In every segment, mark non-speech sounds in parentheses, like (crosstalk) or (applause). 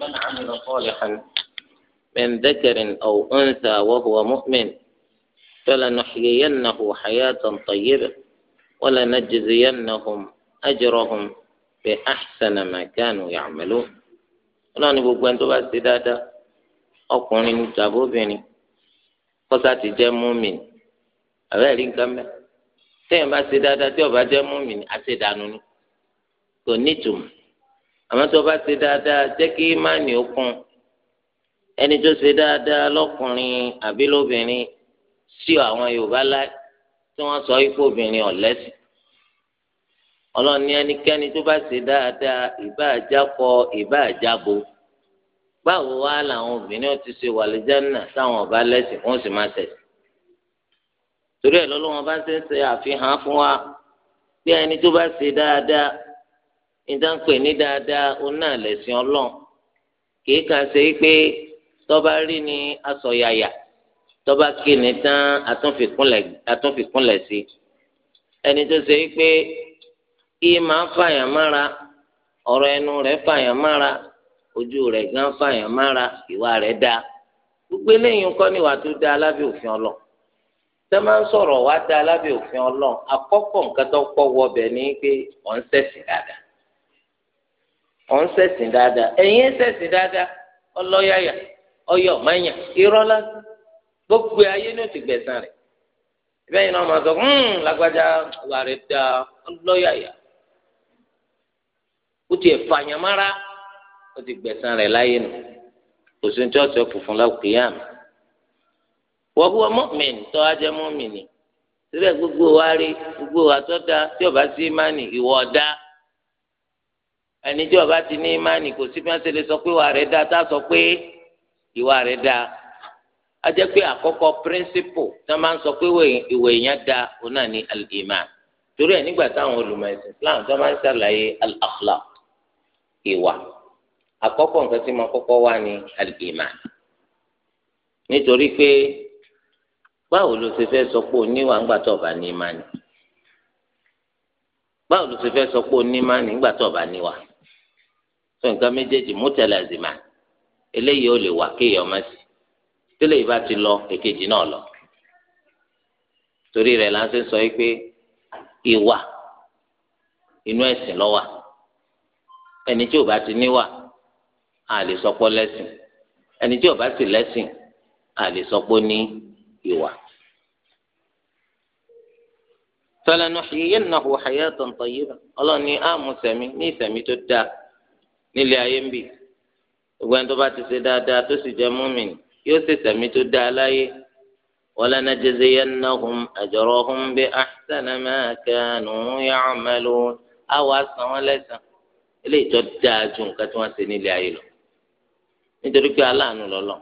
من عمل صالحا من ذكر أو أنثى وهو مؤمن فلنحيينه حياة طيبة ولنجزينهم أجرهم بأحسن ما كانوا يعملون ọlọ́run gbogbo ẹni tó bá ṣe dáadáa ọkùnrin ní tàbí obìnrin kọ́sá ti jẹ́ múmin àbẹ́ rí nǹkan mẹ́ tẹ́yìn bá ṣe dáadáa tí ó bá jẹ́ múmin àti ìdánù ni kò nítumọ̀ àmọ́ tó bá ṣe dáadáa jẹ́ kí ìmánì ó kún ẹni tó ṣe dáadáa lọ́kùnrin àbí lóbìnrin sí àwọn yorùbá láì tí wọ́n sọ ipò obìnrin ọ̀lẹ́sìn ọlọ́ni ẹnikẹ́ni tó bá ṣe dáadáa ìbá àjákọ ìbá àjábo báwo wá làwọn obìnrin ti ṣe wà lẹ́jẹ̀nà táwọn ọba lẹ́sìn wọ́n sì máa tẹ̀sí torí ẹ̀ lọ́lọ́wọ́n bá ń ṣe àfihàn fún wa bí ẹni tó bá ṣe dáadáa ìdáǹpẹ ní dáadáa oná lẹsìn Ọlọ́run kìí kan ṣe pé tọba rí ni asọyàyà tọba kí ni tán àtúnfikúnlẹ̀ sí ẹni tó ṣe pé kí máa fàyàn mára ọ̀rọ̀ ẹnu rẹ̀ fàyàn mára ojú rẹ̀ gan fàyàn mára ìwà rẹ̀ dáa gbogbo eléyìí kọ́ ni wà á tún da alábẹ́ òfin ọlọ tẹ́ máa ń sọ̀rọ̀ wá da alábẹ́ òfin ọlọ àkọ́kọ́ nǹkan tó kọ́ wọ ọbẹ̀ ní pé wọ́n ń ṣẹ̀sìn dáadáa Ọ ń ṣẹ̀sìn dáadáa ẹ̀yin ń ṣẹ̀sìn dáadáa ọlọ́yàyà ọyọ̀ mẹ́yà irọ́ lásán gbogbo ayé gbẹ̀sán rẹ̀ bẹ́ẹ̀ máa sọ hmm lágbájá wà rẹ̀ da ọlọ́yàyà ó ti ẹ̀fà yàmára ó ti gbẹ̀sán rẹ̀ láyé nù kò sí ní tí wọ́n sọ fùfún yá síbẹ̀ gbogbo wa rí gbogbo wa tó da tí ọba sí mánì ẹni tí ọba ti ní imáàní kò sí fẹ́ẹ́ ṣẹlẹ̀ sọ pé ìwà rẹ̀ dáa tá a sọ pé ìwà rẹ̀ dáa a jẹ́ pé àkọ́kọ́ píríncípù tá a máa ń sọ pé ìwà èèyàn dáa òun náà ní al-iman torí ẹ̀ nígbà táwọn olùmọ̀ ẹ̀sìn Islam tó máa ń ṣàlàyé al-akhlaq ìwà àkọ́kọ́ nǹkan tí mo kọ́kọ́ wá ní al nítorí pé báwo ló ṣe fẹ́ sọ pé oníwà ńgbà tó ọba ní imáàní báwo ló ṣe fẹ́ sọ pé onímáàní ńgbà tó ọba níwà sọ nǹkan méjèèjì mútẹlẹ zìmà eléyìí ó lè wà kéèyàn má sí tẹ́lẹ̀ ìbá ti lọ èkejì náà lọ torí rẹ̀ là ń sẹ sọ yìí pé ìwà inú ẹ̀sìn ló wà ẹni tí ò bá ti níwà a lè sọ pé ẹni tí ò bá ti lẹ́sìn a lè sọ ní ìwà. فلنحيينه حياة طيبة الله ني آمو سمي ني سمي تدّا nílé ayé ń bì gbogbo ẹni tó bá ti ṣe dáadáa tó sì jẹ́ mùmínì yóò ṣe sẹ̀mí tó dáa láyé wala najziyannahum ajrahum bi ahsani ma kanu ya'malun á wàá san wọ́n lẹ́san eléyìí tó dáa ju nǹkan tí wọ́n ṣe nílé ayé lọ nítorí pé aláàánú lọ́lọ́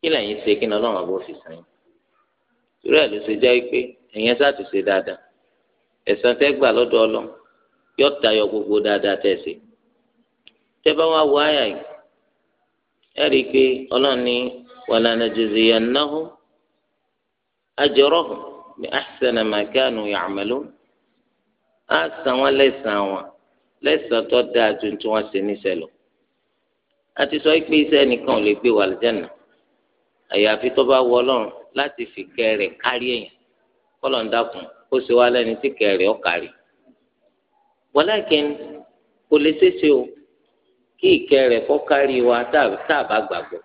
kí lẹ́yìn ṣe kí ni ọlọ́run àbò fi sàn yín torí ẹ̀ ló ṣe jẹ́ pé ẹ̀yẹn sá dáadáa ẹ̀san tẹ́ gbà lọ́dọ̀ ọlọ́run yóò tẹ́bá wá wọ àyà yìí ẹ rí i pé ọlọ́run ní wala najziyannahum ajrahum bi ahsani ma kanu ya'malun á san wọn lẹ́sàn-án wọn lẹ́sàn-án tó dáa ju tí wọ́n ṣe níṣẹ́ lọ. a ti sọ pé iṣẹ́ nìkan ò lè gbé wà lẹ́jẹ̀nà àyàfi tó bá wọ ọlọ́run láti fi kẹrẹ̀ kárí èèyàn kọ́lọ̀ ń dákun kó ṣe wá lẹ́ni tí kẹrẹ̀ ọ̀ kárí. walakin kò lè ṣeéṣe o kí ìkẹ́ rẹ̀ kọ́ kárí wa tá a bá gbàgbọ́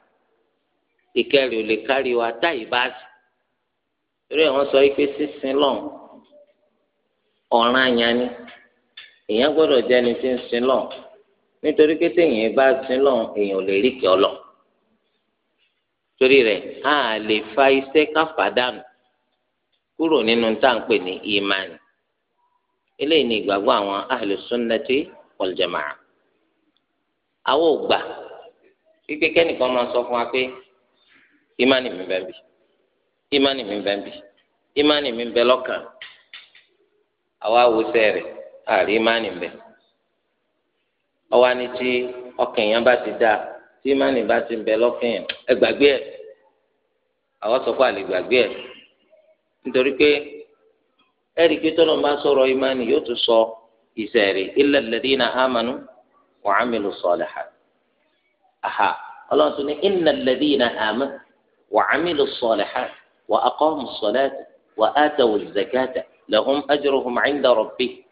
ìkẹ́ rẹ̀ ò lè kárí wa tá ì bá sí torí ẹ̀ wọ́n sọ pé sísin lọ́n ọ̀ràn àyàn ni èèyàn gbọ́dọ̀ jẹ́ ẹni tí ń sin lọ́n nítorí pé téèyàn bá sin lọ́n èèyàn ò lè rí kẹ́ ọ lọ torí rẹ̀ a lè fa iṣẹ́ káfàdánù kúrò nínú táǹpẹ̀ ní ìmánì eléyìí ni ìgbàgbọ́ àwọn ahlus sunnati wal awo ò gbà kẹ́nìkan máa sọ fún wa pé ìmánì mi bẹ́ẹ̀ bì ìmánì mi bẹ́ẹ̀ bì ìmánì mi bẹ́ẹ̀ lọ́kàn àwa awùsẹ̀ rẹ̀ àrí ìmánì bẹ́ẹ̀ ọwọ́ ni tí ọkàn yẹn bá ti dá tí ìmánì bá ti bẹ́ẹ̀ lọ́kàn yẹn ẹ gbàgbé ẹ̀ àwọn sọ fún àlè gbàgbé ẹ̀ nítorí pé ẹ̀rí pé tọ́lọ́ máa sọ̀rọ̀ ìmánì yóò tún sọ ìsẹ̀rí wa amilu salihat aha ọlọ́run tún ní innal ladhina amanu wa amilu salihat wa aqamu salata wa atawu zakata lahum ajruhum 'inda rabbihim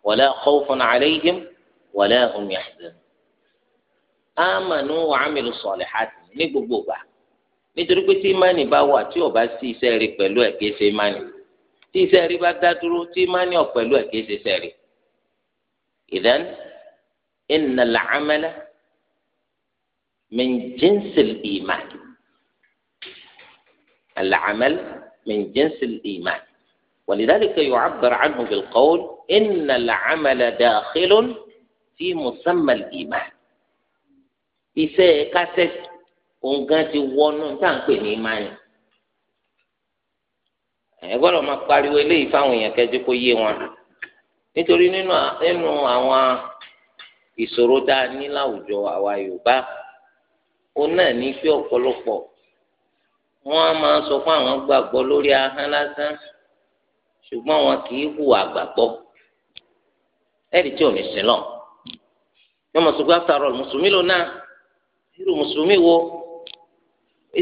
wala khawfun 'alayhim wala hum yahzanun amanu wa amilu salihat ní gbogbo gbà nítorí pé tí ìmánì bá wà tí ò bá sí iṣẹ́ rí pẹ̀lú ẹ̀ kìí ṣe ìmánì tí iṣẹ́ rí bá dá dúró tí ìmánì ọ̀ pẹ̀lú ẹ̀ kìí ṣe iṣẹ́ rí. ìdán إن العمل من جنس الإيمان العمل من جنس الإيمان ولذلك يعبر عنه بالقول إن العمل داخل في مسمى الإيمان iṣẹ́ kásẹ̀ òǹkan ti wọnú táǹpẹ̀ ní ìmáyà ẹ gbọ́dọ̀ máa pariwo eléyìí fáwọn èèyàn kẹjú kó yé wọn nítorí nínú àwọn ìṣòro tá a ní láwùjọ àwa Yorùbá òun náà ní pé ọ̀pọ̀lọpọ̀ wọ́n á máa sọ fún àwọn gbàgbọ́ lórí ahọ́n lásán ṣùgbọ́n wọn kì í hùwà gbàgbọ́ ẹ̀rí tí ò ní sílọ̀ wọ́n mọ̀ sọ́gbà sàrọ̀ mùsùlùmí lónà irú mùsùlùmí wo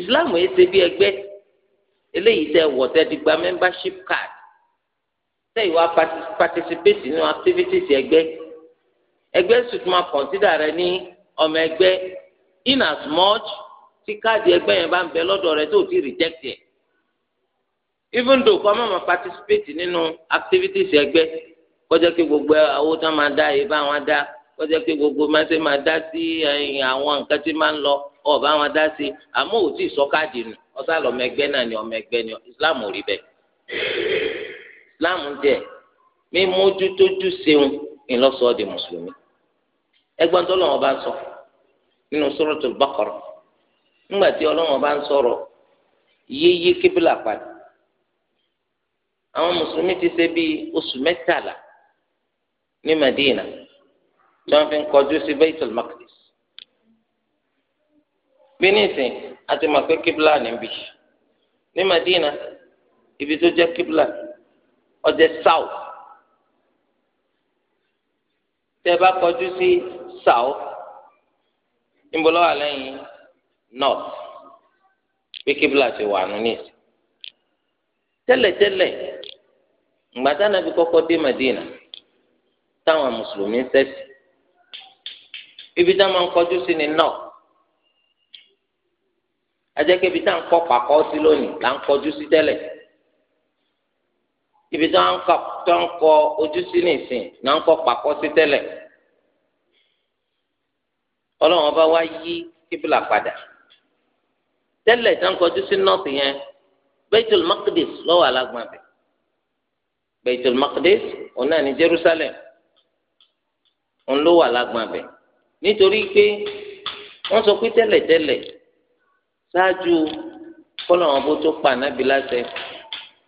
Islam yìí ṣe bí ẹgbẹ́ eléyìí tẹ wọ̀ tẹ ti gba membership card tẹ ìwà participate nínú activities ẹgbẹ́ ẹgbẹ́ sì tún máa kọ̀ǹsídà rẹ ní ọmọ ẹgbẹ́ in as much tí káàdì ẹgbẹ́ yẹn bá ń bẹ lọ́dọ̀ rẹ tó ti reject ẹ̀ even though kọ́ máa ma participate nínú activities ẹgbẹ́ kọjá pé gbogbo owó tán máa dá yìí bá wọn dá kọjá pé gbogbo máa ṣe máa dá sí eh, àwọn nǹkan tí máa ń lọ ọba wọn dá sí àmọ́ òtí sọ káàdì nù ọ̀sá lọ́mọ ẹgbẹ́ náà ni ọmọ ẹgbẹ́ ni Islam ò rí bẹ́ẹ̀ Islam jẹ́ mímójútójú ṣeun ìlọsọ̀ọ́ di mùsùlùmí. ẹgbọn tó lọ́wọ́ bá ń sọ nínú Suratul Baqara ńgbà tí Ọlọ́hun bá ń sọ̀rọ̀ yéyé kébìlà padà àwọn mùsùlùmí ti ṣe bíi oṣù mẹ́tàlá ní Madina tí wọ́n fi ń kọjú sí bí nísìn àti Madina ibi tó jẹ́ kébìlà tẹ́ bá kọjú sí south níbo lọ́wọ́ lẹ́yìn north pé ti wà nù nísì tẹ́lẹ̀tẹ́lẹ̀ ngbàtà nàbí kọ́kọ́ dé Madina táwọn mùsùlùmí sẹ́sì ibi tá máa ń kọjú sí ni north ajẹ́kẹ́bi tá à ń kọ́ pàkọ́ sí lónìí ibi tó ń kọ tó ń kọ ojú sí nìsín náà ń kọ pàkọ́ sí tẹ́lẹ̀ ọlọ́run ọba wá yí kíbìlà padà tẹ́lẹ̀ tó ń kọjú sí nọ́ọ̀tì yẹn Baitul Maqdis lọ́wọ́ alágbọ̀n abẹ Baitul Maqdis òun náà ní Jerusalem òun ló wà lágbọ̀n abẹ nítorí pé wọ́n sọ pé tẹ́lẹ̀ tẹ́lẹ̀ ṣáájú kọ́lọ́run ọba tó pa ànábì láṣẹ.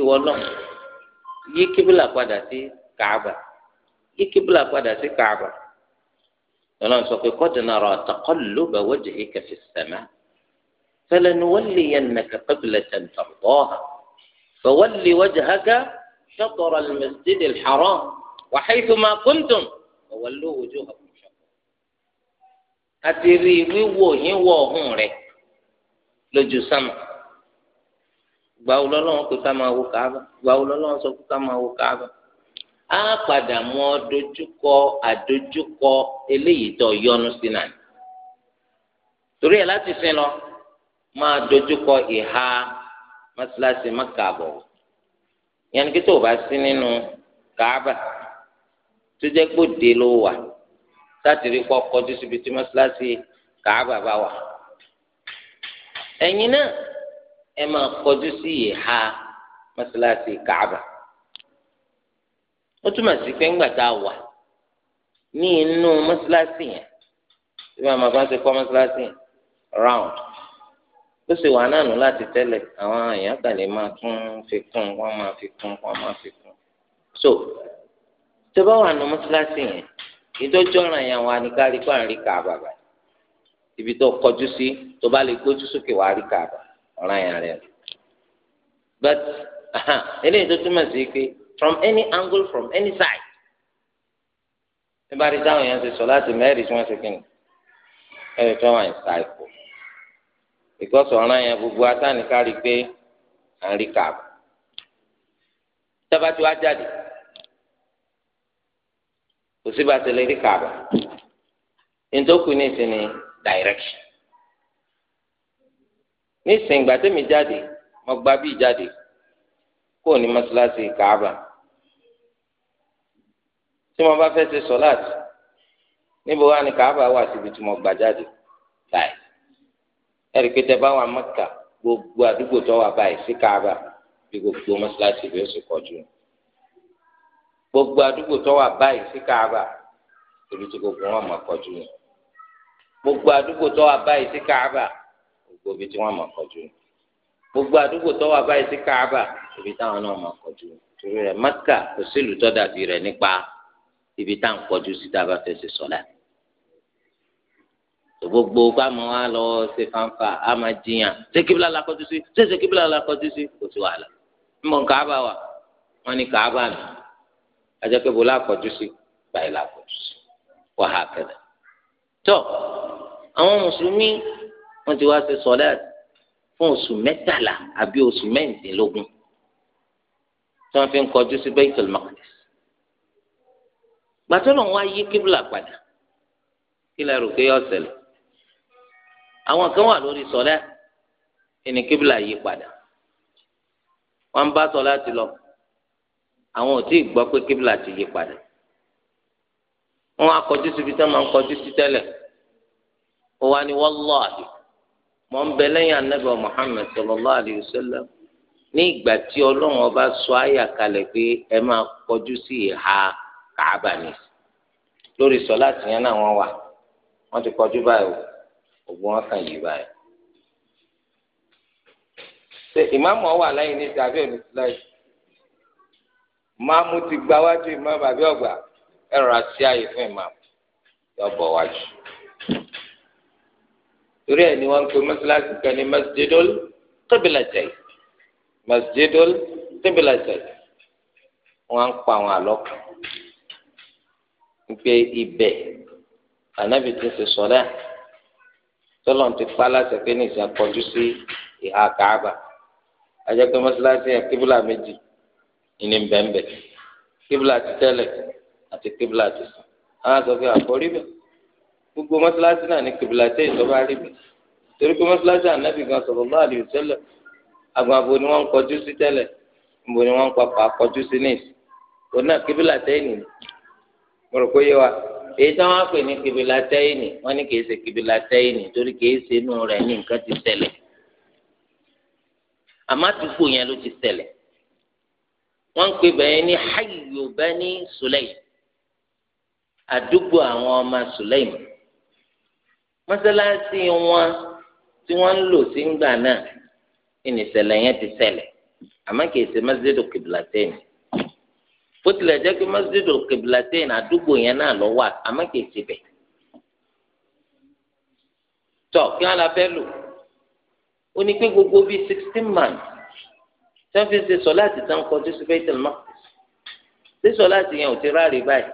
ìwọ náà yí kíbílà padà sí kàába yí kíbílà padà sí kàába ọlọ́run sọ pé qad nara taqalluba wajhika fi as-samaa falanuwalliyannaka qiblatan tardaha fawalli wajhaka شطر المسجد الحرام وحيثما كنتم فولوا وجوهكم شطره àti rí wíwò yín wọ ọ̀hún rẹ̀ lójú sánmà gbàwó lọ́lọ́run pé ká máa wo káàbà gbàwó lọ́lọ́run sọ pé ká máa wo káàbà á padà mọ dojúkọ àdojúkọ eléyìí tó yọnu sí náà torí ẹ láti sin lọ máa dojúkọ ìhà mọ́sálásí mọ́kàbọ̀ yẹn kí tó o bá sí nínú káàbà tó jẹ́ pé òde ló wà láti rí kọ́ kọjú síbi tí mọ́sálásí káàbà bá wà ẹ̀yin náà ẹ máa kọjú sí ìhà mọ́sálásí Káàbà ó túmọ̀ sí pé ńgbà tá a wà ní inú mọ́sálásí yẹn tí màmá bá ti kọ́ mọ́sálásí yẹn round ó sì wà náà nù láti tẹ́lẹ̀ àwọn èèyàn kan lè máa tún fi kún wọ́n máa fi kún wọ́n máa fi kún so tó bá wà nù mọ́sálásí yẹn ìdọ́jọ́ ràn yẹn wà ní kárí kó à ń rí ibi tó kọjú sí tó bá lè gbójú sókè wà á rí Káàbà ọ̀ràn yẹn rẹ̀ but (laughs) eléyìí tó túmọ̀ sí pé from any angle from any side ní bá rí táwọn yẹn ti sọ láti mẹ́rin tí wọ́n ti kìnnì ẹ̀rọ tí wọ́n ta ipò ìkọ́sọ̀ ọ̀ràn yẹn gbogbo atánikárí pé à ń rí kààbọ̀ tẹ́bàtì wá jáde kò síbi àtẹlẹ́rí kààbọ̀ ntòkùn ní ìsinmi direction ní ìsìngbà tẹ́mi jáde mo gba bíi jáde kó ní mọ́ṣáláṣí Káàbà tí mo bá fẹ́ ṣe sọ́láàtì níbo wá ní Káàbà wà síbi tí mo gbà jáde láì ẹ̀rí pé tẹ́ bá wà Mẹ́kà gbogbo àdúgbò tó wà báyìí sí Káàbà bí gbogbo mọ́ṣáláṣí bí ó sì kọjú gbogbo àdúgbò tó wà báyìí sí Káàbà ibi tí gbogbo wọn mọ̀ kọjú gbogbo àdúgbò tó wà báyìí sí Káàbà gbogbo ibi tí wọ́n mọ̀ kọjú ni gbogbo àdúgbò tó wà báyìí sí káàbà ibi táwọn náà mọ̀ kọjú ni torí rẹ̀ mẹ́kà kò sílùú tó dàbí rẹ̀ nípa ibi tá à ń kọjú sí tá a bá fẹ́ ṣe sọ́lá gbogbo bámu wa lọ ṣe fanfa a máa jiyàn ṣé kíbla la kọjú sí ṣé ṣe kíbla la kọjú sí kò sí wàhálà ń bọ̀ káàbà wa wọ́n ní káàbà nù ajẹ́ pé bó la sí báyìí la sí wàhálà tó àwọn mùsùlùmí wọ́n ti wá ṣe sọ́lẹ́t fún oṣù mẹ́tàlá àbí oṣù mẹ́ǹdínlógún tí wọ́n fi ń kọjú sí Baitul Maqdis gbàtọ́nà wọn á yí kíbla padà kí lẹ́rù pé yọ ṣẹlẹ̀ àwọn kan wà lórí sọ́lẹ́t ẹni kíbla yí padà wọ́n bá sọ́lẹ́t lọ àwọn ò tí ì gbọ́ pé kíbla ti yí padà wọ́n á kọjú síbi tí wọ́n máa ń kọjú sí tẹ́lẹ̀ wọ́n wá ní wallahi mọ̀ ń bẹ lẹ́yìn anabi muhammed sallallahu alayhi wa sallam ní ìgbà tí ọlọ́run ọba sọ àyà kalẹ̀ pé ẹ máa kọjú sí ìhà kàábà ni lórí sọlá tìyẹn náà wọ́n wà wọ́n ti kọjú báyìí ògùn wọn kàn yí báyìí. ṣe ìmáàmù ọwọ́ àlàyé ní tàbí onísìláì máàmù ti gbáwájú ìmáàmù àbí ọgbà ẹ̀rọ àti àyè fún ìmáàmù yọ bọ̀ wájú torí ẹ̀ ni wọ́n ń pe mọ́sálásí kan ní masjidul tóbilàjẹ́ masjidul tóbilàjẹ́ wọ́n ń pa àwọn àlọ́ kan wípé ibẹ̀ ànábì ti ṣe sọ́dá tọ́lọ̀ ti pa láti pé ní ìṣàkọjú sí ìhà káàbà ajẹ́ pé mọ́sálásí yẹn kíbùlà méjì ìní bẹ́ẹ̀ bẹ́ẹ̀ kíbùlà ti tẹ́lẹ̀ àti kíbùlà ti sùn àwọn àtọ́fẹ́ àkórí bẹ́ẹ̀. gbogbo mọ́sálásí náà ní kìbìlàtẹ́ ìjọba rí torí pé mọ́sálásí ànábì gan sallallahu alaihi wasallam àgbọn àbò ni wọ́n ń kọjú sí tẹ́lẹ̀ ni wọ́n ń papà kọjú sí nìyí òun náà kìbìlàtẹ́ ìnì mo rò pé yé wa èyí táwọn á pè ní kìbìlàtẹ́ ìnì wọ́n ní kìí ṣe torí kìí ṣe inú ní nǹkan ti tẹ̀lẹ̀ àmọ́ yẹn ló ti tẹ̀lẹ̀ wọ́n pè bẹ́ẹ̀ ní àdúgbò àwọn ọmọ sulaim mọ́sálásí wọn tí wọ́n ń lò sí ńgbà náà ìnìṣẹ̀lẹ̀ yẹn ti ṣẹlẹ̀ àmọ́ kìí ṣe mọ́sídìdò kìbìlàtẹ́ẹ̀n bó tilẹ̀ jẹ́ pé mọ́sídìdò kìbìlàtẹ́ẹ̀n àdúgbò yẹn náà lọ wà àmọ́ kìí ṣe bẹ̀. tọ́ kí wọ́n la fẹ́ lò ó ní pé gbogbo bíi sixteen man tí wọ́n fi ṣe sọ láti tán kọjú sí Baitul Maqdis sísọ láti yẹn ò ti ráàrí báyìí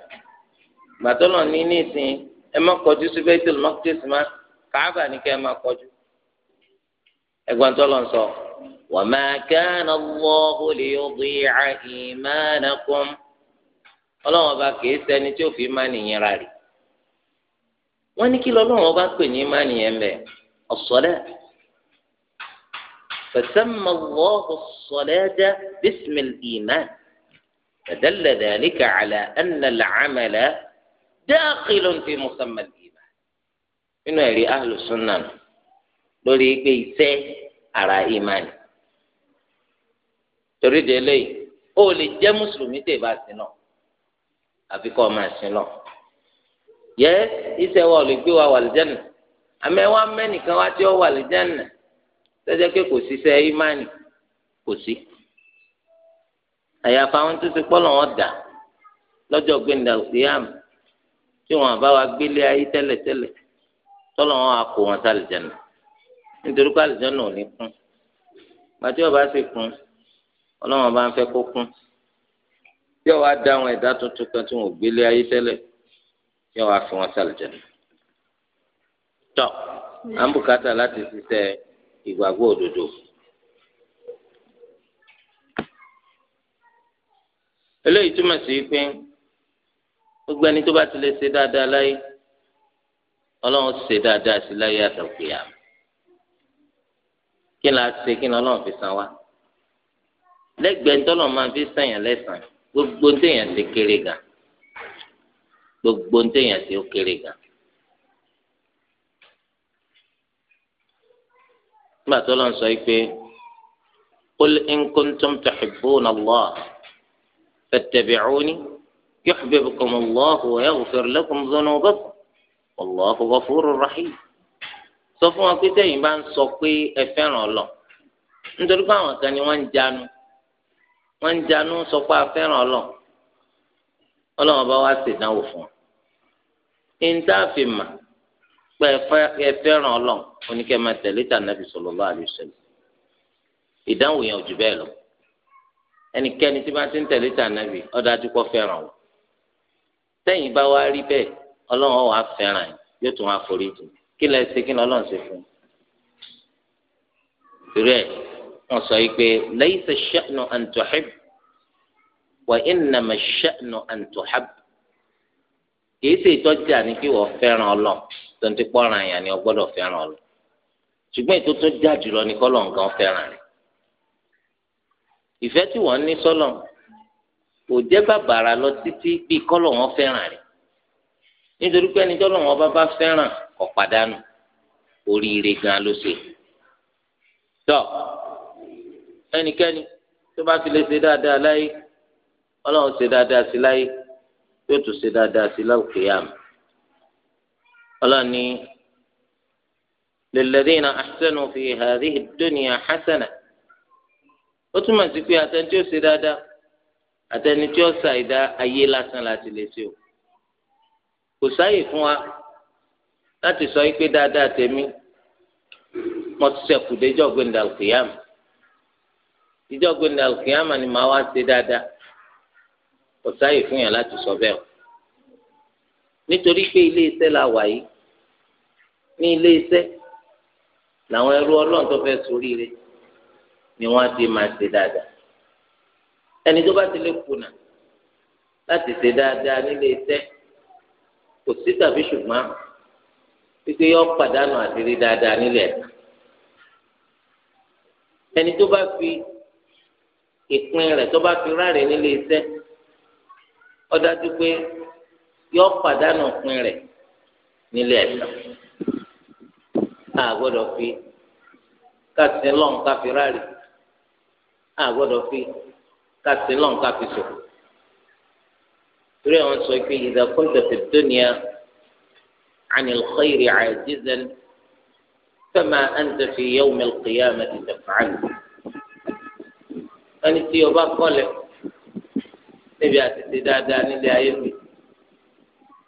gbàtọ́ náà ní ní ìsìn ẹ má kọjú sí Baitul Maqdis má káàbà ní kẹ́ ẹ má kọjú. ẹgbọn tó lọ sọ wa ma kana Allahu liyudi'a imanakum ọlọ́wọ́n ọba kìí sẹ́ni tí ó fi má nìyẹn rà rí. wọ́n ní kí lọ́lọ́wọ́n ọba pè ní má nìyẹn bẹ̀ as فسمى الله الصلاة باسم الإيمان فدل ذلك على أن العمل dáàkìlù fi musamman ìmà nínú ẹ̀rí ahlùsúnà lórí pé iṣẹ́ ara ìmánì torí délé o lè jẹ́ mùsùlùmí tè bá sin náà àfi kọ́ máa sin náà yẹ iṣẹ́ wa ò lè gbé wa wà lìjánà àmọ́ ẹ wá mẹ́nìkan wá tí ó wà lìjánà tẹ́jẹ́ pé kò síṣẹ́ ìmánì kò sí àyàfà àwọn tó ti pọ́ lọ́wọ́ dà lọ́jọ́ gbẹ̀ndà òkè àmì tí wọn bá wa gbélé ayé tẹ́lẹ̀tẹ́lẹ̀ tọ́lọ̀ wọn á kó wọn sálì jẹ́nu nítorí pé àlìjẹ́nu ò ní kún gbàtí ọba sì kún ọlọ́wọ́n bá ń fẹ́ kó kún tí ọba dá àwọn ẹ̀dá tuntun kan tí wọn ò gbélé ayé tẹ́lẹ̀ tí wọn á fi wọn sálì jẹ́nu. tọ́ àǹbùkátà láti ṣiṣẹ́ ìgbàgbọ́ òdodo. eléyìí túmọ̀ sí pé gbogbo ẹni tó bá ti lè ṣe dáadáa láyé ọlọ́run ṣe dáadáa sí láyé àtàkùyà kí ni a ṣe kí ni ọlọ́run fi san wa lẹ́gbẹ̀ẹ́ tọ́lọ̀ máa fi sànyàn lẹ́sàn gbogbo téèyàn ṣe kéré gan gbogbo téèyàn ṣe kéré gan. nígbà tó lọ́n sọ yìí pé qul in kuntum tuhibbuna Allah fattabi'uni. يحببكم الله ويغفر لكم ذنوبكم والله غفور رحيم sọ fún wa pé tẹ̀yin bá ń sọ pé ẹ fẹ́ràn ọlọ nítorí pé àwọn kan ni wọ́n ń janu wọ́n ń janu sọ pé a fẹ́ràn ọlọ Ọlọ́run bá wá ṣèdánwò fún wa ìntàfin mà pé ẹ fẹ́ràn ọlọ oníkẹ́ máa tẹ̀lé tà nàbì sallallahu alaihi wasallam ìdánwò yẹn ò jù bẹ́ẹ̀ lọ ẹnikẹ́ni tí bá ti ń tẹ̀lé tà nàbì ó dájú kó fẹ́ràn sẹ́yìn bá wá rí bẹ́ẹ̀ ọlọ́run wàá fẹ́ràn yóò tún wàá forí jù kí lẹ ṣe kí lọ́lọ́run ṣe fún un. ìrẹ́ wọn sọ yìí pé laysa ash-sha'nu an tuhib wa innama ash-sha'nu an tuhab kì í ṣe ìtọ́jú àní kí wọ́n fẹ́ràn ọlọ́run tó ń ti pọ́nrán yẹn ni wọ́n gbọ́dọ̀ fẹ́ràn ọlọ́run ṣùgbọ́n ètò tó já jùlọ ni kọ́lọ́n gan fẹ́ràn rẹ̀ ìfẹ́ tí wọ́n ní sọ́lọ́n kò jẹ́ bàbàrà lọ títí bíi kọ́lọ̀ wọn fẹ́ràn rẹ̀ nítorí pé ẹni tọ́lọ̀ wọn bá bá fẹ́ràn kò oríire gan ló ṣe tọ́ ẹnikẹ́ni tó bá fi lè ṣe dáadáa láyé ọlọ́run ṣe dáadáa sí láyé yóò tún ṣe dáadáa sí láwùjọ yá ọlọ́run ní fi hadhihi ad-dunya ó túmọ̀ sí pé àtẹ̀ntí ó ṣe dáadáa. àtẹni tí ó sa ìdá ayé lásán láti lè ṣe o kò sáyè fún wa láti sọ pé dáadáa tèmi mo ti ṣẹ́kù déjọ́ gbẹ̀ndà òkèèyàn ìjọ́ gbẹ̀ndà òkèèyàn ni màá wá ṣe dáadáa kò sáyè fún yàn láti sọ bẹ́ẹ̀ o nítorí pé ilé iṣẹ́ la wà yìí ní ilé iṣẹ́ làwọn ẹrú ọlọ́run tó fẹ́ sóríire ni wọ́n á ti máa ṣe dáadáa ẹni tó bá ti lè kùnà láti ṣe dáadáa nílé iṣẹ́ kò sí tàbí ṣùgbọ́n wípé yọ pàdánù àdírí dáadáa nílé ẹ̀ka ẹni tó bá fi ìpín rẹ̀ tó bá fi ráre nílé iṣẹ́ ó dájú pé yọ pàdánù ìpín rẹ̀ nílé ẹ̀ka a gbọ́dọ̀ fi ká sin lọ́n ká a gbọ́dọ̀ fi káàsì lọ́n káàfi sòkò torí àwọn sọ pé idha kunta fi dunya anil khayri ajizan fama anta fi yawmi al-qiyamati taf'al ẹni tí o bá kọ́lẹ̀ níbi àtẹ̀tẹ̀ dáadáa nílé ayé mi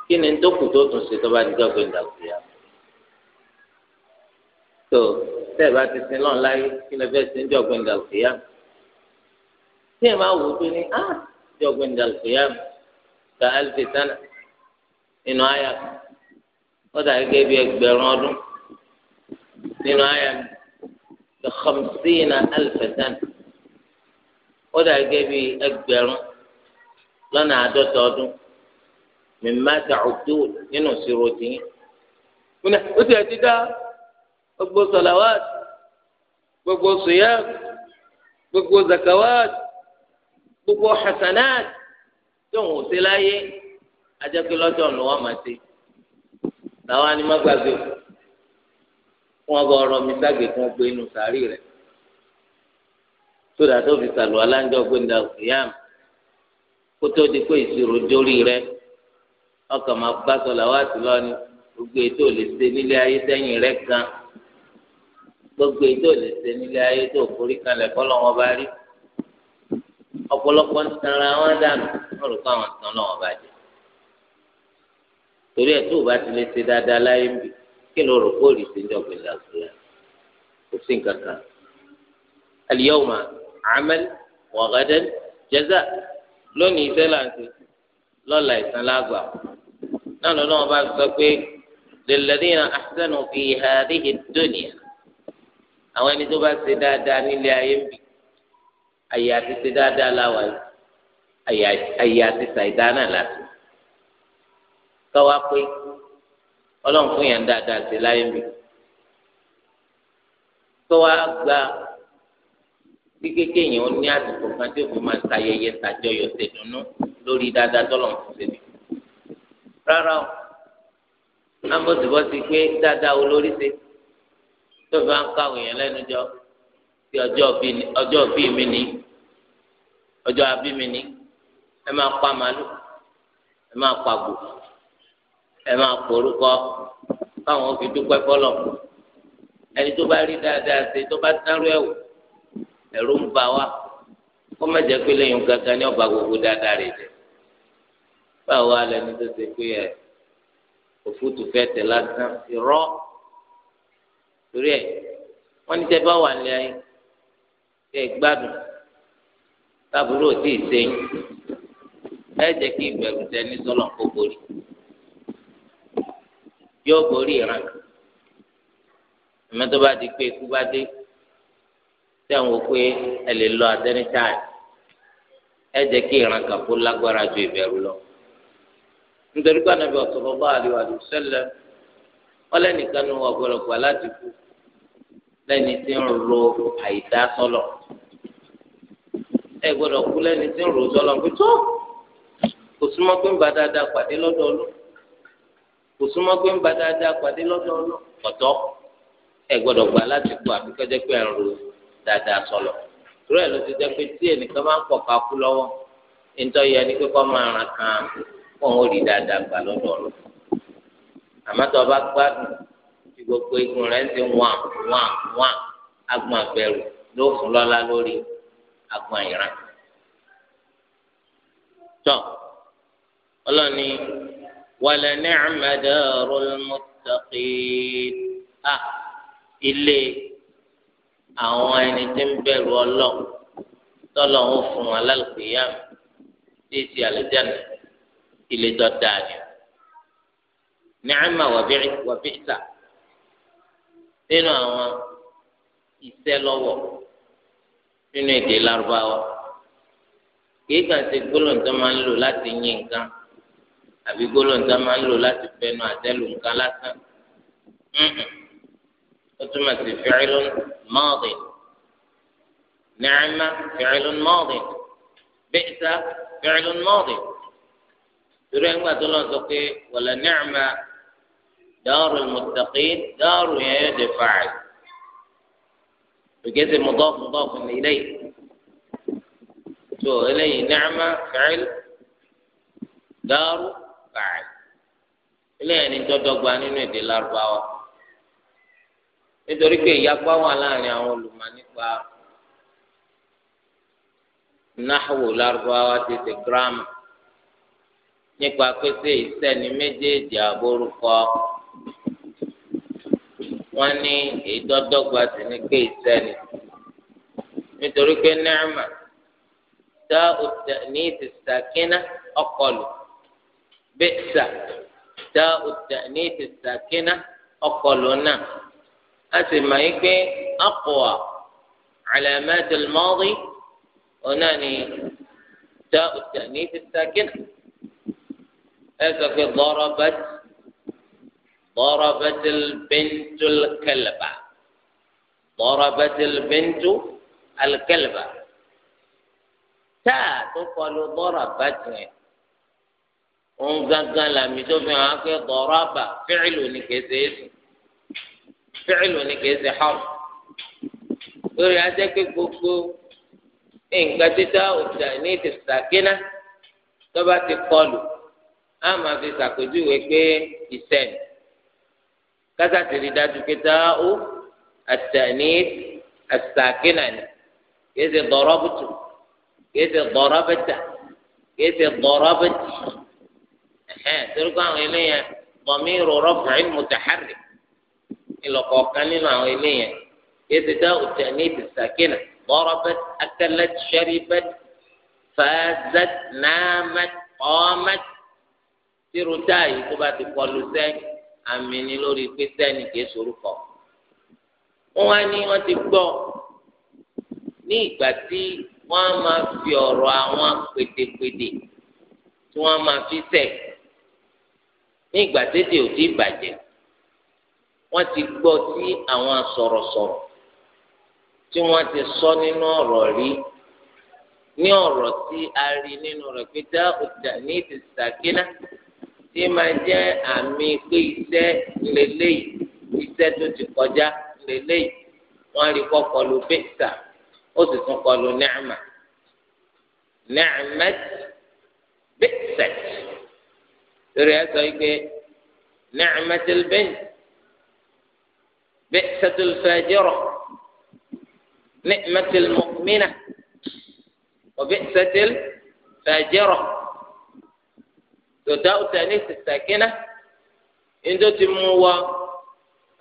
kí ni tó kù tó tún ṣe tó bá dídọ́ gbé ìdàgbé ya tó tẹ́ẹ̀ bá ti sin lọ́n láyé kí ni fẹ́ sin jọ́ gbé ìdàgbé ya. tí ẹ máa wò ó pé ní á ti ọgbẹ́ni dàlùkìyà mi ta alfi sana nínú àyà ó dà gẹ́gẹ́ bí ẹgbẹ̀rún ọdún nínú àyà mi ka khamsina alfi sana ó dà gẹ́gẹ́ bí ẹgbẹ̀rún lọ́nà àádọ́ta ọdún mi má ta tàcùtù nínú ìṣirò tìyín. ó ti ẹtí dá gbogbo sọlá wá gbogbo sọyà gbogbo zakawá. gbogbo hasanat tó ń wòsí láyé ajẹ́pẹ́ lọ́jọ́ ń lọ wọ́n máa ṣe làwọn anima gbàgbé fún ọgọ ọ̀rọ̀ mi ságbè fún ọgbẹ inú sàárì rẹ sódà tó fi sàlù aláǹjọ gbẹndà òkèèyàn kó tó di pé ìṣirò jórí rẹ ọkàn máa bá sọlá wá sí lọ́ni gbogbo ètò lè ṣe nílé ayé sẹ́yìn rẹ kan gbogbo ètò lè ṣe nílé ayé tó forí kalẹ̀ kọ́ lọ́wọ́ bá rí. ọ̀pọ̀lọpọ̀ ń tanra wọn dànù wọn rò pé àwọn tán torí tó o bá ti lè ṣe dáadáa láyé ń bì kí ló rò kóòrì sí ní ọ̀gbìn làkúrẹ́ kò sí nǹkan kan wa lónìí iṣẹ́ là ń ìsan lágbà náà lọ́nà wọn bá sọ pé lilladhina ahsanu fi àyè àti ṣe dáadáa láwa yìí àyè àti ṣàìdá náà láti káwa pé ọlọ́run fún yẹn dáadáa ṣe láyé mi káwa gba bí kékeré yẹn ó ní àsìkò kan tí òfin máa ń ṣayẹyẹ ṣàjọyọ̀ ṣèdùnnú lórí dáadáa tọ́lọ́run fún ṣe mi rárá o ambọ̀sibọ́sí pé dáadáa olórí ṣe tó fi máa ń káwọn yẹn lẹ́nu jọ bí ọjọ́ bíi mi ní ọjọ́ abími ni ẹ máa pa màálù ẹ máa pa gbò ẹ máa porúkọ káwọn fi dúpẹ́ fọlọ́ ẹni tó bá rí dáadáa ṣe tó bá dárú ẹ̀ wò ẹ̀rú ń bá wa kó má jẹ́ pé lẹ́yìn gangan ní ọba gbogbo dáadáa rẹ̀ jẹ́ báwo alẹ́ ní tó ṣe pé ẹ̀ òfútu fẹ́ tẹ̀ lásán irọ́ torí ẹ̀ wọ́n ní tẹ́ bá wà ní ayé tẹ́ gbádùn táàbùrù ò tí ì sẹ́yìn ẹ jẹ́ kí ìbẹ̀rù tẹni sọ́lọ̀ kó borí yóò borí ìran àmọ́tọ́ bá di pé ikú bá dé tẹ̀wọ̀n pé ẹ lè lọ àtẹnitáì ẹ jẹ́ kí ìran kan kó lágbára ju ìbẹ̀rù lọ nítorí pé Ànábì sallallahu alaihi wa sallam wọ́n lẹ́nìkan nu ọ̀gbọ̀lọ̀gbọ̀ láti kú lẹ́ni tí ń ro àìdá ẹ gbọ́dọ̀ kú lẹ́ni tí ń rò sọlọ pé tó kò súnmọ́ pé ń ba dáadáa pàdé lọ́dọ̀ ọlọ kò súnmọ́ pé ń ba dáadáa pàdé lọ́dọ̀ ọlọ ọ̀tọ̀ ẹ gbọ́dọ̀ gbà láti kú àbí kọjá pé ẹ ń rò dáadáa sọlọ rẹ ló ti jẹ pé tí ẹnìkan máa ń pọ̀ ká kú lọ́wọ́ ntọ́ yẹ ni kíkọ́ máa ràn kan fún òun rí dáadáa gbà lọ́dọ̀ ọ̀rọ̀ àmọ́ tó o bá gbádùn tí gbogbo igun rẹ̀ ń ti wàn wàn wàn agbọ̀n àbẹ̀rù ló fún lọ́la lórí agbọn àyíran tọ ọlọ́ni wàlẹ̀ ní àmàdà rọlmọ́tàkì à ilé àwọn ẹni tí ń bẹ̀rù ọlọ́ tọ́lọ̀ ń fún wọn tí ti àlùjáde ilé tó dáa ni ní àmà wàbíìsà nínú àwọn iṣẹ́ nínú èdè lárúbáwá kìí kàn ṣe gbólóńtọ́ máa ń lò láti yìn nǹkan àbí gbólóńtọ́ máa ń lò láti fẹnu àtẹ́lù nǹkan lásán ó túmọ̀ sí fi'lun madin ni'ma fi'lun madin bi'sa fi'lun madin torí ẹ̀ ń gbà tó lọ sọ pé wala ni'ma darul muttaqin dáàrú yẹn yóò dé fàáyì. بجزء مضاف مضاف إليه تو إليه نعمة فعل دار فعل إليه أن تدق بأن يدي الأربعة nítorí pé ìyapa wà láàrin àwọn olùmọ̀ nípa náhùn lárúbáwá gírámà nípa pé ṣé ìsẹ́ni méjèèjì àbórúkọ wọ́n ní èyí tó dọ́gba sí ni ìdọdọgba mọ̀ yín pé akọ̀wà àlẹ́mẹ́tì mọ́rí ọ̀nà ni ké iseni nitori pe ní o tẹ ti sakina okolu bí sà ta o tẹ ni ẹ sọ àlẹmẹtẹlmọrin akowa alemeti o naa ni gbọ́rọ̀ o te bẹ́ẹ̀. ضربت البنت الكلبة ضربت البنت الكلبة táà tó kọlu ضربت òun gangan làmì tó fi hàn pé ضربة فعل ni kìí ṣe é فعل ni kìí ṣe حرف lórí ajẹ́ pé gbogbo nǹkan títà òjà ní ìtìsàkínà tó bá ti kọlu á máa fi ṣàpèjúwe pé ìsẹ̀ni. kásàtì rí dájú pé táwù àtẹ̀ní àsàkínà ni kìí ṣe dọ̀rọ́bùtù kìí ṣe dọ̀rọ́bùtà kìí ṣe dọ̀rọ́bùtì ẹ̀hẹ́n torí kó àwọn eléyẹn damiru raf'in mutaharrik ìlọ̀kọ̀ọ̀kan nínú àwọn eléyẹn kìí ṣe táwù àtẹ̀ní àsàkínà ضربت أكلت شربت فازت نامت قامت ترتاي ti kɔlu sɛŋ. àmì ni lórí pé sẹ́ni kìí sorúkọ. wọ́n wá ní wọ́n ti gbọ́ ní ìgbà tí wọ́n á máa fi ọ̀rọ̀ àwọn pèdèpèdè tí wọ́n á máa fi sẹ̀ ní ìgbà tètè ò tí ì bàjẹ́ wọ́n ti gbọ́ sí àwọn sọ̀rọ̀sọ̀rọ̀ tí wọ́n ti sọ nínú ọ̀rọ̀ rí ní ọ̀rọ̀ tí a rí nínú rẹ̀ pé dá òjà ní ìsàkínà tí máa jẹ́ àmì pé iṣẹ́ lélẹ́yìí iṣẹ́ tó ti kọjá lélẹ́yìí wọ́n rí kọ́ kọlu bẹ́sà ó sì tún kọlu nẹ́ẹ̀mà nẹ́ẹ̀mẹ́t bẹ́sẹ̀t torí ẹ sọ pé nẹ́ẹ̀mẹ́tìl bẹ́ẹ̀ bẹ́sẹ̀tìl fẹ́jọ́rọ̀ nẹ́ẹ̀mẹ́tìl mọ́kúmínà ọ̀bẹ́sẹ̀tìl fẹ́jọ́rọ̀. tòótọ́ tẹ̀lé sàkínà níjó ti mú wọ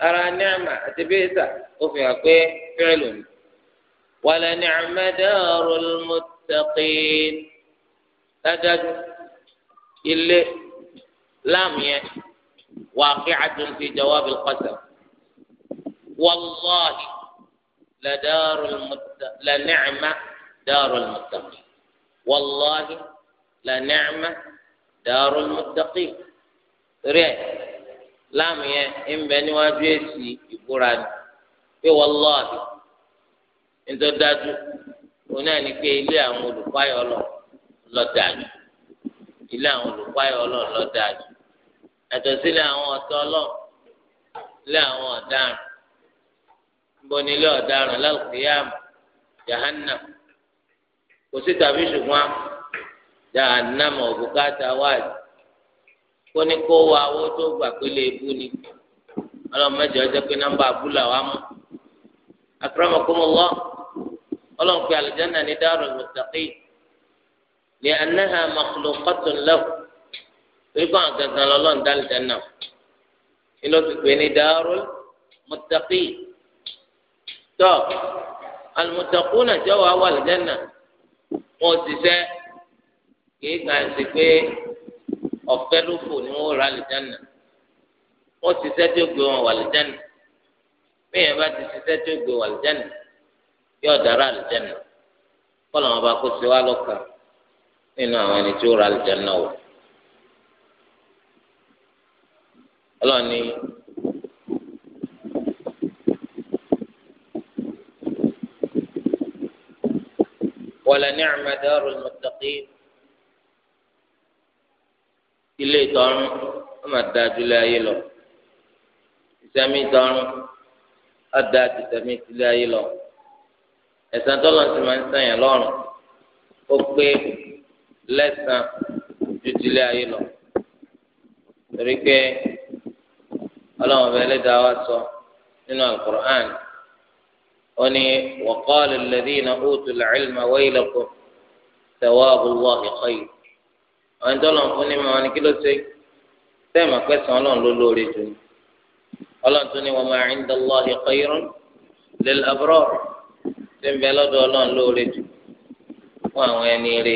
ara níàmà àti bẹ́ẹ̀sà ó fi hàn pé fẹ́ẹ́ lò ní. wàlẹ̀ níàmà dẹ́rù mọ́tàkìn dájú ilé láàmì yẹn واقعة في جواب القسم والله لدار المت... لنعمة دار المتقين والله لنعمة dàrú mùtàkì rẹ láàmù yẹn ń níwájú èsì ìbúra ni pé wàlláhi nítorí dájú òun náà ní pé ilé àwọn olùkọ́yọ̀ ọlọ ilé àwọn olùkọ́yọ̀ ọlọ lọ àwọn ọ̀tọ́ ilé àwọn ọ̀daràn níbo ilé ọ̀daràn jahannam kò sí tàbí jahannama òbúkátà wáàdì kó ní kó wa owó tó gbà pélé ebú ni ọlọmọdé ọjọ pé nọ́mbà abúlà wa mú akramakumullah Ọlọ́run pé aljanna ní darul muttaqin ní annaha makhluqatun lahu torí kọ́ àwọn gangan lọ́lọ́run dá aljanna nílò ti pè ní darul muttaqin tó almuttaquna jẹ́ wàá wà aljanna wọn ti sẹ́ kìí kàn ṣe pé ọ̀fẹ́ ló fò ní wọ́n rà àlùjánnà wọ́n ti ṣiṣẹ́ tó gbé wọn wà àlùjánnà bẹ́ẹ̀ bá ti ṣiṣẹ́ tó gbé wọn àlùjánnà yóò dára àlùjánnà kọ́lá wọn bá kó ṣe wá lọ́kà nínú àwọn ẹni tó rà àlùjánnà wọ̀. ọlọ́ni wala ni'ma darul ilé ìtọ́run ó mà dáa ju ilé ayé lọ ìsẹ́mi ìtọ́run ó dáa ju ìsẹ́mi ilé ayé lọ ẹ̀san tọ́lọ̀ ti máa ń sànyàn lọ́rùn ó pé lẹ́sàn ju ilé ayé lọ torí pé ọlọ́run ọba ẹlẹ́dàá wa sọ nínú alukur'an ó ní waqala alladhina utul ilma waylakum thawabu Allahi khayr àwọn ìtọ́lọ̀ fún ní ma wọn ni kí ló ṣe sẹ́yìn máa pẹ́sàn ọlọ́run ló lóore jù ní ọlọ́run tó ní wa ma inda Allahi khayrun lil abrar ṣe ń bẹ lọ́dọ̀ ọlọ́run lóore jù fún àwọn ẹni rè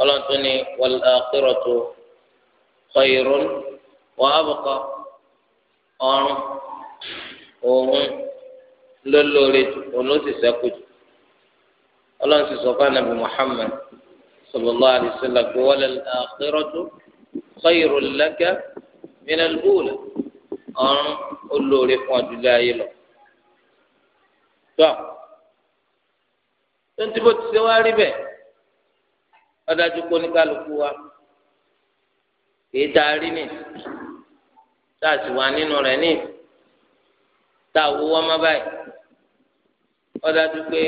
ọlọ́run tó ní wal akhiratu khayrun wa abqa ọ̀run òun ló lóore jù òun ló sì sẹ́kù jù ọlọ́run sì sọ fún anabi Muhammad sallallahu alaihi wasallam pé walal akhiratu khayrun laka minal ula ọ̀run olóore fún ọdún ayé lọ. tó tó ń tí bó ti ṣe wá rí bẹ́ẹ̀ ọ̀dájú kó ní kálukú wa kìí tá a rí ni tá a sì wà nínú rẹ̀ ní tá a wú ọmọ báyìí ọ̀dájú pé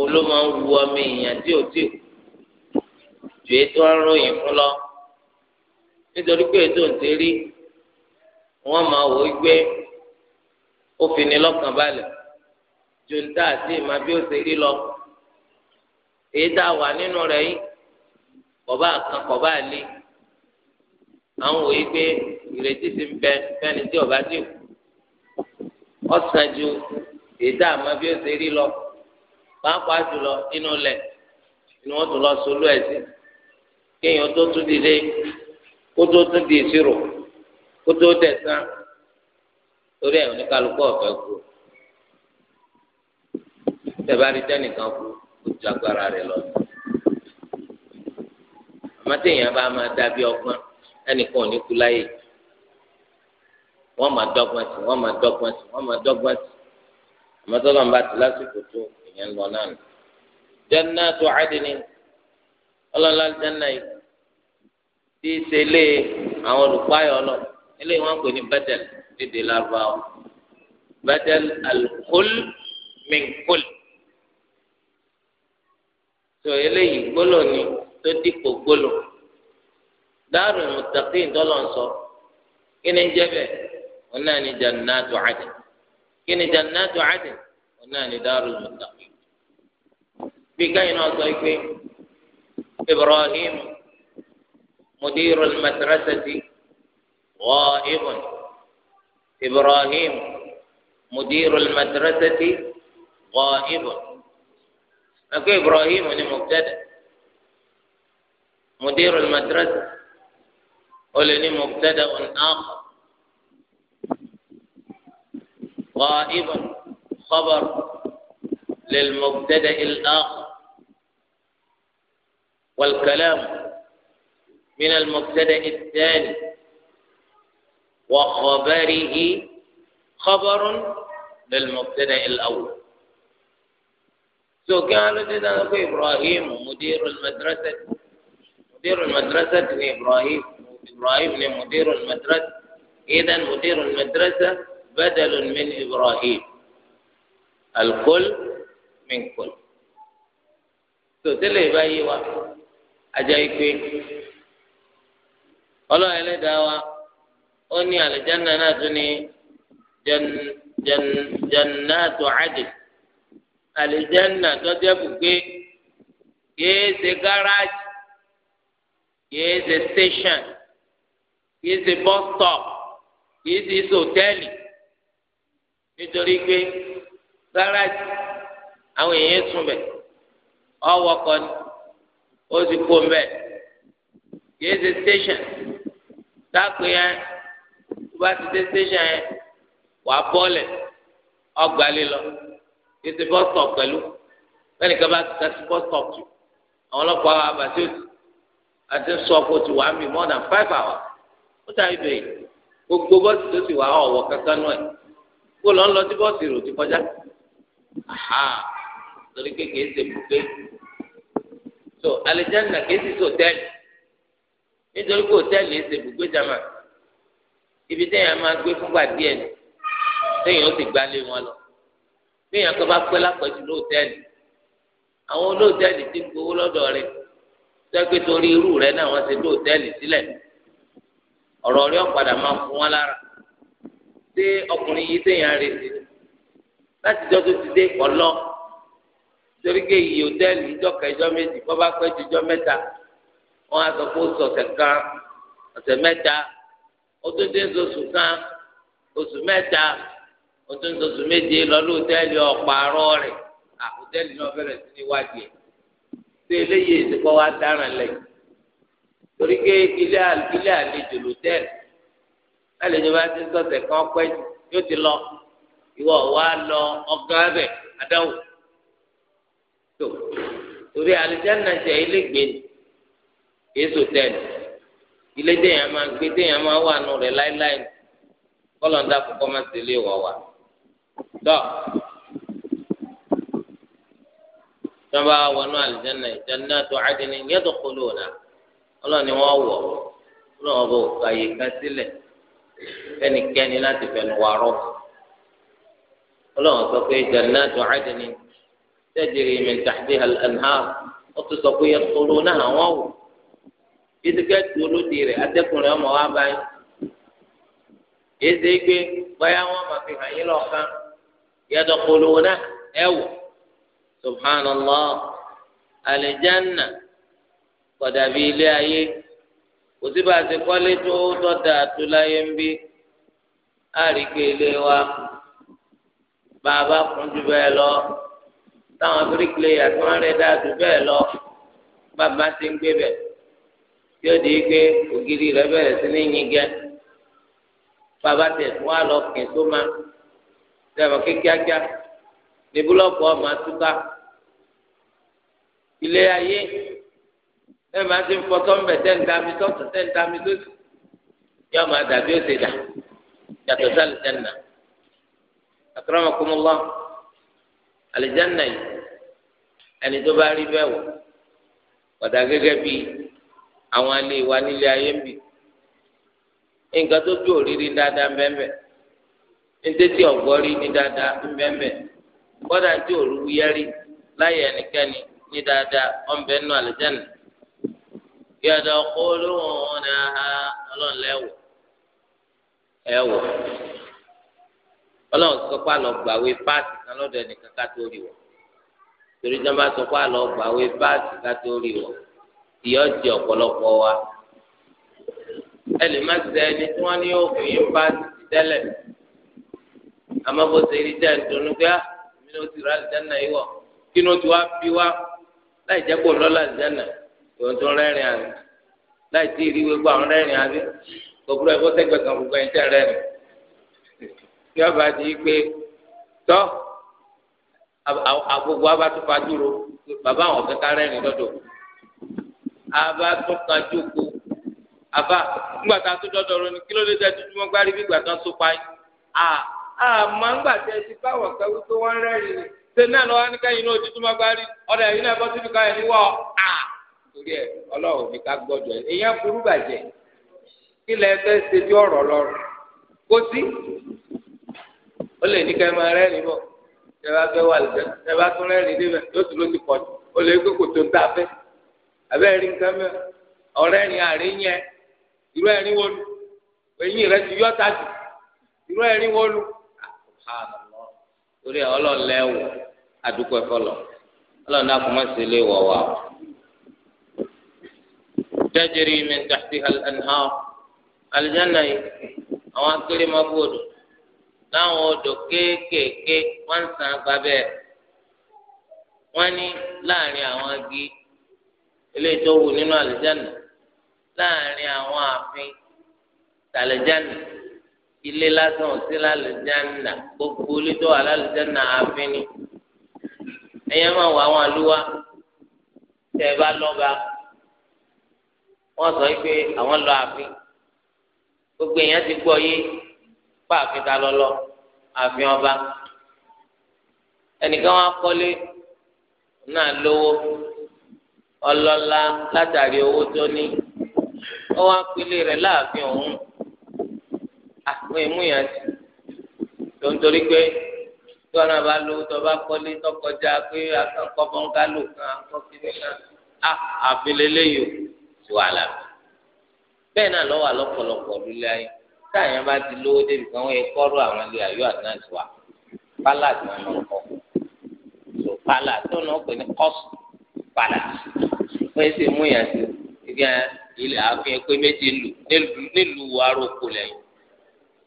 olóma ń wú ọmọ èèyàn tí ò tí ò ju ètò ọrọyìn fún lọ nítorí pé ètò ìtẹrí wọn máa wò ó gbé ó fi ní lọ́kàn balẹ̀ ju ń tà sí ìmọ̀ bí ó ṣe rí lọ èyí tá a wà nínú rẹ̀ yìí kọba kan kọba lé àwọn wòye pé ìrètí ti ń bẹ fẹ́ni tí ọba ti kú ọsàn ju èyí tá a mọ̀ bí ó ṣe rí lọ pàápàá jùlọ nínú lẹ inú wọn tún lọ sọlú ẹ sí kéèyàn tó tún dìde kó tó tún di ìṣirò kó tó tẹ̀sán torí ẹ̀ oníkálukú ọ̀fẹ́ kú tẹ̀bárí tẹ́nìkan kú kó ju agbára rẹ̀ lọ. àmọ́ téèyàn bá máa dábí ọgbọ́n ẹnìkan ò ní kú láyè wọ́n máa dọ́gbọ́n sí wọ́n máa dọ́gbọ́n sí wọ́n máa dọ́gbọ́n sí àmọ́ tọ́lọ́mùbá ti lásìkò tó ìyẹn lọ náà. jannatu adnin ọlọ́lá aljanna yìí tí í ṣe ilé àwọn olùpáyọ̀ ọlọ ilé wọn pè ní bẹ́tẹ̀l dídì lárúbáwọ̀ bẹ́tẹ̀l alukul minkul tó eléyìí gbólò ni tó dìpọ̀ gbólò dáàrú mùtàkì ìdọ́lọ̀ sọ kí ni jẹ́ wọn náà ní jannatu adn kí ni jannatu adn wọn náà ní dáàrú mùtàkì bí káyìn náà sọ pé. إبراهيم مدير المدرسة غائب إبراهيم مدير المدرسة غائب أكو إبراهيم لمبتدأ مدير المدرسة ولني مبتدأ آخر غائب خبر للمبتدأ الآخر والكلام من المبتدأ الثاني وخبره خبر للمبتدأ الأول سو كان لدينا إبراهيم مدير المدرسة مدير المدرسة إبراهيم إبراهيم لمدير المدرسة إذا مدير المدرسة بدل من إبراهيم الكل من كل تدل تلي واحد ajá ikpe ọlọ́run ẹlẹ́dàá wa ó ní àlùjáná náà tún ní jannatu adil àlùjáná tọ́jú ẹ̀bùgbé kìí ṣe gáràjì kìí ṣe station kìí ṣe bus stop kìí ṣe ṣe hòtẹ́ẹ̀lì nítorí pé gáràjì àwọn èèyàn sùn bẹ̀ ọ̀wọ́kọ ó ti kó mbẹ kìí ṣe station táàpù yẹn tó bá ti dé station yẹn wàá bọ́ọ̀lẹ̀ ọgbà lílọ kìí ṣe bus stop pẹ̀lú bẹ́ẹ̀ nìkan bá ti ká sí bus stop tù àwọn ọlọ́pàá àbàtì òtù àti sọ́ọ̀kù ti wàá mi more than five hours ó ta ibè gbogbo bọ́ọ̀sì tó ti wà ọ̀wọ́ kankan náà kó lọ́n lọ sí bọ́ọ̀sì rò ti kọjá aha torí kékeré ṣe bùgbé so alìjẹ́nà kìí sì sọ tẹ́lì nítorí pé òtẹ́lì yìí ṣe ibùgbé jama ibi téèyàn máa gbé fúngbà díẹ̀ ni téèyàn ó sì gbalé wọn lọ téèyàn kan bá pẹ́ lápẹ́jù lóòtẹ́lì àwọn olóòtẹ́lì ti gbowó lọ́dọ̀ rẹ̀ sẹ́gbẹ́ torí irú rẹ̀ náà wọ́n ti lóòtẹ́lì sílẹ̀ ọ̀rọ̀ rẹ̀ ọ̀padà máa fún wọn lára ṣé ọkùnrin yìí téèyàn retí láti jọ́ tó ti dé ọlọ́ọ̀ torí ké iye hòtẹ́ẹ̀lì ìjọ kẹjọ méjì kọ́ bá pẹ́ jíjọ mẹ́ta wọ́n á sọ pé ó sọ ọ̀sẹ̀ kan ọ̀sẹ̀ mẹ́ta ó tún dé oṣù kan oṣù mẹ́ta ó tún dé oṣù méje lọ́lọ́ hòtẹ́ẹ̀lì ọ̀pààrọ̀ rẹ̀ hòtẹ́ẹ̀lì náà bẹ̀rẹ̀ sí ní wájú ẹ̀ tó eléyìí èsì kọ́ wá dáràn lẹ̀ torí ké ilé ilé àlejò lòtẹ́ẹ̀lì àlejò bá ti sọ̀sẹ̀ kan pẹ́ yóò ti lọ ìwọ wa lọ ọgá bẹ̀ adáwò. tó torí àlùjáná jẹ ilé gbé èso tẹ́lẹ̀ ilé déyàn máa gbé máa wà nù rẹ̀ láéláé kọ́lọ́ńdà kọ́kọ́ máa tẹ̀lé wọ̀ wá tọ́ tọ́ba wọnú àlùjáná ìjáná tó àdínní yẹ́tọ̀ kọlu ọ̀la ká láti fẹnu sọ pé tó àdínní. ntee ụtụtọụawawụ eduketi olu tiri atepụrụ mụwa e ezekwe gbaye nwa maka ịnka ya dọpụa ewu subhanụlọ alijana ọdalhe ụdịbazikwalitiụọ da atụlaihe mbi arikelewababa ụdlọụ táwọn bíríkìlẹ̀yà tí wọ́n rẹ̀ dáa jù bẹ́ẹ̀ lọ bàbá ti ń gbé bẹ̀ tí ó di pé ògiri rẹ̀ bẹ̀rẹ̀ sí ní yin gẹ́ bàbá tẹ̀ fún wa lọ kìn tó ma dẹ̀mọ̀ kí kíákíá ní búlọ́ọ̀kù ọmọ àtúkà ilé ayé ẹ máa ti ń fọtọ́ ń bẹ̀ tẹ́ǹtà mi sọ́tọ̀ tẹ́ǹtà mi lóṣù yọ máa dàbí ó dà yàtọ̀ sálì tẹ́ǹtà àkàràmọ̀kùnmọ́ lọ́wọ́ àlìjáná yìí ẹni tó bá rí bẹ́ẹ̀ wọ̀ padà gẹ́gẹ́ bí àwọn alẹ́ wa nílé ayé ń bì nǹkan tó tó òrírí dáadáa mbẹ́mbẹ́ nítẹ́tí ọ̀gbọ́rí ní dáadáa mbẹ́mbẹ́ kọ́dà tí òru yẹ́rí láyé ẹnikẹ́ni ní dáadáa ọ̀nbẹ́ nù àlìjáná yàtọ̀ kó lóhùn náà ọlọ́ọ̀lẹ́wọ̀ ẹ̀wọ̀ ọlọ́run sọ pé àlọ́ gbàwé páàtì kan lọ́dọ̀ ẹnìkan ká tó rí wọ torí jọba sọ pé àlọ́ gbàwé páàtì ká tó rí wọ ìyọ́ jẹ ọ̀pọ̀lọpọ̀ wa ẹ lè má ṣe ẹni tí wọ́n ní òfin yín páàtì ti tẹ́lẹ̀ àmọ́ bó ṣe rí jẹ́ ìdùnnú pé ah, mi ló ti rà àlìjáná yìí wọ̀ kí ni ó ti wá bí wá láì jẹ́ kó lọ́la àlìjáná ìwọ̀n tó rẹ́rìn àná láì tí ì rí wípé àwọn rẹ́rìn àbí kò ẹ̀ bó sẹ́gbẹ̀ẹ́ kan gbogbo ẹ̀ ń tẹ̀ rẹ́rìn tí ọba di pé tọ́ agbogbo aba tó fadúró bàbá àwọn kẹkẹ rẹ́rìn lọ́dọ̀ aba tó kanjú kú aba ńgbà tá a tó dọ́dọ̀ ro ni kí ló dé tẹ́ tuntun wọn gbárí bí ìgbà tó ń so pa yín a a máa ń gbà tẹ́ ẹ ti báwọ̀ kẹ́wé tó wọ́n rẹ́rìn ṣe náà lọ́wọ́ ní kẹ́yìn náà tuntun wọn gbárí ọ̀dọ̀ ẹ̀yin náà bọ́ síbi káyọ̀ níwọ̀ a torí ẹ ọlọ́run ní ká gbọ́dọ̀ ẹ èèyàn burú bàjẹ́ kí lẹ ó lè ní kẹ́ máa rẹ́rìn bọ̀ ẹ bá fẹ́ wà lẹ́sẹ̀ ẹ bá tún rẹ́rìn débẹ̀ yóò tún ló ti pọ̀ jù ó lè kó kòtò ń tà fẹ́ abẹ́ rí nǹkan mẹ́ ọ̀rẹ́ ni àrí yẹn irú ẹ̀rín wo lu eyín rẹ ti yọ ta jù irú ẹ̀rín wo lu torí ọlọ́ọ̀lẹ́ wọ adúgbò ẹ̀fọ́ lọ ọlọ́ọ̀ni akọ̀mọ́sí lè wọ̀ wá o. تجري من تحتها الأنهار الجنة أو أكل مبود láwọn odò kéékèèké wọ́n ń san agba bẹ́ẹ̀ wọ́n ní láàrin àwọn agi eléyìí tó wù nínú àlùjánnà láàrin àwọn ààfin tàlùjánnà ilé lásán ò sí gbogbo ilé tó ààfin ni ẹyẹ máa wọ àwọn àlùwà tẹ́ bá lọ́ba wọ́n sọ pé àwọn lọ ààfin gbogbo èèyàn ti gbọ́ yé pa àfihàn lọ́lọ́ àfihàn ba ẹnìkan wọn kọ́lé náà lówó ọlọ́lá látàrí owó tó ní ó wá pélé rẹ̀ láàfin òun àwọn ìmúyàn tó ń torí pé tí wọn náà bá lówó tó bá kọ́lé tó kọjá pé akọ́kọ́ bọ́ńgálò kan akọ́kiri kan á àfin lélẹ́yìí o ti wà lábẹ́ bẹ́ẹ̀ náà lọ́wọ́ àlọ́pọ̀lọpọ̀ lílé ayé táyà bá ti lówó débi kan wọn yẹ kọrọ àwọn ilé ayọ àdáǹtì wa palace wọn lọ kọ so palace tó náà pè ní cost palace wọn yẹ sì mú yàn sí ìgbà ilé àfihàn ẹgbẹ méjì lù nílùú aróko lẹ́yìn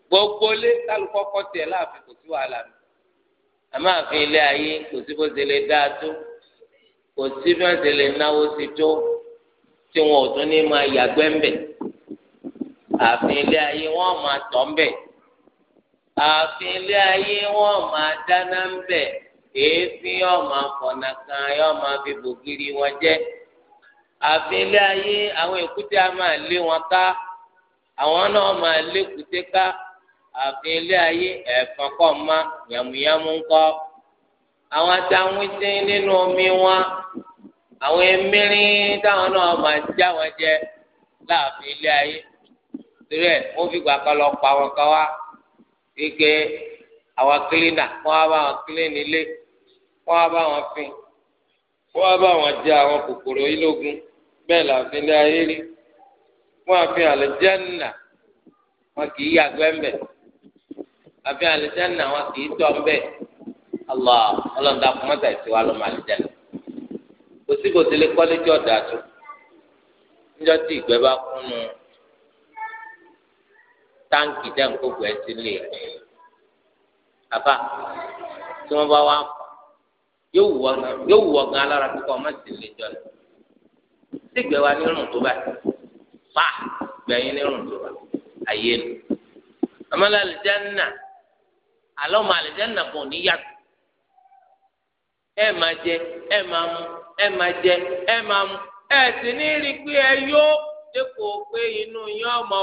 gbogbo lé kálukọ kọtì ẹ láàfin kò sí wàhálà mi àmọ́ àfin ilé ayé kò sí bó ṣe lè dáa tó kò sí bí wọn ṣe lè náwó sí tó tí wọn ò tún ní máa yàgbẹ́ ń bẹ̀. ààfin ilé ayé wọn máa tọ́ ń bẹ̀ ààfin ilé ayé wọn máa dáná ń bẹ̀ èéfín yóò máa fọ̀nà kan yóò máa fi bògiri wọn jẹ́ ààfin ilé ayé àwọn èkúté a máa lé wọn ká àwọn náà máa lé kúté ká ààfin ilé ayé ẹ̀fọn kọ́ ma yàmùyàmù kọ́. àwọn adáwísí nínú omi wọn àwọn emirin táwọn náà máa já wọn jẹ láàfin ilé ayé. torí ẹ wọn fi gbà kan lọ pa wọn kan wá gbígbé àwọn kílínà wọn wá bá wọn kílínì ilé wọn wá bá wọn fin wọn wá bá wọn jẹ àwọn kòkòrò ìlógún bẹ́ẹ̀ làfin lé ayé rí wọn àfin wọn kì í wọn kì í lè tanki dẹ́ nkókò ẹ ti lè rẹ̀ àbá tí wọ́n bá wá yóò wù ọ gan alára kíkọ́ ọmọ sì lè jọ lọ sígbẹ́ wa nírùn tó bá pa gbẹ̀yìn nírùn tó bá ayé nu àmàlà àlìjáná àlọ́ mà kò ní yàtọ̀ ẹ jẹ ẹ ẹ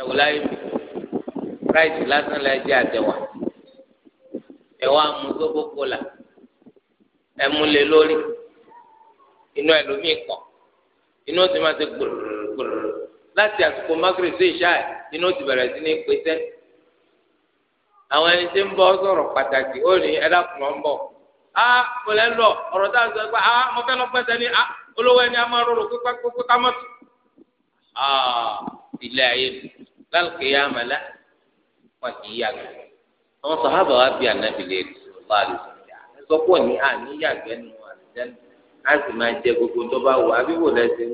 ẹwù láyé friday lásán la jẹ àtẹwà ẹwà kola lórí inú ẹlòmíì kọ inú ti máa ti gbòòrò láti àsìkò sí ìṣá ẹ inú ti sí ní pété àwọn ẹni tí ń pàtàkì ó ní ẹ dákun ọ ń lọ ọ̀rọ̀ tá a sọ pé mo fẹ́ lọ pẹ́sẹ́ ní lálùkìyà àmàlà wọn kì í yàgbẹ́ àwọn sàhábà wa bí ànábì lè rí ọba àlùfáà ẹ sọ pé òní àní yàgbẹ́ nù àlùjẹ́nu á sì máa jẹ gbogbo tó bá wù àbíwò lẹ́sẹ̀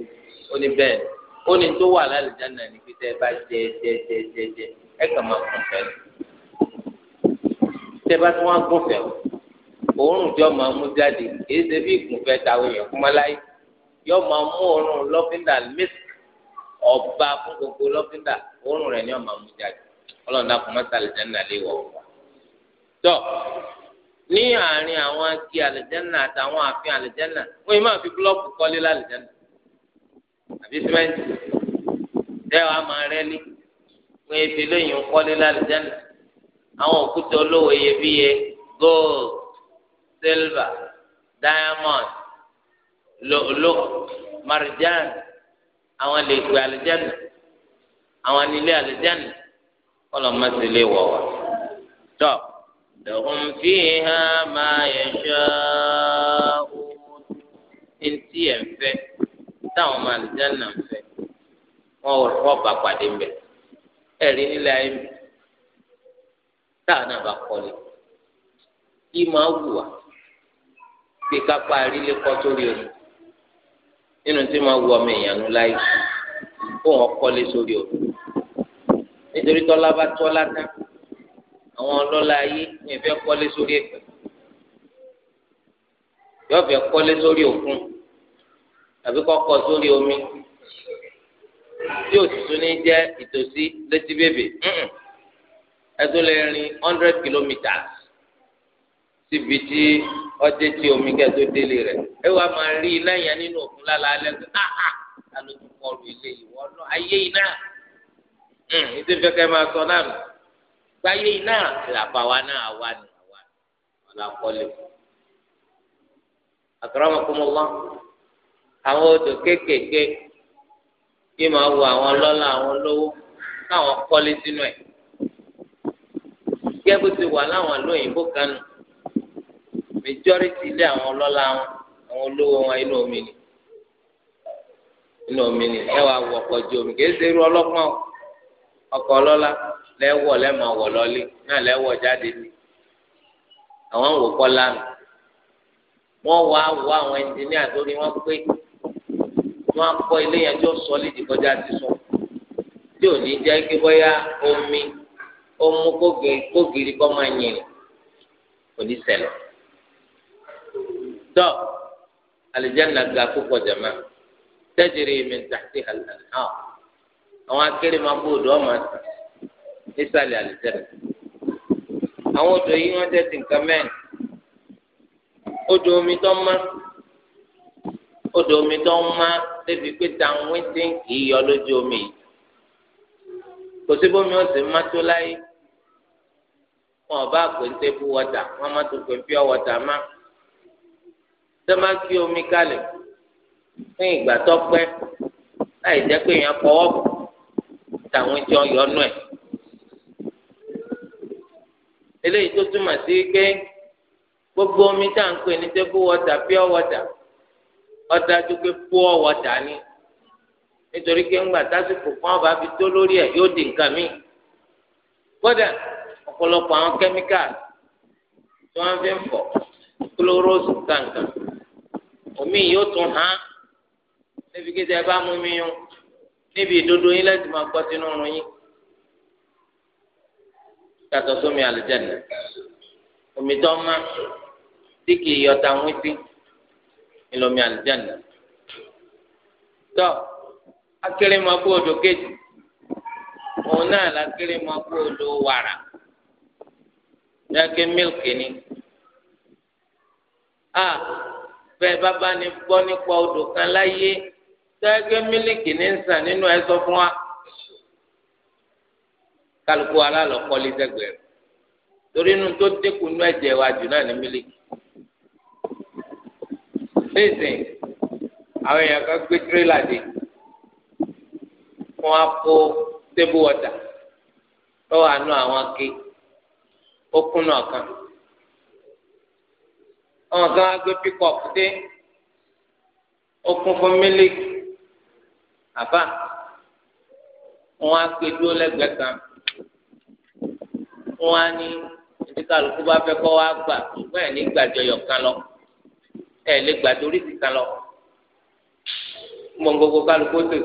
ó ní bẹ́ẹ̀ ó ní tó wà lálùjẹ́nu ní pété ẹ bá jẹ jẹ jẹ jẹ jẹ ẹ kàn máa kún fẹ́ tẹ bá tún wá gùn fẹ́ òórùn tí ọmọ mú jáde kìí ṣe bí ìkùnfẹ́ tàwọn èèyàn kúmọ́láyé yọ máa mú òórùn lọ́fíńdà mísì ọba fún gbogbo lọ́fíńdà òórùn rẹ̀ ni ọmọ mú jáde ọlọ́run náà kò má sa àlìjẹ́nà lé wọ̀ wá. tọ́ ní àárín àwọn akí àlìjẹ́nà àtàwọn ààfin àlìjẹ́nà wọ́n yìí máa fi búlọ́ọ̀kù kọ́lé lálìjẹ́nà àbí símẹ́ǹtì tẹ́ wàá máa rẹ́lí wọ́n yìí fi lóyún kọ́lé lálìjẹ́nà àwọn òkúta olówó iyebíye gold silver diamond lolo marijan àwọn lè pè àlìjẹ́nà àwọn anilé àlùjáde ọlọmọsí lè wọ wá tọ lọhùn fi hà máa yẹ ṣọ ntí ẹ fẹ táwọn ọmọ àlùjáde náà fẹ wọn ò rọba pàdé mbẹ ẹ rí nílẹ̀ ayé mi táwọn náà bá kọ́lé kí máa wù wá pé ká parí lé kọ́ sórí omi nínú tí máa wù ọmọ èèyàn nù kó wọn kọ́lé sórí omi nítorí tọ́lá bá tọ́lá tán àwọn ọlọ́lá ayé ní ìfẹ́ kọ́lé sórí ẹ̀pẹ́ yóò fẹ́ kọ́lé sórí òkun àbí kọ́kọ́ sórí omi tí òtútù ní jẹ́ ìtòsí létí bèbè ẹtún lè rin hundred kilometres síbi tí ọdẹ tí omi kẹtó délé rẹ ẹ wàá máa rí iná yẹn nínú òkun lálẹ́ alẹ́ gbé áhà ah, alójú ah, kọlu ilé ìwọ náà ayé iná ìdí hmm, fẹ́ kẹ́ máa sọ náà gbáyé iná làbá wa náà wà ní àwa ọ̀là kọ́lé. akramakumullah àwọn odò kéékèèké kí máa wo àwọn lọ́lá àwọn lówó káwọn kọ́lé sínú ẹ̀. gẹ́gẹ́ bó ti wà láwọn lóyìnbó kanu majority ilé àwọn ọlọ́lá wọn àwọn olówó wọn inú omi ni inú omi ni ẹ wàá wọ ọkọ̀ ju omi kì í ṣe irú ọlọ́pàá o ọkọ̀ ọlọ́lá lẹ́wọ̀ lẹ́mọ̀ wọ̀ lọ́lé náà lẹ́wọ̀ jáde ní àwọn wò kọ́ lánàá wọ́n wá wọ àwọn ẹnjìníà tó ní wọ́n pé wọ́n á kọ́ ilé yẹn tí ó sọ lédi kọjá ti sùn tí ò ní jẹ́ kí bóyá omi ó mú kógiri kọ́ máa yìn kò ní ṣẹlẹ̀ tọ́ alìjẹ́nà ga púpọ̀ mi ń tàkì àlùfáà àwọn akéré máa kó odò ọmọ àtàn nísàlẹ̀ àlùjẹrẹ àwọn odò yìí wọ́n jẹ́ ti nǹkan mẹ́rin odò omi tó má odò omi tó má débi pé tàwọn ti ń kì í yọ lójú omi yìí kò sí bómi ó sì má tó láyé wọn ò bá pè ń tẹ́bù wọ́tà wọ́n má tó pè ń pure wọ́tà má tẹ́ má kí omi kalẹ̀ fún ìgbà tó pẹ́ láì jẹ́ pé èèyàn fọwọ́ bù àtàwọn tí wọn yọ nù ẹ eléyìí tó túmọ̀ sí pé gbogbo omi tá à ń pè ní table water pure water ọ̀dà tó pé pure water ni nítorí pé ńgbà tásìkò fún ọba fi tó lórí ẹ yóò di nǹkan míì kódà ọ̀pọ̀lọpọ̀ àwọn kẹ́míkàlì tí wọ́n fi ń fọ̀ kúlórósì kankan omi yóò tún hàn níbi kí tẹ bá mú mi yún níbi ìdodo yín láti máa gbọ́ sínú ọrùn yín yàtọ̀ sómi àlùjáde omi tó má tí kì í yọta wín sí ìlọmi àlùjáde tó akéré máa kú odò kejì òun náà lakéré máa kú odò wàrà yàgé mílkì ni a bẹ́ẹ̀ bá bá ní gbọ́ nípa odò kan láyé tẹ́gẹ́ mílíkì ní sàn nínú ẹ sọ fún wa kálukú alálọ kọ́lé sẹ́gbẹ̀rẹ̀ torí inú tó dínkù inú ẹ̀jẹ̀ wa jù náà ní mílíkì. léèsìn àwọn èèyàn kan gbé tirẹ́là dé wọ́n á kó tébù wọ́tà lọ́wọ́ àánú àwọn ake ó kúnnà kan àwọn kan gbé píkọ̀pù dé ó kún fún mílíkì àbá wọn á gbé dúró lẹ́gbẹ̀ẹ́ kan wọn á ní ibi kálukú bá fẹ́ kọ́ wá gbà ṣùgbọ́n ẹ̀ ní gbàjọyọ̀ kan lọ ẹ̀ lè gbàjọ oríṣi kan lọ gbọ̀ngbọ̀ngbọ̀ kálukú tó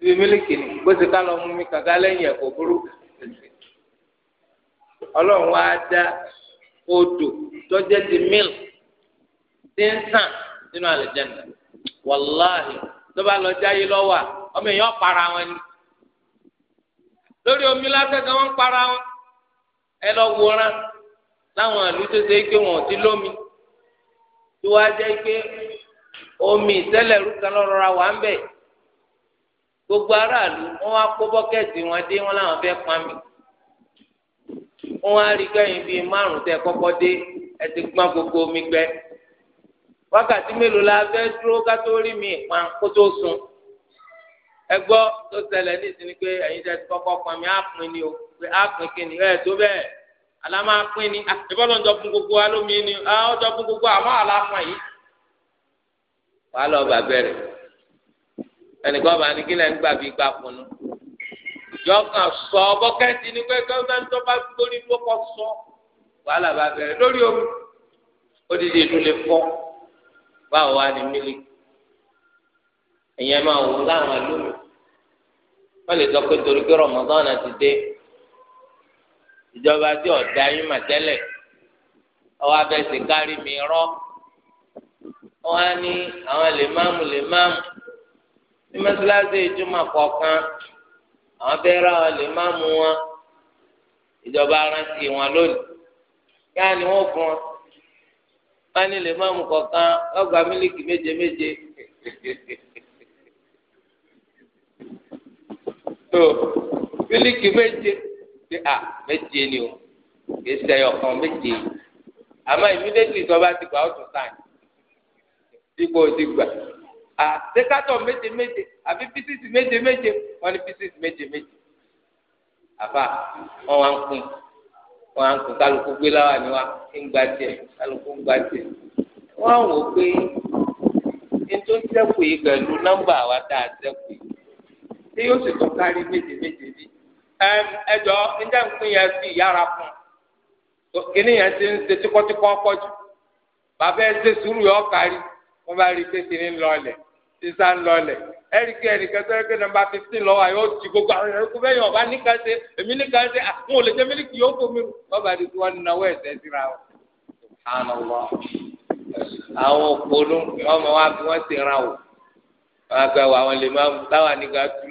ibi mílíkì ni bó ti ká lọ mú mi kàkà lẹ́yìn ẹ̀kọ́ burú ọlọ́run wá dá odò tọ́jẹ́ ti mílì tí ń sàn nínú àlẹ́ jẹ́ nà lọba lọ jáyé lọwà ọmọ èèyàn para wọn ni lórí omi lásán wọn para wọn ẹ lọ wòran láwọn ìlú tó ṣe pé wọn ò ti lómi tí wàá jẹ́ pé omi ìtẹ́lẹ̀ rúkan lọ́rọ́ra wà ń bẹ̀ gbogbo aráàlú wọn wá kó bọ́kẹ́tì wọn dé wọn làwọn fẹ́ pa mí wọn wá rí kẹ́yìn bíi márùn tẹ kọ́kọ́ dé ẹ ti gbọ́n gbogbo omi gbẹ wákàtí mélòó la fẹ́ dúró ká tó rí mi pa kó tó sun ẹ gbọ́ tó ṣẹlẹ̀ ní ìsinmi pé ẹ̀yin tẹ́ ti kọ́kọ́ pọn mi á ni o pé á pin kí ni ẹ̀ tó bẹ́ẹ̀ àlámà pin ni ah, ìbọ́lọ̀ ń jọ fún gbogbo wa lómi ni ọ jọ fún gbogbo àmọ́ àlàfọ̀ yìí wàá lọ bàbẹ́ rẹ̀ ẹnìkan bá ní kílẹ̀ ń gbàgbé gbà fún un yọ kan sọ bọ́kẹ́tì ni pé gọ́ọ̀mẹ́ntì tó bá gbórí ló kọ́ sọ wàhálà bá bẹ̀rẹ̀ lórí omi ó dìde ìlú lè báwo wá ní mílíkì ẹ̀yẹ máa wò láwọn lómi wọ́n lè sọ pé torí pé rọmọdánà ti dé ìjọba tí ọ̀dà yín mà tẹ́lẹ̀ ọwọ́ abẹ́sẹ̀ kárí mi rọ́ wọ́n á ní àwọn lèmáàmù lèmáàmù ní mọ́sálásí ìjùmọ̀ kọ̀ọ̀kan àwọn fẹ́ ra àwọn lèmáàmù wọn ìjọba aránsì wọn lónìí yáà ni wọ́n fún wọn wọn ní lè má mú kọ̀ọ̀kan ọgbà mílíkì méje méje tó mílíkì méje ṣe à méje ni o kì í ṣe ọ̀kan méje àmọ́ ìmídẹ́tì ìjọba ti gbà ó tún sáà dípò ti gbà à sẹ́kátọ̀ méje méje àbí písìsì méje méje wọ́n ní písìsì méje méje àbá wọn wọn à ń kó kálukú gbé láwa ni wa ń gba tiẹ̀ kálukú ń gba tiẹ̀ wọn à ń ètò sẹ́kù yìí pẹ̀lú nọ́mbà wa tá a sẹ́kù yìí tí yóò sì tún kárí méje méje bí ẹjọ́ níta ń pín yẹn sí ìyára fún un kíní yẹn ti ń ṣe tíkọ́tíkọ́ pọ̀ jù bàbá ẹ ṣe sùúrù yọ kárí wọn bá rí i pé kíní lọ́ọ̀lẹ̀ sísá ń lọlẹ̀ ẹ̀ríkì ẹnìkan tó yẹ kí nọ́mbà fifteen lọ́wọ́ àyọ̀ ti gbogbo àwọn ẹ̀rọ kó bẹ́ẹ̀ yàn ọba níkan ṣe èmi níkan ṣe àwọn olè jẹ́ mílíkì yóò fún mi lọ́ba di tí wọ́n náwó ẹ̀sẹ̀ síra o. àwọn òpònú ọmọ wa fi wọ́n ti ra o wọ́n á gbà wọ àwọn lè máa mú táwa nígbà tú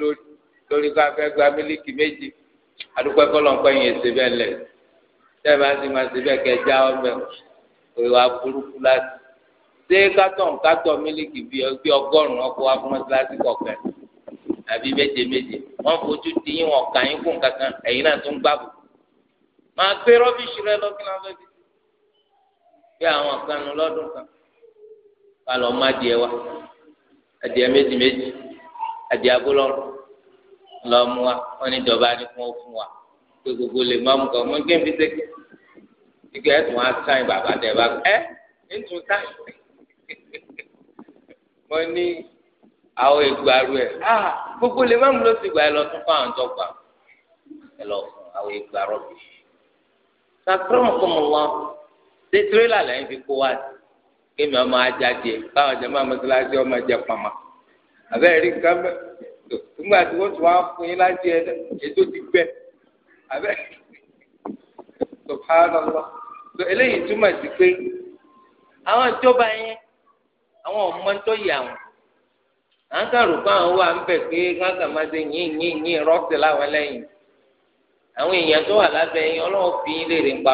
lórí kó a gba mílíkì méjì àdúgbò ẹ̀kọ́ lọ́nkọ́ yẹn ẹ̀sẹ̀ bẹ́ẹ̀ lẹ̀ bá ti máa ṣe bẹ́ẹ̀ kẹ́ já ọ ṣé kátọ̀ kátọ̀ mílíkì bí ọgọ́rùn-ún ọkọ̀ wa fún mọ́sálásí kọ̀ọ̀kan àbí méje méje wọ́n fojú di yín wọ́n kà yín fún kankan ẹ̀yin náà tún gbàgbọ́. máa gbé rọ́bìṣì rẹ lọ kí náà fẹ́ fi bí àwọn kan nu lọ́dún kan ká lọ́ọ́ má díẹ̀ wá adìẹ méjì méjì adìẹ agbólọ́rùn lọ́ọ́ mú wa wọ́n ní ìjọba ni kún ó fún wa pé gbogbo lè má mú kan mọ́ gé mi sékè ìgbà ẹ̀ tún wá sáyìn bàbá tẹ̀ bá ẹ̀ ń tún sáyìn mo ní àwọn ìgbàru ẹ̀ ah, gbogbo lè má mú lọ sí ìgbà ẹ lọ tún fún àwọn tó gbà ẹ lọ fún àwọn ìgbàrọ̀ bì í. sàkúrọ̀mù kọ́ mọ̀ wọn ṣé tirẹ́là lẹ́yìn fi kó wá sí kémi ọmọ ajá jẹ báwọn jẹ máa mọ́tíláṣí ọmọ jẹ pàmà àbẹ́rẹ́ rí nǹkan mẹ́ nígbà tí tún wá fún yín láti ẹ ètò ti gbẹ àbẹ́rẹ́ subhanallah eléyìí túmọ̀ sí pé àwọn ìjọba yẹn àwọn ọmọ ń tọ́ yà wọn à ń kàrò pé àwọn wà ń bẹ̀ pé káàkà máa ṣe yín yín yín rọ́ọ̀sì láwọn lẹ́yìn àwọn èèyàn tó wà lábẹ́ yín ọlọ́wọ́ fi yín léèrè ń pa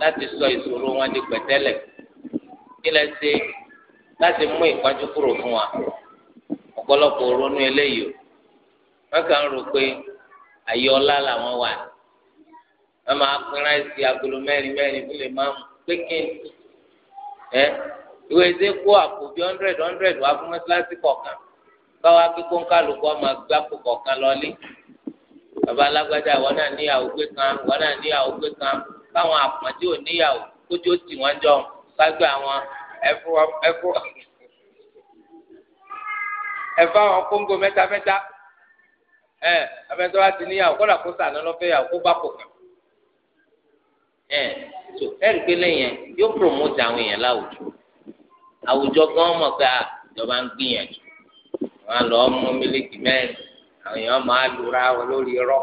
bá ti sọ ìṣòro wọn di pẹ̀tẹ́lẹ̀ kí lẹ ṣe láti mú ìpájú kúrò fún wa ọ̀pọ̀lọpọ̀ ronú eléyìí o wọ́n kàn rò pé àyè ọlá làwọn wà wọ́n máa pinra agolo mẹ́rin mẹ́rin pékin ẹ ìwé ẹsẹ kó àkóbí hundred hundred wá fún mọ́sálásí kọ̀ọ̀kan báwa pé kó ń kálukú ọmọ ẹgbẹ́ àpò kọ̀ọ̀kan lọ́lé bàbá alágbádá ìwọ náà níyàwó gbé kan ìwọ náà níyàwó gbé kan káwọn àpọ̀njẹ́ ò níyàwó kójú ó tì wọ́n jọ kágbé àwọn ẹ̀fọ́ àwọn kóńgò mẹ́tamẹ́ta ẹ̀ abẹ́tọ́ wa ti níyàwó kọ́dà kó sànà lọ́fẹ́ yàwó kó bá kò kàn ẹ̀ so ẹ̀rí pé lẹ́yìn yóò promote àwọn èèyàn láwùjọ àwùjọ gan mọ̀ pé ah, ìjọba ń gbìyànjú wọn lọ mú mílíkì mẹ́rin àwọn èèyàn máa lura wọn lórí irọ́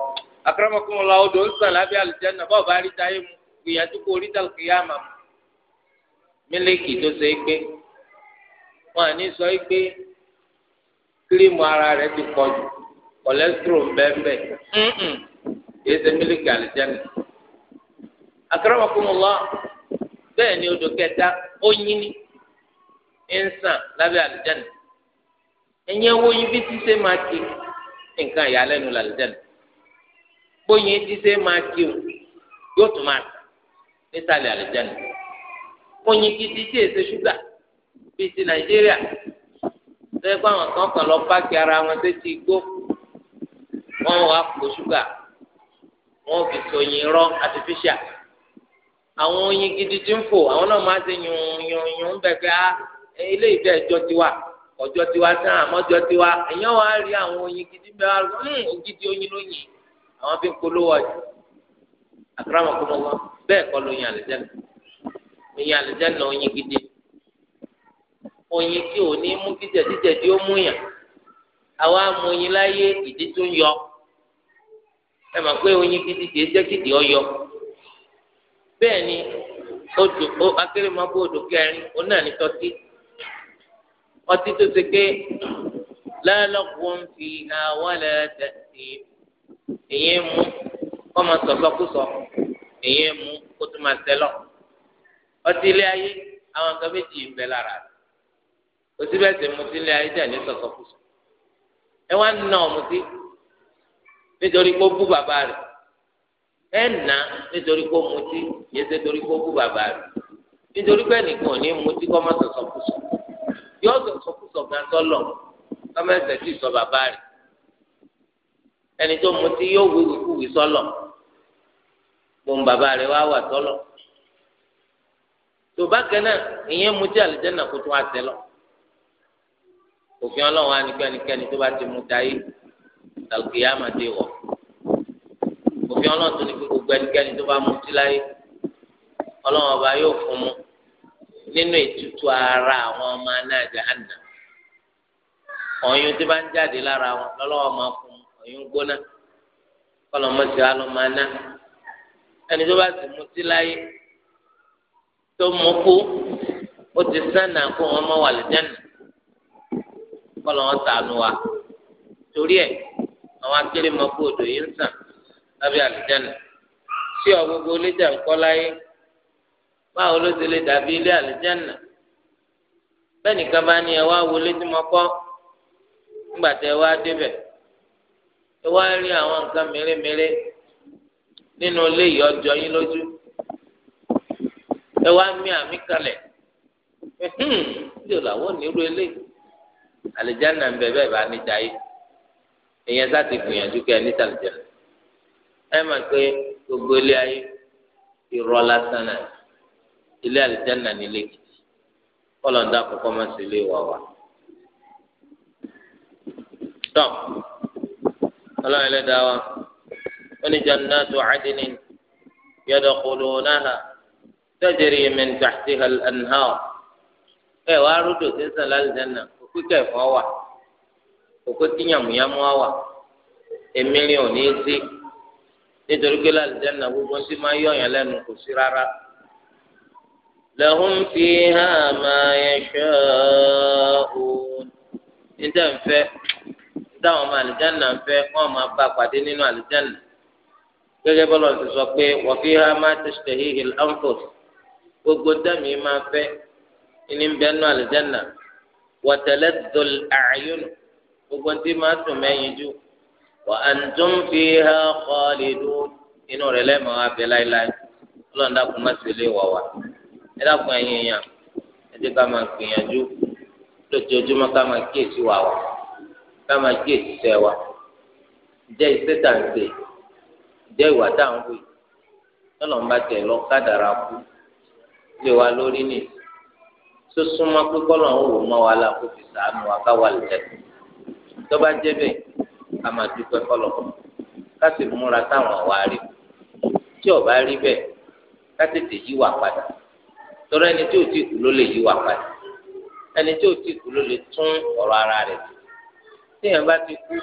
akérèmọkùnrin lọ odò ń sàn lábẹ́ àlùjánnà bọ́ọ̀ bá rí táyé mu gbìyànjú kó rí tàlùkì yá màmú mílíkì tó ṣe é gbé wọn à ní sọ é gbé kírímù ara rẹ ti pọ̀jù cholesterol bẹ́ẹ̀ bẹ́ẹ̀ ẹ̀ẹ́dẹ́ mílíkì àlùjánnà akramakumullah bẹ́ẹ̀ ni odò kẹta ó yín ní ń sàn lábẹ́ àlùjáde ẹ̀yẹ́ wo yín bí tíṣe máa ti nǹkan ìyàlẹ́nu làlùjáde bóyin tíṣe máa ti o yóò tún máa sàn nísàlẹ̀ àlùjáde bóyin títí tí èsè ṣúgà bíi ti nàìjíríà lọ́yẹ́ pé àwọn kan kàn lọ páàkì ara wọn tó ti gbó wọ́n wàá kó ṣúgà wọ́n fi sọyìn rọ́ artificial àwọn oyin gidi ti ń fò àwọn náà máa ṣe yùn yùn yùn bẹ pé ah ilé ìfẹ́ ẹjọ́ tiwa ọjọ́ tiwa tán àmọ́jọ́ tiwa èèyàn wá rí àwọn oyin gidi bẹ wá hmm, gidi oyin lóyin àwọn fi ń polówó ọjà àkàràmọ̀ kọ́ mọ́ wọn bẹ́ẹ̀ kọ́ lóyin àlùjẹ́nu oyin àlùjẹ́nu oyin gidi oyin tí ò ní mú jíjẹ̀jíjẹ̀ tí ó mú yàn àwa amòyin láyé ìdí tó ń yọ ẹ mọ̀ pé oyin gidi kìí jẹ́ kìdí ọ yọ. bẹ́ẹ̀ ni odò ó akérèmọ́bù odò kẹrin o náà ní tọ́tí ọtí tó ṣe pé lálọ́gbọ̀n fi àwọn ẹlẹ́dẹ̀ sí èyí mú kọ́ máa sọ̀sọ́kùsọ èyí mú kó tó máa ọtí ilé ayé àwọn nǹkan méjì ń bẹ lára bẹ́ẹ̀ sì ilé ayé ní ẹ wá nítorí pé ó bú bàbá ẹ nà nítorí kó mutí yẹ ṣe torí kó kú bàbá rẹ nítorí pé nìkan ní mutí kọ́ má sọ̀sọ̀ kù sọ yọ sọ̀sọ̀ kù sọ gan sọ́lọ̀ kọ́ má ẹsẹ̀ tí sọ bàbá rẹ ẹni tó mutí yóò wíwí kú wí sọ́lọ̀ gbòm bàbá rẹ wá wà sọ́lọ̀ tó bá kẹ́nà ìyẹn mutí àlùjànnà kó tó wá sẹ́lọ̀ òfin ọlọ́run á ní pé tó bá ti mutí ayé tàlùkìyà má ti wọ̀ òfin ọlọ́run tó ní pé gbogbo ẹnikẹ́ni tó bá mutí láyé ọlọ́run ọba yóò fún mu nínú ètùtù ara àwọn ọmọ náà jahanna ọyún tí bá ń jáde lára wọn lọ́lọ́wọ́ máa fún ọyún gbóná kọ́lọ́ mọ́tì á lọ máa ná ẹni tó bá sì mutí láyé tó mú kú ó ti sànà kó wọn mọ́ wà lẹ́jẹ̀nà kọ́lọ́ wọn tànú wa torí ẹ̀ àwọn akéré mọ́ kó odò yìí ń sàn lábẹ́ àlùjáná tí ọ gbogbo oléjà ń kọ́ láyé báwo ló ti lè dàbí ilé àlùjáná bẹ́ẹ̀ nìkan bá ní ẹ wá wọlé tí mo kọ́ nígbà tẹ ẹ wá débẹ̀ ẹ wá rí àwọn nǹkan mèremère nínú ilé yìí ọjọ́ yín lójú ẹ wá mí àmì kalẹ̀ yóò làwọn onírú eléyìí àlùjáná ń bẹ bẹ́ẹ̀ bá níjà yìí èèyàn sá ti gbìyànjú kẹ́ ẹ ní sàlùjáná. ẹ máa pé gbogbo ilé ayé ìrọlá lásán ilé àlìjáná nílé gidi kọ́lọ̀ ń dá kọ́kọ́ máa ilé wa wa. tọ́ ọlọ́run ẹlẹ́dàá wa wọ́n ní jannatu adnin min tahtiha al-anhar ẹ wá rúdò tí ń sàn lálìjáná òkú kẹfọ́ wà òkú wà èmi nítorí pé lálùjáná gbogbo ń ti máa yọ ọ̀yàn lẹ́nu kò sí rárá. lahum fiha ma yasha'un níta ń fẹ́ níta àwọn ọmọ àlùjáná ń fẹ́ wọ́n máa bá pàdé nínú àlùjáná. gẹ́gẹ́ bọ́lá ti sọ pé wa fiha ma tashtahihi al-anfus gbogbo dẹ́mi máa fẹ́ ní bẹ́ẹ̀ nínú àlùjáná wa taladhdhu al-a'yun gbogbo ń ti máa tún mẹ́yìn jù wa antum fiha khalidun inú rẹ̀ lẹ́mọ̀ abẹ láéláé ọlọ́run dákun má sì lè wà wá ẹ dákun ẹ̀yìn yàn ẹ jẹ́ ká máa gbìyànjú lójoojúmọ́ ká máa kíyèsí wà wá ká máa kíyèsí sẹ́ wa jẹ́ iṣẹ́ tà ń ṣe jẹ́ ìwà tà ń wù lọ́lọ́run bá tẹ̀ lọ kádàrá kú lé wa lórí nì sọ́súnmọ́ pé kọ́lọ́run wò mọ́ wa la kó fi sàánú wa ká wà lẹ́yìn tó bá jẹ́ bẹ́ẹ̀. ká máa dúpẹ́ kọ́lọ̀ ká múra táwọn àwa rí tí ọba rí bẹ́ẹ̀ kátètè yíwà padà tọ́lá ẹni tí ò tí kú ló lè yíwà padà ẹni tí ò tí kú ló lè tún ọ̀rọ̀ ara rẹ̀ tí bá ti kú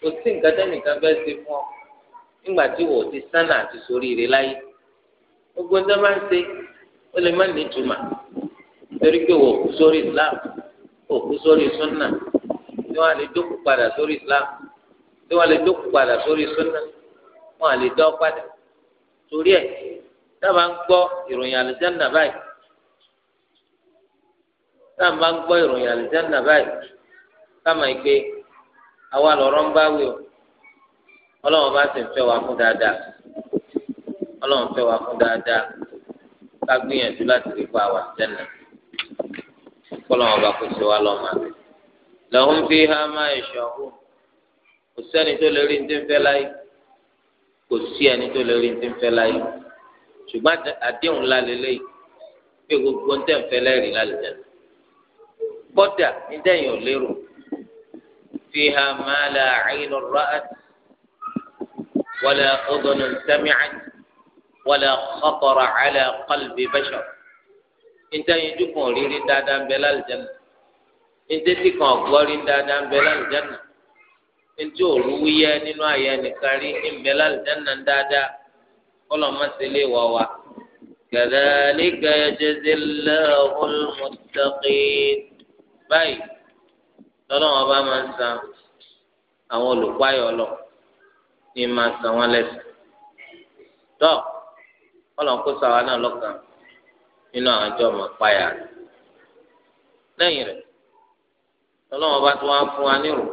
kò sí nǹkan tẹ́nìkan ṣe fún ọ nígbà tí wò ó ti sánà àti sórí rẹ láyé gbogbo máa ń ṣe ó lè má ní torí pé wò ó kú sórí Islam ó kú sórí tí wọ́n tí wọn lè dókun padà sórí súnà wọn à lè dán padà torí ẹ dábàá ń gbọ́ ìròyìn àlùjánnà báyìí táà máa ń gbọ́ ìròyìn àlùjánnà báyìí káàmà ìgbé àwa lọ̀rọ̀ ń bá wí o ọlọ́run bá sì ń fẹ́ wa fún dáadáa ọlọ́run fẹ́ wa fún dáadáa ká gbìyànjú láti rí pa àwa àlùjánnà kọ́lọ́run bá kó sí wa lọ́mọ. lahum fiha ma yasha'un kò sẹ́ni tó lè rí ní ti ń fẹ́ láyé kò sí ẹni tó lè rí ní ti ń fẹ́ láyé ṣùgbọ́n àdéhùn ńlá lélẹ́yìí pé gbogbo ń tẹ̀ ń fẹ́ lẹ́rìí lálẹ́ bọ́dà ní dẹ́yìn ò lérò fi ha máa la àyìn lọ́rọ́ àti wàlà ọ̀dọ̀nà sẹ́mi àti wàlà ọ̀kọ̀rọ̀ àlẹ́ kọ́lùbí bẹ́ṣọ̀ ní dẹ́yìn dúkùn rírí dáadáa ń bẹ lálẹ́ jẹ́nà dẹ́tí kan ọ̀gbọ́n dáadáa ń bẹ lálẹ́ ntí òru wíyẹ nínú ayé nìkan rí ìmbẹ́lá lìdáná dáadáa kọ́lọ̀ má sí lè wá wa. kadhalika yajzillahul muttaqin báyìí lọ́lọ́wọ́n bá máa ń san àwọn olùpáyọ̀ lọ ní máa san wọn lẹ́sìn. tọ́ kọ́lọ̀ kó sàwa náà lọ́kàn nínú àwọn àjọ ọmọ páyà lẹ́yìn rẹ̀ lọ́lọ́wọ́n bá tún wá fún wa nírò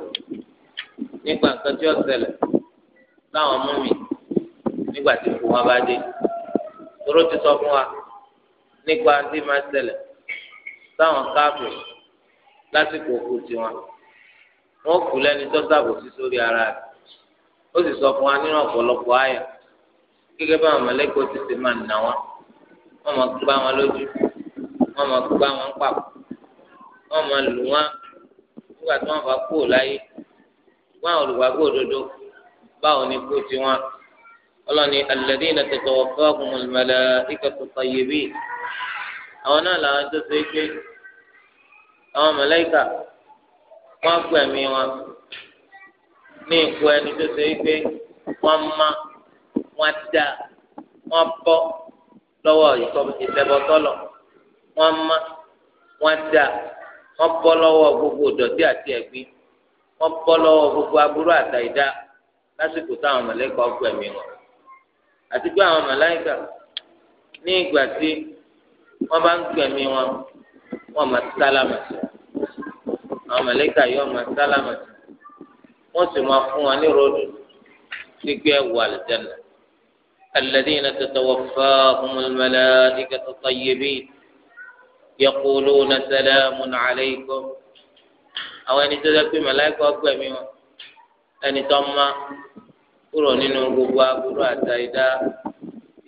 nípa nǹkan tí ó ṣẹlẹ̀ láwọn mú mi nígbà tí ikú wọn bá dé tóró ti sọ fún wa nípa tí máa ṣẹlẹ̀ táwọn káàpù lásìkò òkú tiwọn wọn kú lẹ́ni tó ṣàbòsí sórí ara rẹ̀ ó sì sọ fún wa nínú ọ̀pọ̀lọpọ̀ àyà gẹ́gẹ́ bá àwọn mọ̀lẹ́kọ̀ ti ṣe máa nà wọn wọn máa gbá wọn lójú wọn máa gbá wọn pàpọ̀ wọn máa lù wọn nígbà tí wọn bá kú láyé fún àwọn olùgbàgbọ́ òdodo báwo ni kú tiwọn ọlọ́ni alladhina tatawaffahumul malaikatu tayyibin àwọn náà làwọn tó ṣe é pé àwọn màláíkà wọ́n gbẹ̀mí wọn ní ipò ẹni tó ṣe é pé wọ́n má wọ́n dá wọ́n bọ́ lọ́wọ́ ìṣẹ́bọ wọ́n má wọ́n dá wọ́n bọ́ lọ́wọ́ gbogbo ìdọ̀tí àti ẹ̀gbin wọn bọ́ lọ́wọ́ gbogbo aburú àtàyídá lásìkò táwọn mọ̀lẹ́kà ọgbẹ̀mí wọn àti pé àwọn mọ̀lẹ́kà ní ìgbà tí wọ́n bá ń gbẹ̀mí wọn wọ́n máa sálámà sí àwọn mọ̀lẹ́kà yóò máa sálámà sí wọ́n sì máa fún wọn ní ròdù gbígbé ẹ̀wọ̀ àlùjáná alladhina tatawaffahumul malaikatu tayyibin yaquluna salamun alaykum àwọn ẹni tó dẹ́ pé màláìkà ọgbẹ̀mí wọn ẹni tó má kúrò nínú gbogbo aburú àtàyídá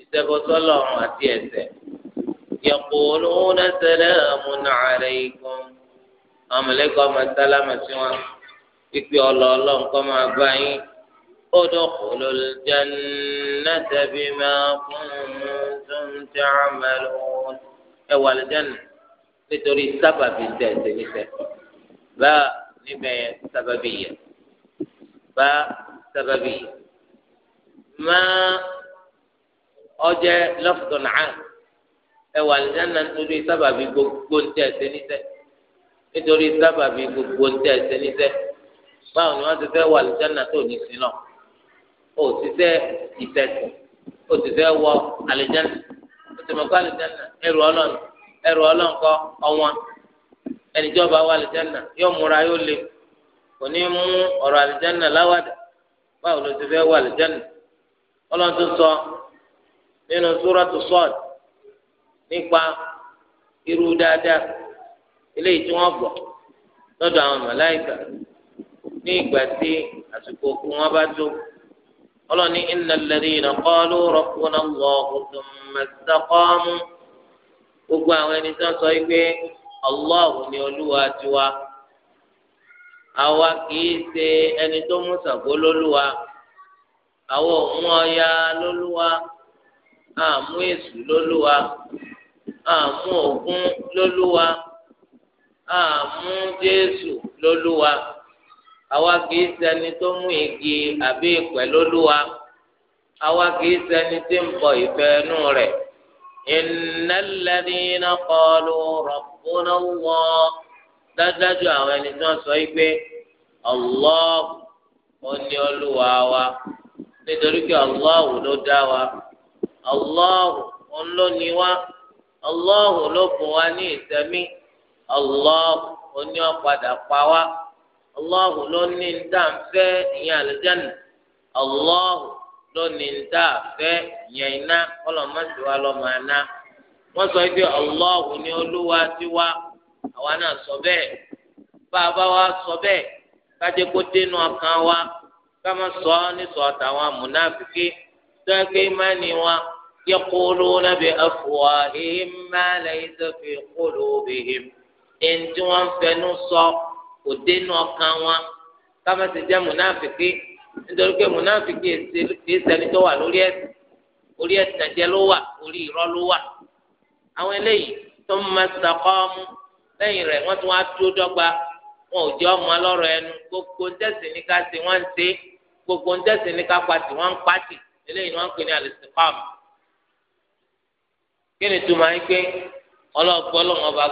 ìṣẹ́bọsọ́lọ̀ àti ẹ̀ṣẹ̀. yaquluna salamun alaykum àwọn màláìkà ọmọ sálámà sí wọn pípé ọlọ́ọ̀lọ́ nǹkan máa bá yín udkhulul jannata bima kuntum ta'malun ẹ wà lẹ́jẹ̀nà nítorí sábàbí tẹ̀sẹ̀ nífẹ̀ẹ́ bá níbẹ̀ yẹn sábàbí yẹn bá sábàbí yẹn má ọjẹ́ lọ́fọ̀tọ̀ nàá ẹwà àlùjáná nítorí sábàbí gbogbo ń tẹ̀ ẹsẹ̀ níṣẹ́ nítorí sábàbí gbogbo ń tẹ̀ ẹsẹ̀ níṣẹ́ báwo ni wọ́n ti fẹ́ wà àlùjáná tó ní sí náà ó ti fẹ́ ìtẹ̀sùn ó ti fẹ́ wọ àlùjáná ó ti mọ̀ kó àlùjáná ẹrù ọlọ́run ẹrù ọlọ́run kọ́ ọ̀wọ́n ẹni tí ọba wa alìjánà yóò múra yóò le kò ní mú ọ̀rọ̀ alìjánà láwàdà báwo ló ti fẹ́ wà alìjánà ọlọ́run tó sọ nínú súrọ́tù sọ́ọ̀d nípa irú dáadáa eléyìí tí wọ́n gbọ́ lọ́dọ̀ àwọn màláìkà ní ìgbà tí àsìkò òkú wọn bá tó ọlọ́run ní innal ladhina qalu rabbuna Allahu thumma istaqamu gbogbo àwọn ẹni tí wọ́n sọ yìí pé. Allahu ni olúwa tiwa àwa kìí ṣe ẹni tó mú Ṣàngó lólúwa àwa ò mú Ọya lólúwa àmú Èṣù lólúwa àmú Ògún lólúwa àmú Jésù lólúwa àwa kìí ṣe tó mú igi àbí ìpẹ lólúwa àwa kìí ṣe tí ń bọ ìfẹ́ inú rẹ̀ innal ladhina qalu rabb. ربنا الله dájúdájú àwọn ẹni tí wọ́n sọ yìí pé Allah ó ní olúwa wa nítorí pé Allah ló dá wa Allah òun ló ní wa Allah ló fún wa ní ìsẹ̀mí Allah ó ní ọ̀padà pa wa ló ní ń dá ń fẹ́ ìyẹn àlùjáde ló ní ń dá fẹ́ ìyẹn iná wọ́n sọ pé Allahu ni olúwa tiwa àwa náà sọ bẹ́ẹ̀ bá a bá wa sọ bẹ́ẹ̀ kájẹ́ kó dénú ọkàn wa ká má sọ ọ́ nísọ àtàwọn amúnáfíkì sọ́kè ìmánì wa yaquluna bi afwahihim ma laysa fi qulubihim ẹni tí wọ́n ń fẹnu sọ kò dénú ọkàn wa ká má ti jẹ́ nítorí pé àwọn eléyìí tó ń mẹsà kọ́ ọmú lẹ́yìn rẹ̀ wọ́n tún wá dúró dọ́gba wọn ò jẹ́ ọmọ ọlọ́rọ̀ ẹnu gbogbo ń tẹ̀sí ní ká ṣe wọ́n ń ṣe gbogbo ń tẹ̀sí ní ká pàṣẹ wọ́n ń pàṣẹ eléyìí ni wọ́n ń pè ní àlùsíkọ́ọ̀mù. kí ni túmọ̀ yín pé ọlọ́ọ̀gbọ́ lọ́wọ́ bá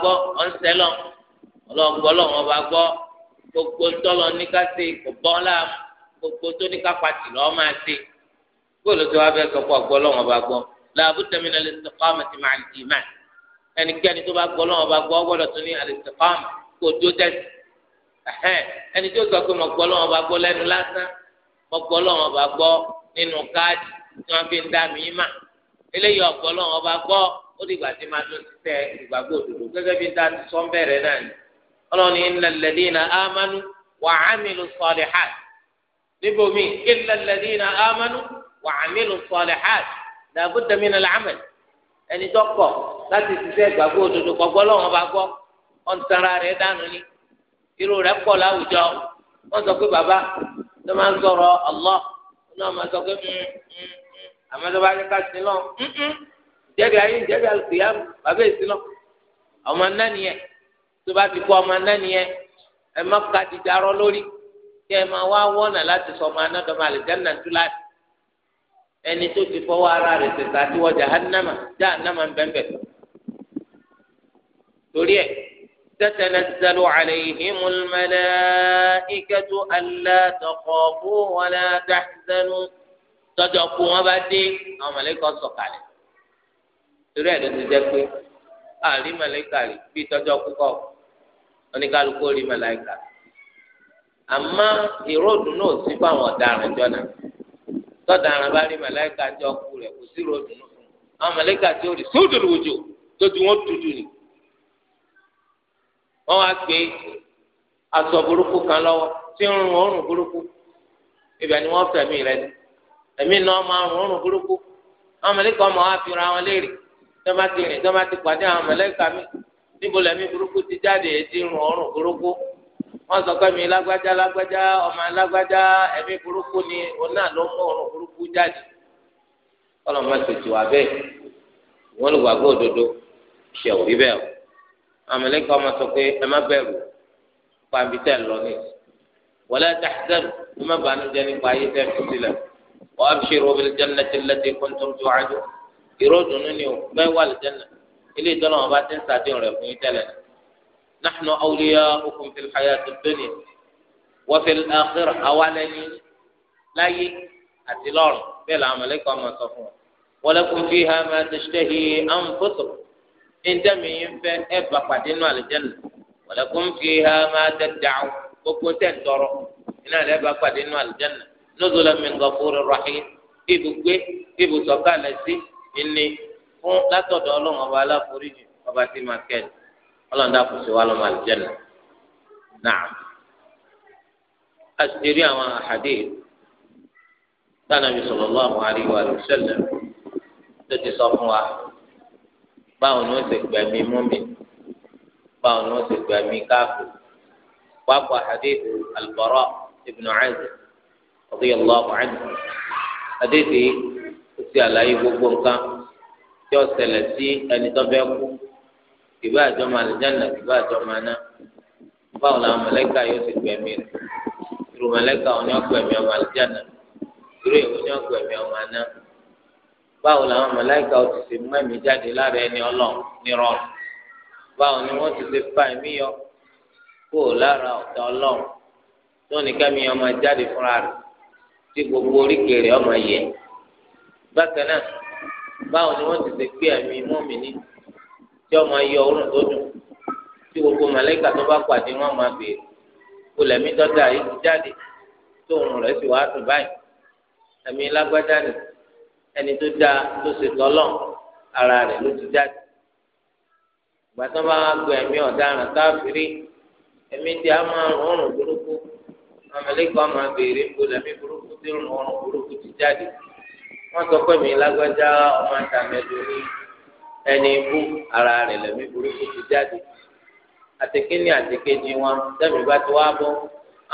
gbọ́ gbogbo tọ́lọ ní ká ṣe kò bọ́ láàmú gbogbo tó ní ká pàṣẹ lọ́ọ́ máa ṣe gbọ́dọ̀ tí wàá fẹ́ sọ pé ọgbọ́ lọ́wọ́ bá gbọ́ làbúdà min al-istiqamati ma'a al-iman ẹnikẹ́ni tó bá gbọ́ lọ́wọ́ bá gbọ́ gbọ́dọ̀ tún ní al-istiqama kó tó tẹ̀sí ẹni tó sọ pé mo gbọ́ lọ́wọ́ bá gbọ́ lẹ́nu lásán mo gbọ́ lọ́wọ́ bá gbọ́ nínú káàdì tí wọ́n fi ń dá mi mà eléyìí ọ̀gbọ́ lọ́wọ́ bá gbọ́ ó dìgbà tí máa tó tẹ ìgbàgbọ́ òdodo gẹ́gẹ́ bí dá sọ́ńbẹ̀rẹ̀ náà ni ọlọ́ni innal ladina amanu wa amilu níbo mi innal ladina وعملوا الصالحات لا بد من العمل ẹni tọkọ لا ṣiṣẹ́ ìgbàgbọ́ òdodo kọgbọ lọwọ bá gbọ́ wọn tara rẹ̀ dànù ni irú rẹ̀ pọ̀ láwùjọ wọn sọ pé bàbá tó máa ń sọ̀rọ̀ Allah náà máa sọ pé mm, mm, mm. àmọ́ tó bá ní ká sí lọ jẹbi ayé jẹbi àlùkìyà bàbá èsì lọ ọmọ náà nìyẹn tó bá ti kọ ọmọ náà nìyẹn ẹ má ka dìdarọ lórí kí ẹ máa wá wọnà láti sọ ọmọ anáda máa lè jẹ nàìjíríà ẹni tó ti fọwọ́ ara rẹ̀ ṣẹ̀ṣẹ̀ àti wọ jahannama jahannama ń bẹ́ẹ̀ torí ẹ̀ تتنزل عليهم الملائكة ألا تخافوا ولا تحزنوا tọjọ kú wọn bá dé àwọn mọlẹkọ sọ̀kalẹ̀ torí ẹ ló ti jẹ pé àrí mọlẹkà rí bí tọjọ kọ oníkálukú rí mọlẹkà àmọ́ ìròdùn náà sí fáwọn ọ̀daràn jọ náà tọ́da ara bá rí màláìka jọ kú rẹ̀ kò sí ròdù nù fún un àwọn màláìka tí ó rí sódòdò wọn dúdú ni. wọ́n wá gbé aṣọ burúkú kan lọ́wọ́ tí ń rún òórùn burúkú ibẹ̀ ni wọ́n fẹ̀mí rẹ̀ ni ẹ̀mí náà burúkú àwọn ọmọ wa fi ra wọn léèrè wọn sọ pé mi lágbájá lágbájá ọmọ lágbájá ẹ̀mí burúkú ni òun náà ló mú ọrùn burúkú jáde ọlọmọ tètè wà bẹ́ẹ̀ wọn lè wàgbọ òdodo ṣe ò rí bẹ́ẹ̀ o àmàlẹkà ọmọ sọ pé ẹ má bẹ̀rù pàmì lọ ní wala tahzanu ẹ má bàánú jẹ nípa ayé tẹ fi sílẹ̀ wa abshiru bil jannati allati kuntum tu'adun ìró dùnú ni o bẹ́ẹ̀ wà lìjẹnà ilé ìtọ́nà wọn ti ń sàdéhùn rẹ̀ fún yín náà. نحن أولياؤكم في الحياة الدنيا وفي الآخرة أولني لا يك أتلار بالعملك وما صفون ولكم فيها ما تشتهي أنفسكم إن تمين فأبقى قدنا الجنة ولكم فيها ما تدعوا وكنت تدعوا إن أبقى قدنا الجنة نزلا من غفور رحيم ibùgbé ibùsọ̀kalẹ̀ sí ìní fún látọ̀dọ̀ ọlọ́run ọba aláforíjì ọba tí máa ọlọ́run dàpọ̀ sí wa lọ́mọ àlùjẹ́nà náà a sì ti rí àwọn àhàdé tánàbí sallallahu alaihi wa sallam tó ti sọ fún wa báwo ni wọ́n ti gbẹ̀mí múmi báwo ni wọ́n ti gbẹ̀mí káfù pápá àhàdé al-Bara ibn Azib radiyallahu anhu àdéhùn ti àlàyé gbogbo nǹkan tí ó ṣẹlẹ̀ sí ẹni tó fẹ́ kú kìbá àjọmọ àlìjáná kìbá àjọmọ aná báwo làwọn mọlẹ́kà yóò ti gbẹ̀mí rẹ̀ irú mọlẹ́kà wọn yóò gbẹ̀mí ọmọ àlìjáná irú èwo yóò gbẹ̀mí ọmọ aná báwo làwọn mọlẹ́kà ó ti ṣe mẹ́mí jáde lára ẹni ọlọ́run nírọ̀rùn báwo ni wọ́n ti ṣe fa ẹ̀mí yọ kó o lára ọ̀tá ọlọ́run tó ní ọmọ jáde fúnra rẹ̀ tí gbogbo oríkèé ọmọ yẹ bákan náà báwo ni wọ́n ti ṣe gbé ẹ̀mí mọ́mí tí ọmọ ayé ọrùn tó dùn tí gbogbo màlẹ́kà tó bá pàdé wọn máa yìí jáde tó òun rẹ̀ sì wàá báyìí ẹni tó dáa tó ara rẹ̀ ló ti jáde ìgbà tó bá káfírí tí a máa rún ọrùn burúkú máa burúkú tí ọrùn burúkú ti jáde sọ pé mi lágbájá ọmọ ẹni ikú ara rẹ̀ lẹ́mí burúkú ti jáde àtẹkẹ́ni àtẹkẹ́jì wọn sẹ́mi bá ti wá bọ́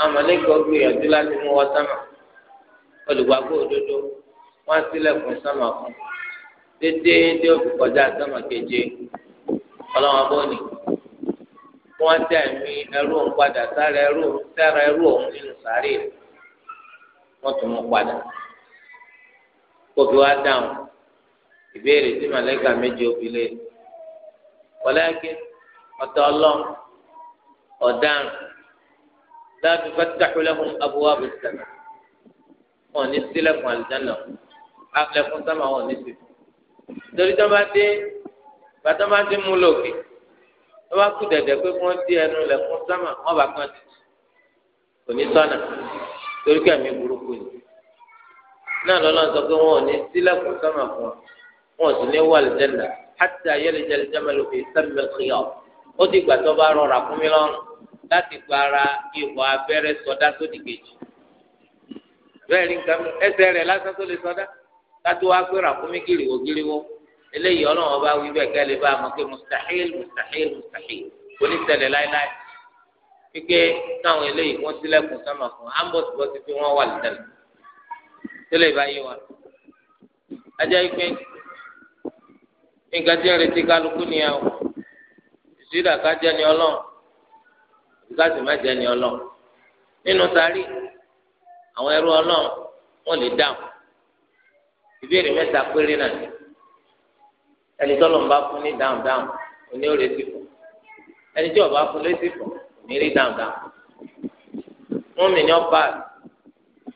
àwọn gbìyànjú láti mú wọn sánmà olùgbàgbọ́ òdodo wọn sílẹ̀kùn sánmà fún dédé keje ọlọ́wọ́n wọn tẹ ẹ̀mí ẹrú òun padà sára ẹrú sára ẹrú òun nínú wọn tún mú ìbéèrè tí màlẹ́kà méje òbí lé wọléàkì ọ̀tọ̀ ọlọ́m ọ̀daràn láti fẹ́tàkùlẹ́kùn abúwá bùsùlẹ̀ wọn ní sílẹ̀kùn àlùjáná àfẹ́kùn sámà wọn ní sí. torí tó bá dé bàtà bá dé mú lòkè tó bá kú dẹ̀dẹ̀ pé wọ́n di ẹnu lẹ̀kùn sámà wọn bá kàn títí kò ní sọ́nà torí kẹ́mi burúkú ni náà lọ́lọ́ sọ pé wọn ò ní sílẹ̀kùn sámà fún ọ wọn sì ní wà lìjẹ́nà hàtà yẹlẹjẹ lìjẹ́mẹ́lò fi sẹ́mi xiyọ́ ó ti gbà tó bá rọra fún mi lọ́rùn láti gbára ìwọ abẹ́rẹ́ sọdá sódì kejì bẹ́ẹ̀ ni nǹkan ẹsẹ̀ rẹ̀ lásán tó lè sọdá kátó wá pé rà fún mi gíríwó gíríwó eléyìí ọlọ́run ọba wí bẹ́ẹ̀ kẹ́lẹ́ bá a mọ̀ pé mustahil mustahil mustahil kò ní ṣẹlẹ̀ láéláé wípé táwọn eléyìí wọ́n sílẹ̀kùn sọ́mà fún ambọ̀sibọ́sí pé wọ́n wà lẹ́nu tó lè bá yé wa. ajá yìí pé nǹkan tí ń retí kálukú ni ẹ o ìṣúdà ká jẹ ni Ọlọ́run ìṣúdà sì má jẹ ni Ọlọ́run nínú sáré àwọn ẹrú Ọlọ́run wọn lè dáhùn ìbéèrè mẹ́ta péré náà ni ẹni tọ́lọ̀ ń bá fún ní dáhùn dáhùn òní ò retí fún ẹni tí ọba fún létí fún òní rí dáhùn dáhùn mú mi ní ọba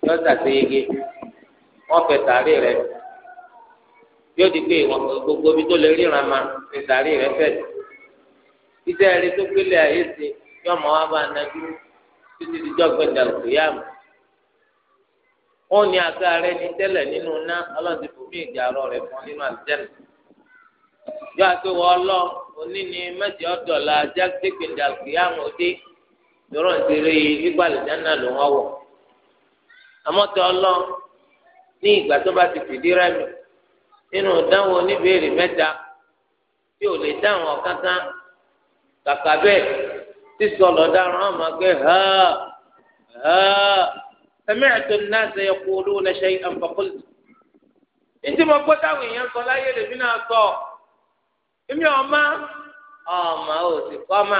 yọ̀ọ́sà sí yege wọ́n fẹ́ tàrí rẹ̀ fún yóò di pé ìwọ̀n gbogbo obi tó lè ríran ma ní sàárì rẹ fẹ́ iṣẹ́ rẹ tó gbélé ayé ṣe yọ ọmọ wa bá nájú títí dijọ́ gbẹ̀dẹ̀ òkú yá mi ní rẹ ní tẹ́lẹ̀ nínú ná ọlọ́dún ìjàrọ̀ rẹ fún nínú yọ ọlọ́ òní ni òkú yá mi òde nínú ìdáhùn oníbèrè mẹ́ta tí ò lè dáhùn ọ̀kan tán kàkà bẹ́ẹ̀ sísọ lọ́daràn á máa gbé ha ha sami'tu an-nasa yaquluna shay'an faqultu. ntí mo gbọ́ táwọn èèyàn sọ láyé lèmi náà sọ èmi ọ̀ma ọ̀ma ò sì kọ́ ma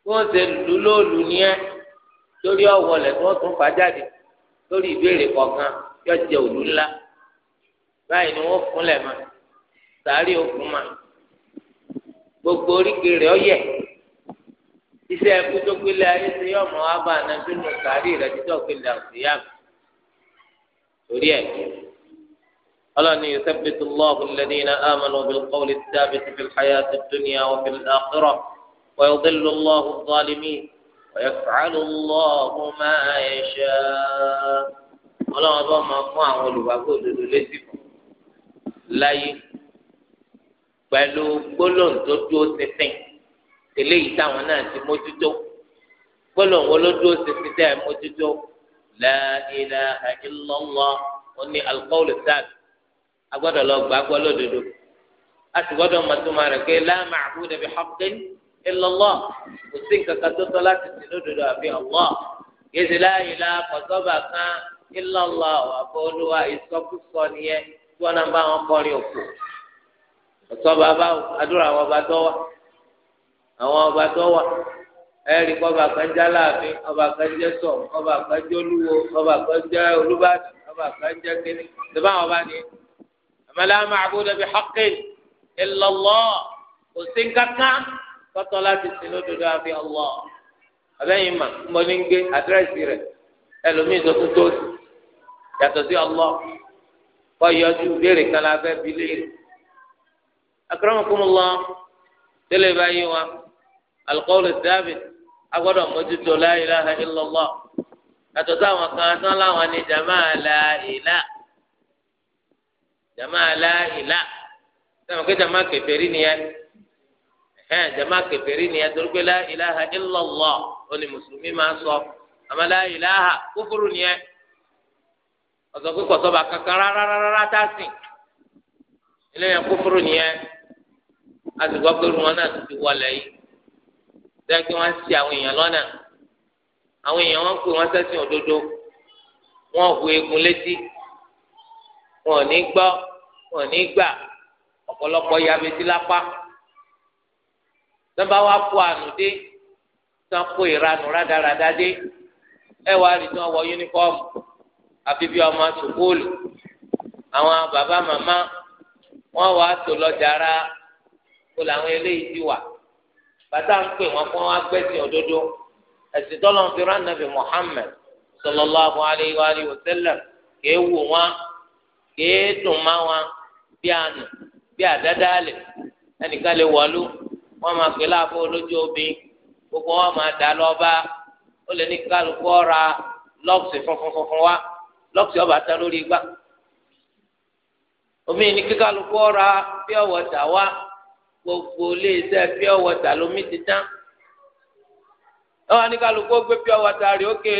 kí wọ́n ṣe lù lóòlù nìyẹn lórí ọ̀wọ́lẹ̀ tí wọ́n tún fà jáde lórí ìbéèrè kọ̀ọ̀kan yóò jẹ òlù ńlá báyìí ni wọ́n kúnlẹ̀ ma sàárì òkun ma gbogbo oríkèé rẹ̀ ọ̀yẹ̀ iṣẹ́ ẹkú tó gbélé ayé ṣe yọ ọmọ wa bá ànájú nù sàárì rẹ̀ títọ́ gbélé àwòsíyá mi torí ẹ̀ ọlọ́ni yusabbitu Allahu alladhina amanu bilqawli thabiti fil hayati dunya wa fil akhirah wa yudhillu Allahu adh-dhalimin wa yaf'alu Allahu ma yasha ọlọ́run bá máa fún àwọn olùgbàgbọ́ òdodo létí fún láyé pẹ̀lú gbólóhùn tó dúró tẹ̀sìn eléyìí táwọn náà ti mójútó gbólóhùn wo ló dúró tẹ̀sìn tẹ́ ẹ mójútó la ilaha illallah ó ní alukọ́wùlù sáàbì agbọ́dọ̀ lọ gbà gbọ́ lódodo a sì gbọ́dọ̀ mọ̀túnmọ̀ rẹ̀ pé la ma'buda bi haqqin illallah kò sí nǹkan kan tó tọ́ láti sìn lódodo àfi Allah yézìlá ìlà kọ̀sọ́bà kan illallah àbọ̀ olúwa ìsọkúsọ nìyẹn kí wọn náà bá wọn kọrin òkú ọtọ bàbá àdúrà àwọn ọba tó wà àwọn ọba tó wà ẹ̀rí kọba kanjá láàfin ọba kanjá sọ ọba kanjá olúwo ọba kanjá olúbàdàn ọba kanjá kínní ṣùgbọ́n àwọn ọba ni àmàlà ma'buda bi haqqin illa Allah kò sí kankan tọ́tọ́ láti sin lódodo àfi Allah abẹ́yìn mà ń àdírẹ́sì rẹ̀ ẹlòmíì sọ fún tó yàtọ̀ sí Allah kọ́ yọjú béèrè kan la fẹ́ bi léèrè. akramakumullah tẹ́lẹ̀ báyìí wa alqawlu thabit agbọ́dọ̀ mójútó la ilaha illallah yàtọ̀ sáwọn kan tán láwọn ní jamaa la ìlà jamaa la ìlà sẹ́wọ̀n kí jamaa kèfèrí nìyẹn hẹ́n jamaa kèfèrí nìyẹn torí pé la ó ní mùsùlùmí máa sọ àmọ́ la ilaha nìyẹn ọ̀sọ̀ pé kọ̀sọ́ba kankan rárá tá a sìn ilé yẹn kúfúrú nìyẹn a sì gbọ́ pé wọn náà ti wọlé yìí sẹ́yìn pé wọ́n ń ṣì àwọn èèyàn lọ́nà àwọn èèyàn wọn ń pè wọ́n sẹ́sìn òdodo wọn ò hu eegun létí wọn ò ní gbọ́ wọn ò ní gbà ọ̀pọ̀lọpọ̀ yabetí lápá tọ́ba wa kó àánú dé tọ́ kó ìranù rádaràdá dé ẹ wàá rí tí wọ́n wọ yúnífọ́ọ̀mù àfi bí ọmọ sùkúlù àwọn bàbá màmá wọn wà á tò lọ́jàrá kó làwọn eléyìí ti wà bàtà ń pè wọn fún wọn òdodo ẹ̀sìn tọ́lọ́ fi rán nàbì Muhammad sallallahu alayhi wa alihi wa sallam kèé wù wọn kèé dùn má wọn bí àná bí àdádálẹ̀ ẹnìkan lè wọ̀lú wọn máa pè láàbò lójú omi gbogbo wọn máa dà lọ́ba ó lè ní kálukú ọ̀ra lọ́ọ̀sì funfun funfun wá. lọ́ọ̀kì ọba tán lórí igbá omi ní kíkálukú ọ̀ra pure water wá gbogbo iléeṣẹ́ pure water lomi ti tán wọ́n ni kálukú gbé pure water rí ókè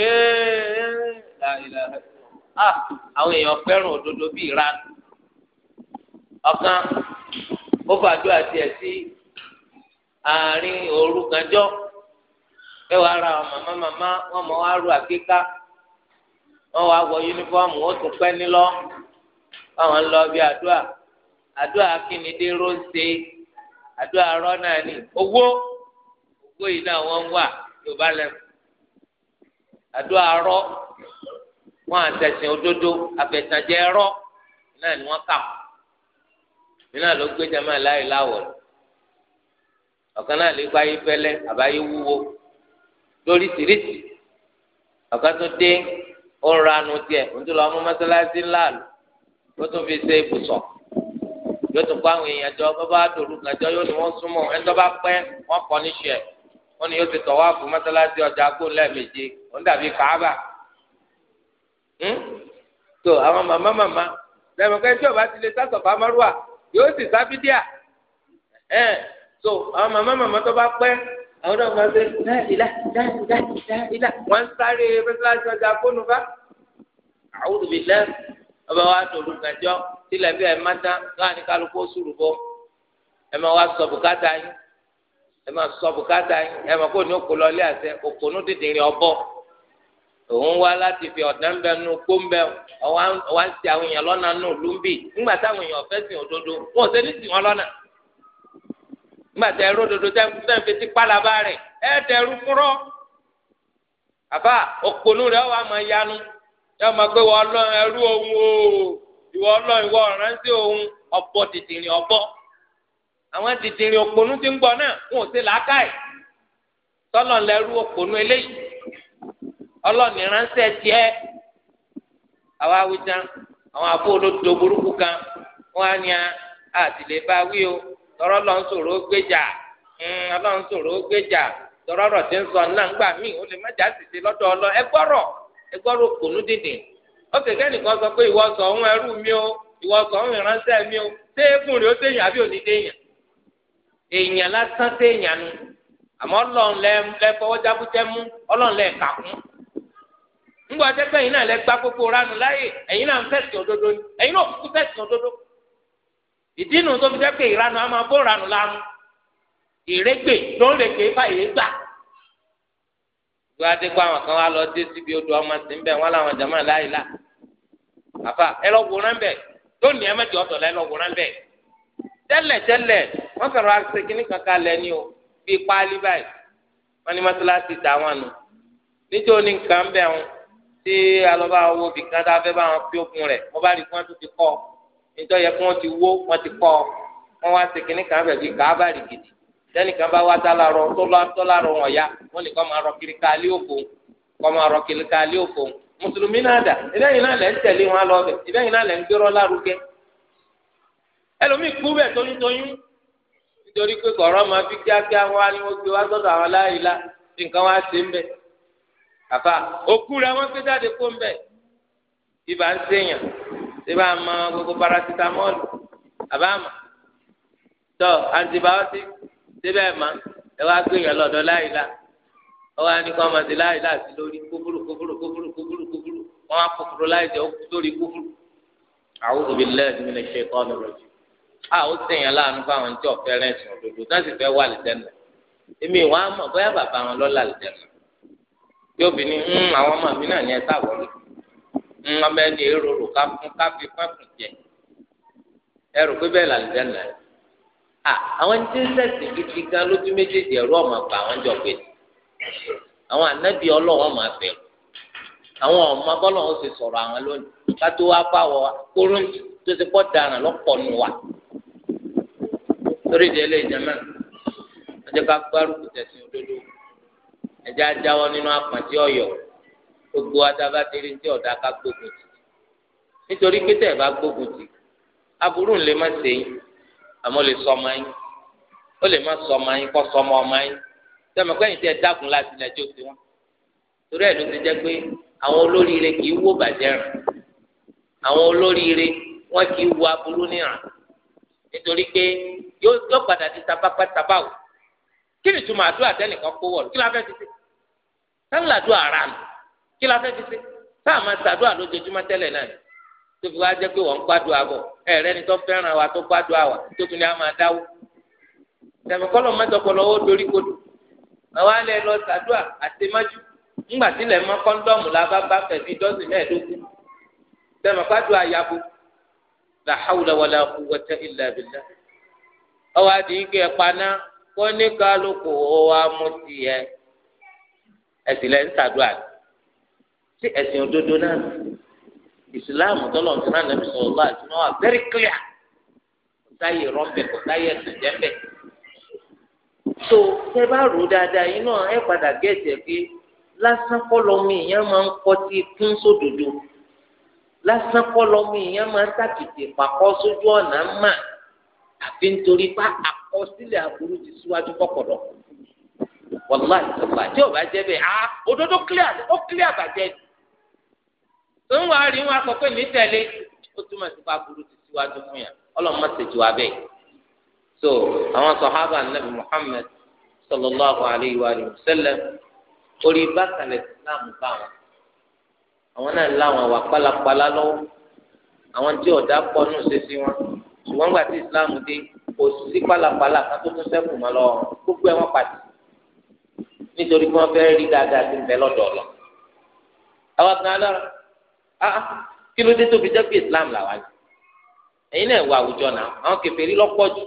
àwọn èèyàn fẹ́ràn òdodo bíi ìran ọ̀kan ó fàdúrà àti sí àárín òru kanjọ́ ẹ wàá ra màmá màmá wọn mọ wá àkíká. wọn wàá wọ yunifọọmù ó tún pẹ́ nílọ báwọn lọ bí àdúrà àdúrà kínnídé rọṣẹ àdúrà rọ náà ni owó owó yìí náà wọn wà yorùbá lẹnu àdúrà rọ wọn àtẹsìn òdodo àfẹsànjẹ rọ náà ni wọn kà wọn nínú àlọ́ gbé jama láyé láwọ̀ ọ̀kan náà lè gbáyé fẹ́lẹ́ àbáyé wúwo lórí tìrìtì ọ̀kan tó dé ó ń ranu díẹ̀ nítorí lọ mú mọ́sálásí ńlá lò ó tún fi ṣe ibùsọ̀ yóò tún kó àwọn èèyàn jọ bọ́ bá dòlù kan jọ yóò ní wọ́n súnmọ́ ẹni tó bá pẹ́ wọ́n kọ́ ní ṣẹ̀ wọ́n ní yóò ti tọ̀ wá fún mọ́sálásí ọjà kó lẹ́ẹ̀mejì òun dàbí kàábà tó hmm? àwọn màmá màmá lẹ́mọ̀kẹ́ tí ọba ti lè sá sọ̀fà márùwà yóò sì sábídíà ẹ̀ tó àwọn màmá màmá tó bá pẹ́ àwọn náà máa ṣe láìlá láìlá láìlá wọn sáré mẹsàlásì ọjà fóònù bá àwọn òbí lẹ ọba wa dòlù gàjọ sílẹ̀ bí ẹ má dá láàrin kálukú sùúrù bọ ẹ máa wá sọ bùkátà yín ẹ máa sọ bùkátà yín ẹ máa kó ní òkú lọlé àṣẹ òkùnú dídìrín ọbọ òun wá láti fi ọ̀dàn bẹ nu gbóńbẹ ọwọ́ àti àwọn èèyàn lọ́nà nù lùmbì nígbà táwọn èèyàn fẹ́ sìn òdodo wọn ò sẹ́ni sìn wọn lọ́nà. gbàtẹ ẹrú dodo tẹn fi ti kpalaba rẹ ẹ dẹrú kúrọ àbá òkpònú rẹ̀ wà máa yanu yà máa gbé wọ ẹrú òun o ìwọ ọlọ ìwọ ọ̀rántí òun ọ̀bọ tìtìrìn ọ̀bọ àwọn òkpònú ti ń gbọ náà ò sí tọlọ òkpònú eléyìí àwa awùjá àwọn burúkú kan á ní wí o. tọrọ lọ ń sọ̀rọ̀ gbèjà ọlọ ń sọ̀rọ̀ gbèjà tọrọ rọ ti ń sọ náà ńgbà míì ó lè má jà lọ́dọ̀ ọlọ ẹgbọrọ ẹgbọrọ kònú dìde ó kẹkẹ nìkan sọ pé ìwọ sọ ohun ẹrú mi o ìwọ sọ ohun ìránṣẹ́ mi o ṣé eégún ó àbí òní èèyàn lásán nu àmọ́ Ọlọ́run lẹ fọwọ́ mú Ọlọ́run lẹ kà kún náà lẹ gbá gbogbo ránu ìdínú tó fi jẹ́ pé ìranu a máa bó ìranu lánú ìrégbè ló ń rèké báyìí gbà. ìgbà tí kó àwọn kan wá lọ dé síbi odò ọmọ sí ń bẹ̀ wọ́n láwọn jàmá láyé la. àfà ẹ lọ wòran bẹ̀ lónìí ẹ mẹ́jọ ọ̀dọ̀ lẹ́ lọ wòran bẹ̀. tẹ́lẹ̀ tẹ́lẹ̀ wọ́n fẹ̀rọ àṣẹ kínní kankan lẹ ní o bíi páálí báyìí wọ́n ní mọ́tíláṣí tàwọn nù. níjọ́ ní nǹkan bẹ̀ wọn tí alọ́ba owó bìkan tá a fẹ́ bá wọn fi okun nítorí yẹ kí wọ́n ti wó wọ́n ti kọ́ wọ́n wá ṣe kínní kan bẹ̀bí káábà rìgìdì sẹ́ni kan bá wá tálárọ̀ tọ́lárọ̀ wọn ya wọ́n lè kọ́ máa rọ kiri káálí òfò kọ́ máa rọ kiri káálí òfò mùsùlùmí náà dà ìbẹ́yìn náà lẹ̀ ń tẹ̀lé wọn lọ bẹ̀ ìbẹ́yìn náà lẹ̀ ń gbérọ́ lárugẹ ẹlòmíì kú bẹ̀ tóyúntóyún nítorí pé kọ̀ọ̀rọ̀ máa fi kíákíá wá ní wọ́n gbé wá sọ́dọ̀ àwọn aláìlá tí nǹkan wá sí ń àfa òkú rẹ̀ wọ́n gbé jáde kó ń bẹ̀ ń ṣèyàn síbà mọ gbogbo parasitamọ́ọ̀lù àbámọ̀ tọ́ antibiotic síbẹ̀ mọ́ ẹ wá gbìyànjú lọ́dọ̀ láìla ọwọ́ àni kọ́ ọmọdé láìla sí lórí kúfúrú kúfúrú kúfúrú kúfúrú kúfúrú wọ́n á kúfúrú láìjẹ lórí kúfúrú. A'udhu billahi minash shaitani rajim. a ó sèyàn láàánú fáwọn tí ọ̀fẹ́ rẹ̀ sùn òdodo náà sì fẹ́ wà lìjẹ́nà èmi wàá mọ̀ bóyá bàbá wọn lọ́la lìjẹ́nà yóò bí ní hmm, àwọn ọmọ mi náà ní ẹ sáà wọlé ńlọmọ ẹni èrorò káfí fáfún jẹ ẹrù pé bẹ́ẹ̀ làlùjá nà ah àwọn ẹni tí ń sẹ̀sì gidi gan lójú méjèèjì ẹ̀rú ọ̀mà pa àwọn àwọn àwọn ti sọ̀rọ̀ àwọn lónìí kátó wá bá wọ tó ti pọ̀ daràn lọ́pọ̀ wa torí ìdílé ìjàmá ẹjẹ ká gbárùkù nínú apàtí gbogbo adaba ti rí ní ọ̀dà ká gbógun tì nítorí pé tẹ̀ bá gbógun tì aburú ń lè má ṣe yín àmọ́ lè sọ ọmọ yín ó lè má sọ ọmọ yín kọ́ sọ ọmọ ọmọ yín sọmọ pẹ́yìn tí ẹ dákun láti lẹ́jọ́ sí wọn torí ẹ̀ ló ti jẹ́ pé àwọn olóríire kì í wó bàjẹ́ rìn àwọn olóríire wọn kì í wo aburú níran nítorí pé yóò padà di tabapátaba o kí ni túmọ̀ àdúrà tẹ́nìkan kó wọ̀ kí la fẹ́ ti ṣe sálàdúrà ara nù kí la fẹ́ fi ṣe tá a máa ṣàdúrà lójoojúmọ́ tẹ́lẹ̀ náà tó fi wá jẹ́ pé wọ́n ń gbádùn àbọ̀ ẹ̀rẹ́ ni tó fẹ́ràn wa tó gbádùn àwà tó fi ní a máa dáwó tẹ̀mí kọ́lọ̀ mẹ́tọ́kọlọ́ ó dorí kodò àwa lẹ lọ ṣàdúrà àti májú ńgbà sílẹ̀ mọ́ kọ́ńdọ́ọ̀mù la bá bá fẹ̀ bí dọ́sìn mẹ́ẹ̀ẹ́dógún tẹ̀mí gbádùn àyàbò la hawla wala quwwata illa billah ọwọ́ àdìgẹ́ paná kọ́níkàlùkù ọwọ́ amútìyẹ ẹ̀sìn lẹ́ ń ṣàdúrà ni sí ẹ̀sìn òdodo náà ìsìláàmù tọ́lọ̀ ní sàn nàbì sọ̀rọ̀ lọ́wọ́ àti náà very clear kò sáyè rọ́ọ̀bẹ kò sáyè ẹ̀sìn jẹ́mbẹ̀. so tẹ bá rò dáadáa yìí náà ẹ padà gẹ̀ẹ́sì ẹ̀ pé lásán kọ́lọ́ mi ìyẹn máa ń kọ́ ti kún sódodo lásán kọ́lọ́ mi ìyẹn máa ń tàkìtì pàkọ́ sójú ọ̀nà mà àfi nítorí pé àkọsílẹ̀ aburú ti síwájú kọ́kọ̀dọ̀ wàláì sọ̀gbà tí ò bá jẹ́ bẹ́ẹ̀ ah òdodo clear ó clear bàjẹ́ ni tó ń wàá rí wọn akọ pé mi tẹ̀lé ó túmọ̀ sí pa burú ti síwájú fún yà ọlọ́mọ tètè wá bẹ́ẹ̀ so àwọn sọ̀hábà nàbì Muhammad sallallahu alayhi wa sallam orí bákàlẹ̀ islam bá wọn àwọn náà láwọn wà pálapàla lọ́wọ́ àwọn tí ọ̀dà pọ̀ nù sísí wọn ṣùgbọ́n gbà tí islam dé kò sí pálapàla kan tó tún sẹ́kù mọ́ lọ́wọ́ gbogbo ẹ̀ wọ́n pàtì nítorí kí wọ́n fẹ́ rí dáadáa sí ń bẹ lọ́dọ̀ ọ̀lọ́ àwọn kan alára. Ah, ah kí ló dé tó fi islam làwa jù náà wà àwùjọ náà àwọn kèfèrí lọ́pọ̀ jù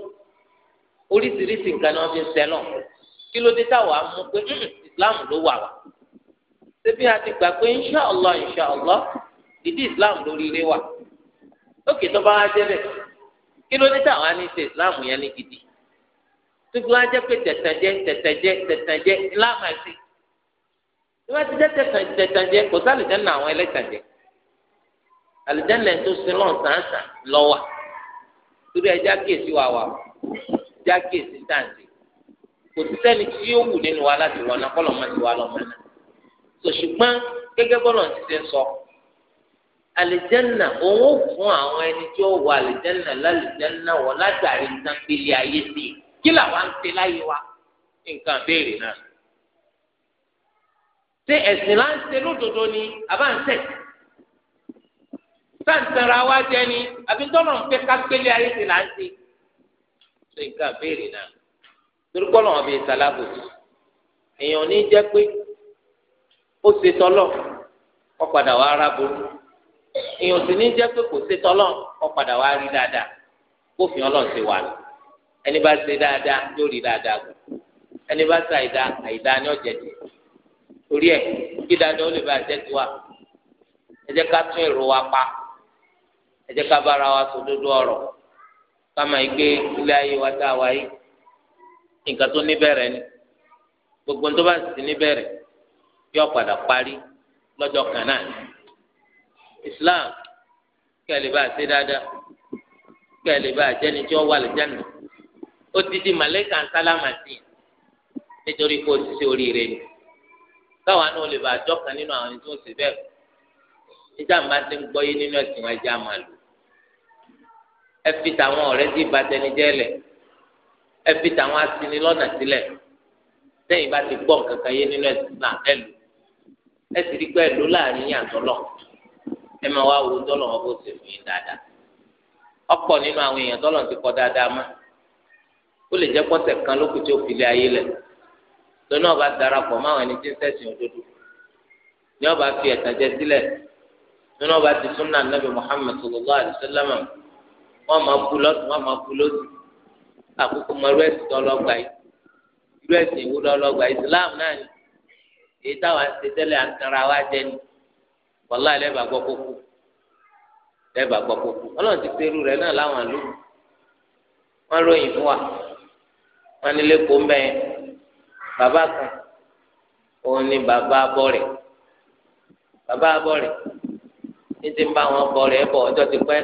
oríṣiríṣi nǹkan ni wọ́n fi ń kí ló dé pé mm, mm, islam ló wà wá a gbà pé ìdí islam lórí ilé lókè tó bá wá jẹ́ kí ló dé ṣe islam gidi wá pé tí ti jẹ́ tẹ̀tẹ̀jẹ́ kò sálì àwọn àlùjẹ́lẹ̀ tó sin lọ́n sàǹsà lọ́wà torí ẹ jákèsí wa wà jákèsí tàǹtì kò sí sẹ́ni tí yóò wù nínú wa láti wọ̀ náà kọ́ lọ́mọ ti wà lọ́mọ náà sọ ṣùgbọ́n gẹ́gẹ́ bọ́lọ̀ ti ṣe sọ àlùjẹ́nà òun ò fún àwọn ẹni tí ó wọ àlùjẹ́nà lálùjẹ́nà wọ̀ látàrí nàgbélé ayé sí i kí làwa ń ṣe láyé wa nǹkan béèrè náà ṣé ẹ̀sìn láń ṣe lódodo ni àbá ń ṣẹ̀sìn sáǹtẹ̀rẹ̀ àwa jẹ ni àbí tọ́lọ̀ ń fẹ́ kápẹ́lẹ́ ayé ti là ń ṣe. ṣé béèrè náà torí kọ́ lọ́wọ́ bíi sàlábòsì èèyàn ní jẹ́ pé ó ṣe tọ́lọ̀ ó padà wá èèyàn sì ní jẹ́ pé kò ṣe tọ́lọ̀ padà wá rí dáadáa ọlọ́run ṣe wà ẹni bá ṣe dáadáa yóò rí dáadáa gùn ẹni bá ẹ jẹ́ ká bára wa sòdodo ọ̀rọ̀ ká máa gbé ilé ayé wa tá a wáyé nǹkan tó níbẹ̀rẹ̀ ni gbogbo tó bá sì níbẹ̀rẹ̀ yóò padà parí lọ́jọ́ kan náà Islam kẹ́lẹ́ bá ṣe dáadáa kẹ́lẹ́ bá jẹ́ni tí wọ́n wà lẹ́jẹ̀nà ó ti di màlẹ́kà ń sálámà sí i nítorí kó o ti ṣe oríire ni káwa náà lè bá a jọ́ kan nínú àwọn ẹni tó ń ṣe bẹ́ẹ̀ níta ti ń gbọ́ yé nínú ẹ̀sìn wọn ẹja ẹ fi tàwọn ọ̀rẹ́ tí ìbátẹnijẹ́ lẹ̀ ẹ fi tàwọn asinilọ́nà sílẹ̀ sẹ́yìn bá ti gbọ́ nǹkan kan yé nínú ẹ̀sìn náà ẹ lò rí pé ẹ láàrin yín àtọ́lọ̀ ẹ máa wá wo tọ́lọ̀ wọn bó ṣe fún yín dáadáa nínú àwọn èèyàn kan lókùn tí ó fi lé ayé ọba ẹni tí ń òdodo ní ọba fi ọba ti Muhammad wọ́n máa kú lọ́sùn wọ́n máa kú lọ́sùn àkókò mọ irú ẹ̀sìn tó lọ́gbà yìí irú ẹ̀sìn ìwúlò ọlọ́gbà Islam náà ni èyí táwọn ṣe tẹ́lẹ̀ àtàrà wa jẹ ni wàhálà lẹ́bà gbọ́ kókó lẹ́bà gbọ́ kókó ọlọ́run ti ṣerú rẹ̀ náà láwọn àlọ́ wọn ròyìn fún wa wọn nílé kó ń bẹ́ẹ̀ bàbá kan òun ni bàbá abọ́ rẹ̀ bàbá abọ́ rẹ̀ ní ti ń bá wọn bọ̀ rẹ̀ bọ̀ ọjọ́ ti pẹ́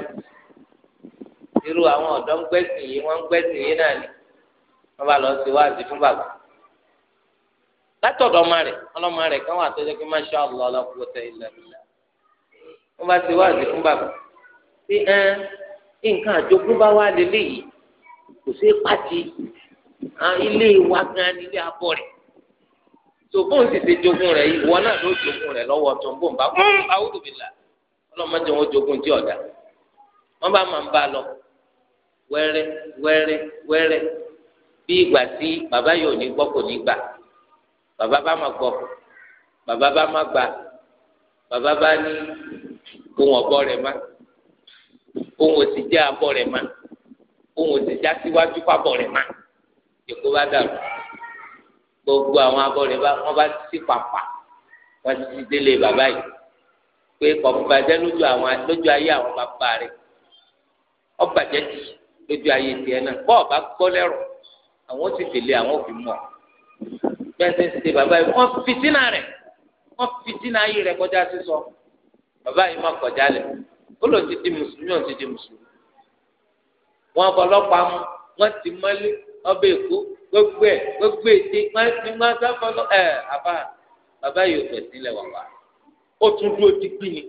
irú àwọn ọ̀dọ́ ń gbẹ́sìn yìí wọ́n ń gbẹ́sìn yìí náà ni wọ́n bá lọ sí wáàzì fún bàbá látọ̀dọ̀ ọmọ rẹ̀ ọlọ́mọ rẹ̀ kan wà tó jẹ́ pé allah la quwwata illa billah wọ́n bá sí wáàzì fún bàbá pé ẹ nǹkan àjogúnbá wa lélẹ̀ yìí kò sí pàtì ilé wa gan ni ilé abọ́ rẹ̀ tó bóun sì jogún rẹ̀ náà ló jogún wẹ́rẹ́ wẹ́rẹ́ wẹ́rẹ́ bí ìgbà tí bàbá yóò ní gbọ́ kò ní gbà bàbá bá má gbọ́ bàbá bá má gbà bàbá bá ní ohun ọ̀bọ rẹ̀ má ohun òsì jẹ́ abọ́ rẹ̀ má ohun òsì já síwájú fábọ̀ rẹ̀ má èkó bá dàrú gbogbo àwọn abọ́ rẹ̀ bá wọ́n bá sí pàpà wọ́n ti ti délé bàbá yìí pé kọ̀ọ̀bù bàjẹ́ lójú àwọn lójú ayé àwọn bàbá rẹ̀ ọ̀bàjẹ́ tì í lójú ayé tiẹ̀ náà bọ́ ọba gbọ́ lẹ́rọ̀ àwọn ó sì tẹ̀lé àwọn òfin mọ̀ bẹ́ẹ̀ ṣe ṣe bàbá yìí wọ́n fìtínà rẹ̀ wọ́n fìtínà ayé rẹ̀ kọjá sísọ bàbá yìí má kọjá lẹ̀ ó lọ ti di mùsùlùmí ọ̀n ti di mùsùlùmí wọn ọlọ́pàá mu wọn ti mọ́lé ọbẹ̀ èkó gbogbo ẹ̀ gbogbo èdè wọn máa sáfọ́ lọ ẹ̀ àbá bàbá yìí ò fẹ̀ sílẹ̀ wà wá ó tún dúró digbí ni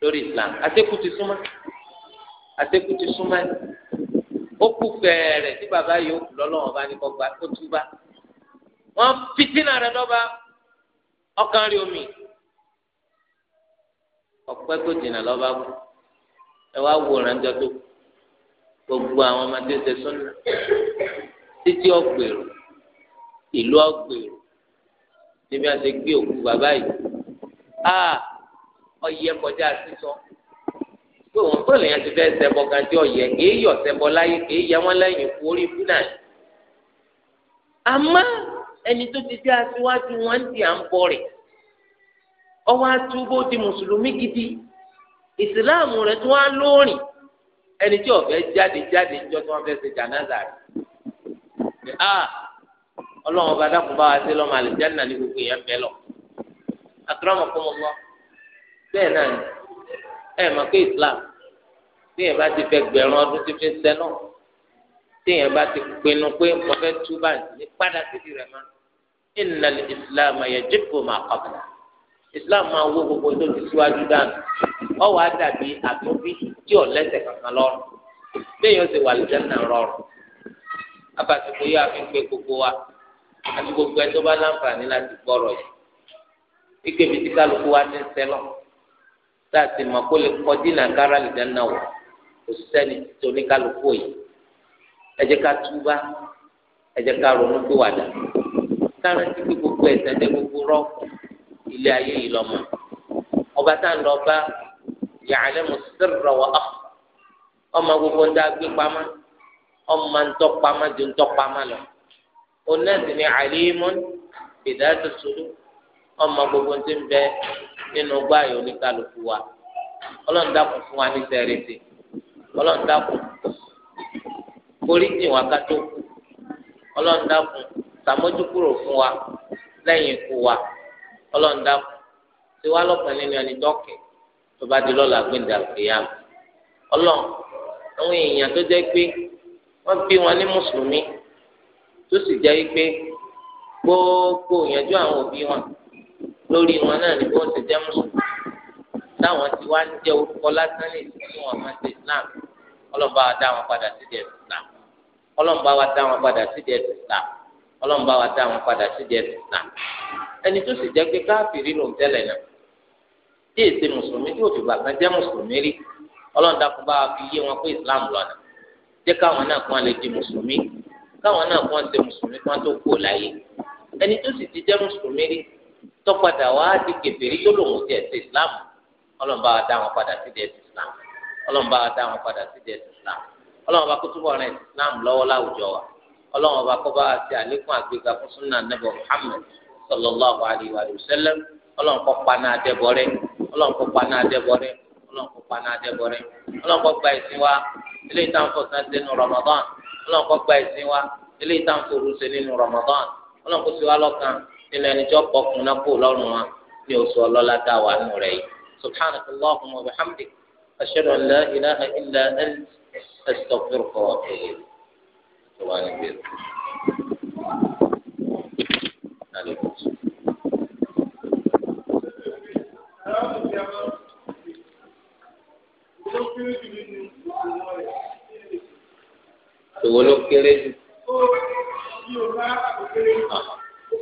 lórí Islam àtẹ́kù ti súnmọ́ àtẹ́kù ti súnmọ́ ó kú fẹ̀ẹ̀rẹ̀ tí bàbá yìí ó kú lọ́lọ́wọ́n bá ní kọ́ gba ó tú bá wọ́n fìtínà rẹ̀ lọ́ba ọkàn rí omi ọ̀pẹ́ tó jìnnà lọ́ba kú ẹ wá wo ìrànjọ tó gbogbo àwọn ọmọdé ṣe sọ́nà títí ọ̀gbèrò ìlú ọ̀gbèrò níbi àti gbé òkú bàbá yìí a ọ̀yẹ́ kọjá sísọ. So pé òun pẹ̀lú yẹn ti fẹ́ ṣẹbọ gan tí ọ̀yẹ́ kìí yọ̀ ṣẹbọ láyé kìí yẹ wọ́n lẹ́yìn kú orí ikú náà. àmọ́ ẹni tó ti dé aṣíwájú wọn ń di à ń bọ̀ rẹ̀ ọwọ́ atúbó di mùsùlùmí gidi ìsìláàmù rẹ̀ tó wá lóòrìn ẹni tí ọ̀fẹ́ jáde jáde ń jọ tí wọ́n fẹ́ ṣe jànáza rẹ̀ ọlọ́run ọba dákun bá wa sí lọ́mọ àlùjáde náà ní gbogbo èèyàn bẹ́ẹ̀ lọ. àtúrọ̀mọ̀ fún mi bẹ́ẹ̀ náà ni ẹ mọ̀ pé islam téèyàn bá ti fẹ́ gbẹ̀rún ọdún tí fi ń sẹ́ náà téèyàn bá ti pinnu pé mo fẹ́ tú báyìí ní padà síbi rẹ̀ máa inna islam yajibu ma qabla islam máa wó gbogbo tó ti síwájú dànù ọwọ́ àdàbí àtúnbí tí ò lẹ́sẹ̀ kankan lọ́rùn béèyàn ti wà lẹ́sẹ̀ náà rọrùn abàtìkú yóò àfi pé gbogbo wa àti gbogbo ẹ tó bá láǹfààní láti gbọ́rọ̀ yìí ike bìtìkálukú wa ti ń sẹ́ náà tá a sì mọ̀ kó lè kọjú náà kára lè dáná wọ̀ kò sẹ́ni tó ní kálukú yìí ẹ jẹ́ ká túbá ẹ jẹ́ ká ronú pé wàdà sáré tí kí gbogbo ẹ̀ṣẹ̀ tẹ gbogbo rọ ilé ayé yìí lọ́mọ ọba tá à lọ bá ya'lamu sirra wa akhfa ọmọ gbogbo ń dá gbé pamọ́ ọmọ ń tọ́ ju ń tọ́ lọ onáàtì ni alimun bi ọmọ gbogbo ti ń bẹ nínú gbáyò oníkàlùkù wa ọlọ́run dákun fún wa ní sẹ́rẹ̀tì ọlọ́run dákun foríjì wa ká tó kú ọlọ́run dákun sàmójúkúrò fún wa lẹ́yìn ikú wa ọlọ́run dákun tí wàá lọ́kàn nínú ẹni dọ́kẹ̀ tó bá di lọ́la gbẹ̀dẹ̀ àlùkìyàm ọlọ́run àwọn èèyàn tó jẹ́ pé wọ́n bí wọn ní mùsùlùmí tó sì jẹ́ pé gbogbo ìyànjú àwọn òbí wọn. lórí wọn náà ni wọ́n ti jẹ́ mùsùlùmí táwọn ti wá ń jẹ́ orúkọ lásán ní ìsìnkú islam ọlọ́mọba wa dá wọn padà sí ìdí ẹ̀sìn islam ọlọ́mọba wa dá wọn padà sí ìdí ẹ̀sìn islam ọlọ́mọba wọn padà sí ìdí ẹ̀sìn ẹni tó sì jẹ́ pé káàkiri lòún mùsùlùmí tí òfìgbà kan mùsùlùmí rí fi yé wọn pé islam lọ́nà ẹni tọ́padà wá di kèfèrí tó lòun ti ẹ̀sìn islam ọlọ́run bá wa dá wọn padà sí di ẹ̀sìn islam ọlọ́run bá wa dá wọn padà sí di ẹ̀sìn islam ọlọ́run bá kó túbọ̀ rẹ̀ islam lọ́wọ́ láwùjọ wa ọlọ́run bá kọ́ bá wa ti àlékún àgbéga fún sunna nebo muhammed sallallahu alayhi wa sallam ọlọ́run kọ́ paná adẹ́bọ̀rẹ́ ọlọ́run kọ́ paná adẹ́bọ̀rẹ́ ọlọ́run kọ́ paná adẹ́bọ̀rẹ́ ọlọ́run kọ́ gba ẹ̀sìn wa ilé ìtàǹfọ̀ sàn sínú ramadan ọlọ́run kọ́ gba ẹ̀sìn wa ilé ìtàǹfọ̀ rúṣe nínú ramadan ọlọ́run kó sì wá lọ́kàn nílẹ̀ ẹni tí wọ́n pọkùn náà kó lọ́rùn wa ní oṣù ọlọ́lá tá a wà nù rẹ̀ yìí subhanak allahumma wa bihamdik ashhadu an la ilaha illa ant astaghfiruka wa atubu ilayk tó wà ní bẹ̀rẹ̀. Ìwọ ló kéré jù.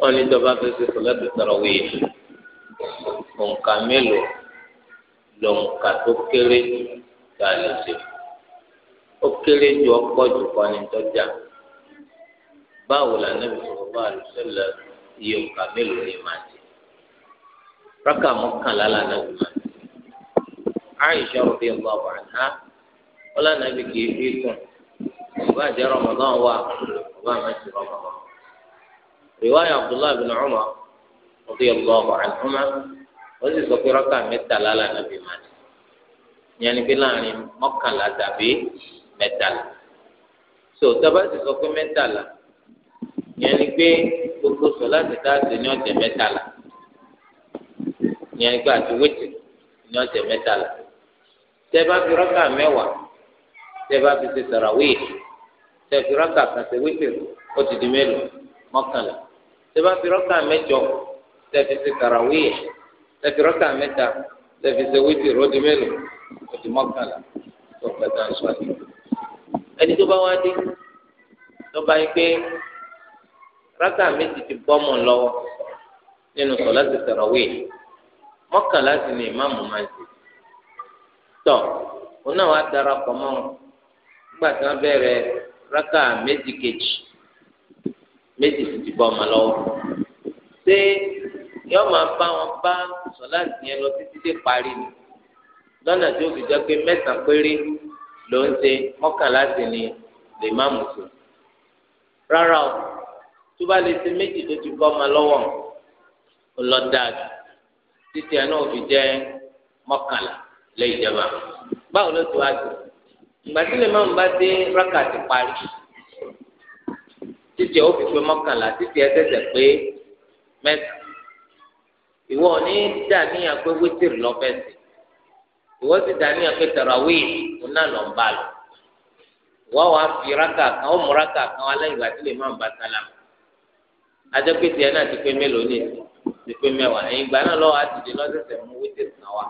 wọ́n ní dọ́ba fẹ́ ṣe sọ láti tarawih òǹkà mélòó lòǹkà tó kéré jù tá a lè ṣe ó kéré jù ọ̀pọ̀ jù kan ní tọ́jà báwo la Nabi sallallahu alaihi wasallam iye òǹkà mélòó ni màá ti rákà mọ́kànlá la Nabi màá ti Aisha radiyallahu anha wọ́n lánàá bí kì í fi kùn ọba àjẹ rọmọdán wà ọba àmàjẹ rọmọdán. riwaayi abdullahi bin umar radiyallahu anhuma wọ́n sì sọ pé rọ́kà mẹ́tàlá là nàbì máa ní yẹnni pé láàrin mọ́kànlá tàbí mẹ́tàlá so tọ́ba sì sọ pé mẹ́tàlá yẹnni pé gbogbo sọ láti dáàtì ní ọ̀jẹ̀ mẹ́tàlá yẹnni pé àti wíìtì ní ọ̀jẹ̀ mẹ́tàlá tẹ́ bá fi rọ́kà mẹ́wàá tẹ́ bá fi ṣe sàràwíì tẹ fi rọkà kan ṣe wípé ó ti di mélòó mọ́kànlá tẹ bá fi rọkà mẹ́jọ tẹ fi ṣe kàràwíyẹ tẹ fi rọkà mẹ́ta tẹ fi ṣe wípé ó di mélòó ó di mọ́kànlá tó pẹ̀tà ń sọ yìí. ẹni tó bá wá dé tó bá yín pé rọkà méjì ti bọ́mọ̀ lọ́wọ́ nínú sọ̀lá ti kàràwíyẹ mọ́kànlá sì ni ìmáàmù máa ń ṣe tọ́ òun náà wá darapọ̀ mọ́ nígbà tí wọ́n bẹ̀rẹ̀ rákà méjì kejì méjì sì ti bọ́ ọmọ lọ́wọ́ ṣé yọ máa bá wọn bá sọlá yẹn lọ títí dé parí ni lọ́nà tí ó fi jẹ́ pé mẹ́sàn-án péré ló ń ṣe mọ́kànlá sí ni lè má mú sùn rárá o tó bá lè ṣe méjì tó ti bọ́ ọmọ lọ́wọ́ ó lọ dáa títí ẹ náà fi jẹ́ mọ́kànlá lè jẹba báwo ló tó a jù ìgbà tí lè máa ń bá dé rákà ti parí títí ó fi pé mọ́kànlá títí ẹ tẹ̀sẹ̀ pé mẹ́ta ìwọ ní dàníyàn pé wítìrì lọ́fẹ́ sí ìwọ ti dàníyàn pé tarawih òun náà lọ́n bá lọ ìwọ wàá fi rákà kan ó mú rákà kan wá lẹ́yìn ìgbà tí lè máa ń bá sálámù adẹ́pẹ́tì ẹ náà ti pé mélòó ní ti pé mẹ́wàá ẹ̀yìn ìgbà náà lọ́wọ́ àtijọ́ lọ́sẹ̀sẹ̀ mú wítìrì kan wá.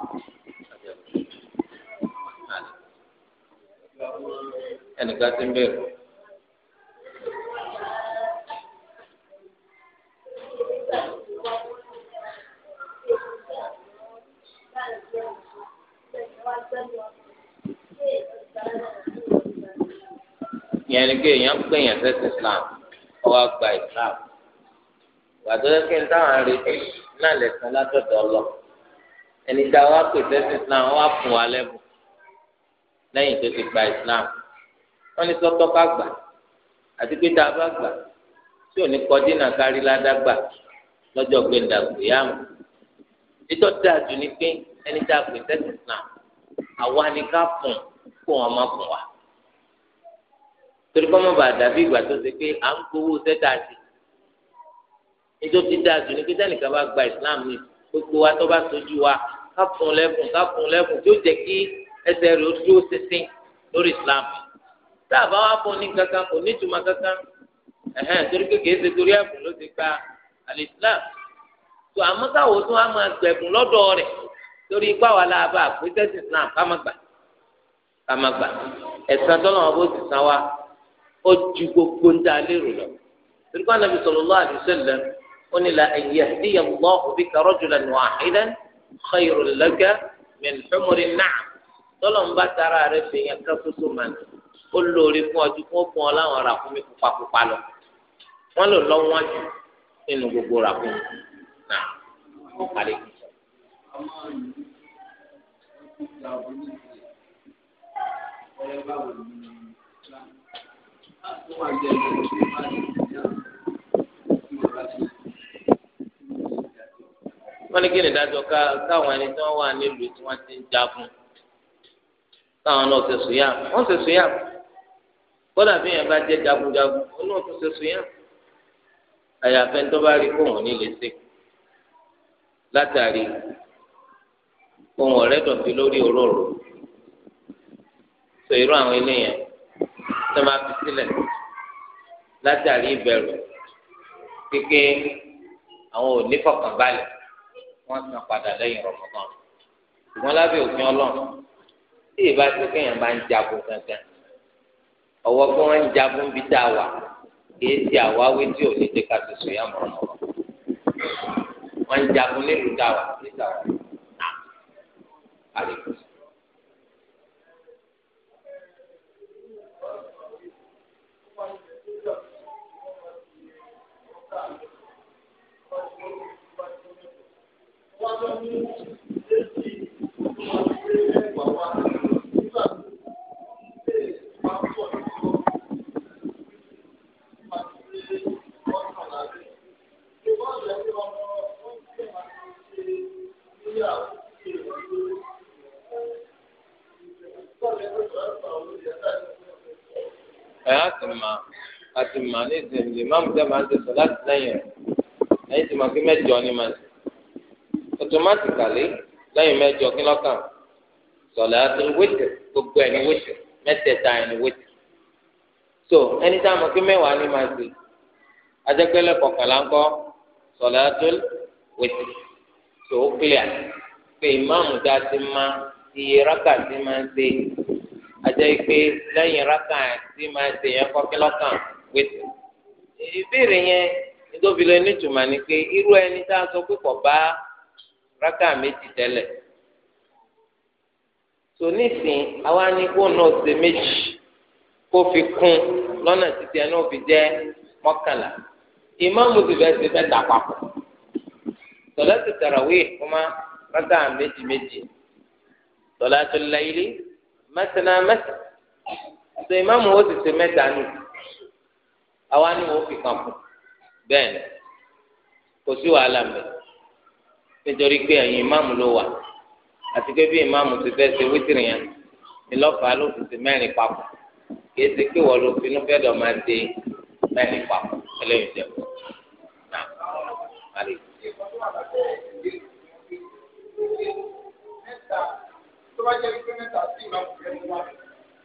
ẹnìkan ti ń bèrè. yẹn ni pé èèyàn pè yàn sẹ́sẹ̀ Islam ọwọ́ gba Islam gbàdúrà kí n táwọn retí náà lẹ̀sán látọ̀dọ̀ lọ ẹni tá a wá pè sẹ́sẹ̀ Islam wọ́n fún wa lẹ́bùn lẹ́yìn tó ti gba islam wọ́n ní sọ́tọ́ ká gbà àti pé tá a bá gbà tí ò ní kọdínà kárí ládàgbà lọ́jọ́ gbẹ̀ndàgbé yàmù títọ́ dáa jù ní pé ẹni tá a pè tẹ́sí islam àwa ni ká fún kó wọn má fún wa torí kọ́ mọ́ bá dàbí ìgbà tó ṣe pé à ń gbowó sẹ́tà sí nítorí dáa jù ní pé sẹ́nìkan bá gba islam ní gbogbo wa tó bá sojú wa ká fún lẹ́bùn ká fún lẹ́bùn tí ó jẹ́ kí ẹsẹ̀ rẹ̀ ó dúró sísìn lórí islam tá a bá wá fún ní kankan kò ní ìtumọ̀ kankan ẹ̀hẹ́n torí kékeré ṣe torí ẹ̀bùn ló ti gba àlè islam tó àmọ́ káwọ́ tó wá máa gbẹ̀bùn lọ́dọ̀ rẹ̀ torí ipá wa la bá àpèjẹ́ sí islam ká má gbà ká má gbà ẹ̀sán tọ́lọ́wọ́n bó ti san wa ó ju gbogbo ń dá lérò lọ torí kó anabi sallallahu alaihi wasallam ó ní la an yahdiya Allahu bika rajulan wahidan khayrun laka min humri na'am tọ́lọ̀ ń bá tara rẹ fèèyàn ká soso màá ní ó lóore fún ọdún fún ọkùn ọ láwọn ràkúnmí pupapupa lọ wọn lò lọ wọn jù nínú gbogbo ràkúnmí náà wọn parí. wọ́n ní kí ni ìdájọ́ káwọn ẹni tí wọ́n wà nílùú tí wọ́n ti ń jagun táwọn náà ṣe sùn yá wọn ṣe sùn yá kódà bí yẹn bá jẹ jagunjagun wọn náà tún ṣe sùn yá àyàfẹ́ tó bá rí kóhùn ní lè ṣe látàrí ohun ọ̀rẹ́ dọ̀tí lórí òróró sọ irú àwọn eléyẹn tó máa fi sílẹ̀ látàrí ìbẹ̀rù kéke àwọn ò ní fọkànbalẹ̀ wọ́n san padà lẹ́yìn rọ̀mọ́tàn ṣùgbọ́n lábẹ́ òfin ọlọ́run tí ìbá ti kéèyàn bá ń jagun gangan ọwọ́ pé wọ́n ń jagun bí tá a wà kìí ti àwáwí tí ò ní jẹ́ ká ti yá mọ̀ ọ́n wọ́n ń jagun nílùú tá wà ní tá a wà náà àlejò. Thank you. ẹ̀ á sì mà á sì mà ní ìsìnkú ìmáàmù tẹ́ máa ń tẹ̀sán láti lẹ́yìn rẹ̀ lẹ́yìn tí màá kí mẹ́jọ ni màá sì automatically lẹ́yìn mẹ́jọ kí lọ́kàn sọ̀lá tó ń wétè gbogbo ẹni wétè mẹ́tẹ̀ẹ̀ta ẹni wétè so ẹni tá a mọ̀ kí mẹ́wàá ni màá sì adẹ́gbẹ́lẹ́ kọ̀kànlá ńkọ́ sọ̀lá tó wétè tó clear pé ìmáàmù dá sí máa iye rákà sí máa ń ṣe àjẹ́ pé lẹ́yìn rákà tí máa ṣe yẹn kọ́ kí lọ́kàn wíìtì. ìbéèrè yẹn nítorí lọ nítumọ̀ ni pé irú ẹni tá a sọ pé kò bá rákà méjì tẹ́lẹ̀. tò nísìn àwa ni kó náà ṣe méjì kó fi kún lọ́nà títí ẹni ò fi jẹ́ mọ́kànlá. ìmáàmù ti fẹ́ ṣe fẹ́ dà papọ̀. tọ́lá ti tàràwé ìkúmá rákà méjì méjì. tọ́lá tó lẹ́yìn mẹtẹnà mẹtẹ tó ìmáàmù ó ti ṣe mẹ́ta nù àwa ni wọn fi kàn fún bẹ́ẹ̀ ni kò sí wàhálà mẹ nítorí pé ẹ̀yìn ìmáàmù ló wà àti pé bí ìmáàmù ti fẹ́ ṣe wítìrì yẹn ìlọ́fà ló fi ṣe mẹ́rin papọ̀ kì í ṣe pé wọ́n ló finú fẹ́ dọ̀ máa ṣe mẹ́rin papọ̀ ẹlẹ́yìn jẹ́ náà bá jẹ́ pé mẹ́ta sí ìmọ̀ rẹ̀ mú wa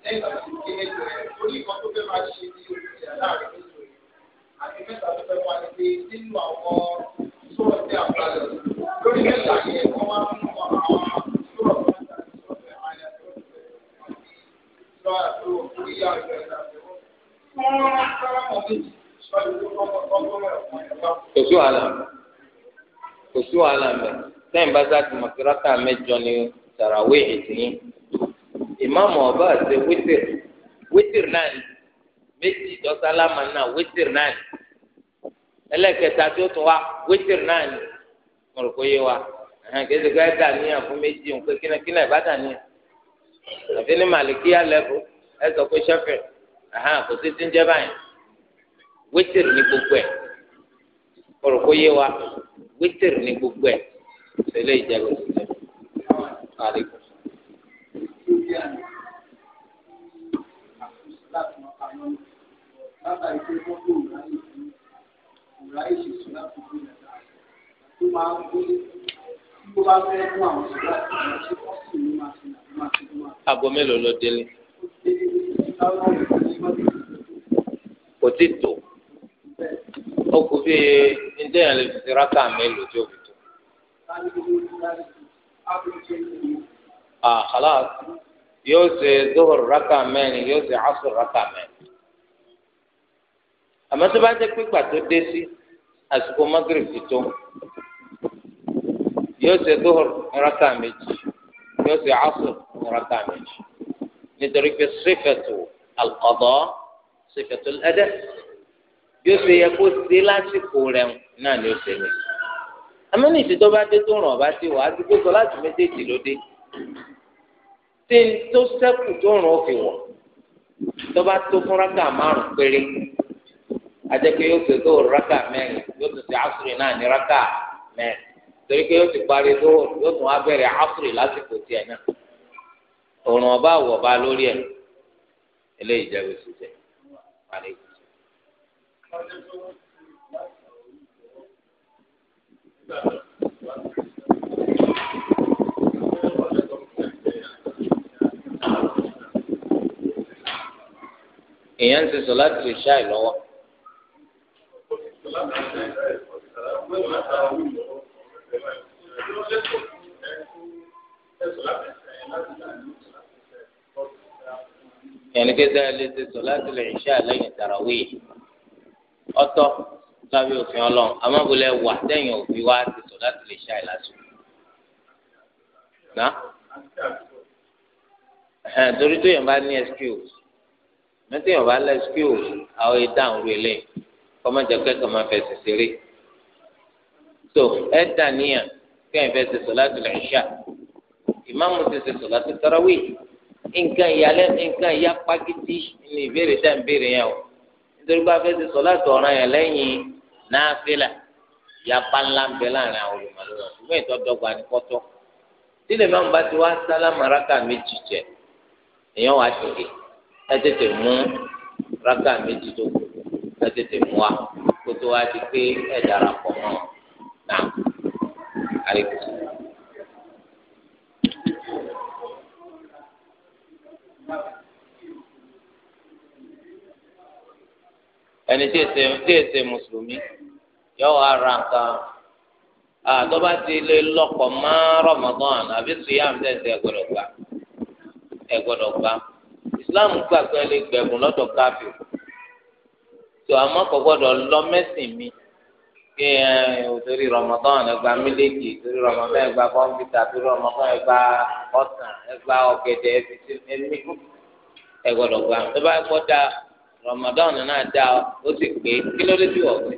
lẹ́yìn àti ìkéde rẹ̀ orí ìkan tó fẹ́ máa ṣe ní olùsẹ̀ láàrin oṣù rẹ̀ àti mẹ́ta tó fẹ́ wá ní pé nínú àwọn sọ̀rọ̀ tí a bá lọ lórí mẹ́ta yẹn wọ́n máa ń àwọn sọ̀rọ̀ mẹ́ta sọ̀rọ̀ àyà tó ń bẹ̀rẹ̀ àti sọ̀rọ̀ tó yá ìgbà ìgbà kò sí wàhálà kò sí wàhálà mẹ sẹ́yìn bá sá ti mọ̀ sí ni tàràwé ìsìn ìmáàmù ọba àti wítìr wítìr náà méjì dọ́sálámà náà wítìr náà ẹlẹ́kẹta tó tún wá wítìr náà ni yé wa kẹsì ká dà níyà fún méjì òun pé dà níyà àfi ní ẹ pé sẹ́fẹ̀ kò sí ti ń jẹ́ báyìí wítìr ní gbogbo ẹ̀ àlékún. Bàbá ìgbé gbogbo òráyè fún òráyè ṣètò láti gbé ìgbà tó máa mélòó ló délé? Kò tí tó. Ó kù bí ǹjẹ́ lè fi rákà mélòó tí ó fi tó ah khalas yóò ṣe zohor raka mẹ́rin yóò ṣe asur raka mẹ́rin àmọ́ tó bá jẹ́ pé gbà tó dé sí àsìkò magreth ti tó yóò ṣe zohor raka méjì yóò ṣe asur raka méjì nítorí pé sífẹ̀tù alqada sífẹ̀tù ẹ̀dẹ́ yóò ṣe yẹ kó ṣe lásìkò rẹ̀ náà ni ó ṣe méjì amẹ́ni ìṣètò bá dé tó ràn ọ̀bá sí wà á ti gbé sọ láti méjèèjì lóde tí n tó sẹ́kù tó ràn ó fi wọ̀ tó bá tó fún rákà márùn péré àjẹkẹ́ yóò fi dóòrò rákà mẹ́rin yóò tún ti àṣírí náà ní rákà mẹ́rin torí pé yóò ti parí dóòrò yóò tún wá bẹ̀rẹ̀ àṣírí lásìkò tiẹ̀ náà òrùn ọba àwọ̀ ọba lórí ẹ̀ eléyìí jẹ́ bó jẹ́ parí. èèyàn ń ṣe sọ láti lè ṣáì lọ́wọ́. ẹnikẹ́ta kí lè ṣe sọ láti lè ṣáì lẹ́yìn tarawih ọ̀tọ̀. sábẹ́ òfin ọlọ́run amábòlẹ̀ wà sẹ́yìn òbí wa ti sọ láti lè ṣá ìlàsùn. Nà ẹ̀hìn torí tó yẹn bá ní excuse mẹ́tò yẹn bá lẹ́ excuse àwọn ìdáhùn rẹ̀ lẹ́yìn kọ́mọ́jà kẹ́kọ̀ọ́ máa fẹsẹ̀ ṣeré. So ẹ dà níyàn kí ẹ̀ fẹsẹ̀ sọ láti lè ṣá ìmáàmù ti ṣe sọ láti tarawih nǹkan ìyálẹ́ nǹkan ìyá pàkìtì ní ìbéèrè dá ìbéèrè yẹn o nítorí bá fẹsẹ̀ sọ láti ọ̀ràn yẹn lẹ́yìn náfìlà yapa ńlá ń bẹ láàrin àwọn olùmọlúwà ṣùgbọ́n ìtọdọgba ni kọtọ tílé máa ń bá ti wá sálámà rákà méjì jẹ èèyàn wá tètè ẹ tètè mú rákà méjì tó kù ẹ tètè wa kó tó wá di pé ẹ darapọ̀ mọ́ náà àríkùsù. ẹni tí èsè mùsùlùmí. yóò wá ra nǹkan àtọ́ba ti lé lọ́pọ̀ má Ramadan àbí suyam tẹ̀sí ẹ̀gbọ́dọ̀ gbà ẹ̀gbọ́dọ̀ gbà Islam gbà pé ẹ lè gbẹ̀bùn lọ́dọ̀ káfíò tó àmọ́ kò lọ mẹ́sìn mi kí ẹ òtórí Ramadan ẹgbà mílíkì torí Ramadan ẹgbà kọ́mpútà torí ọ̀sán ọ̀gẹ̀dẹ̀ gbà tó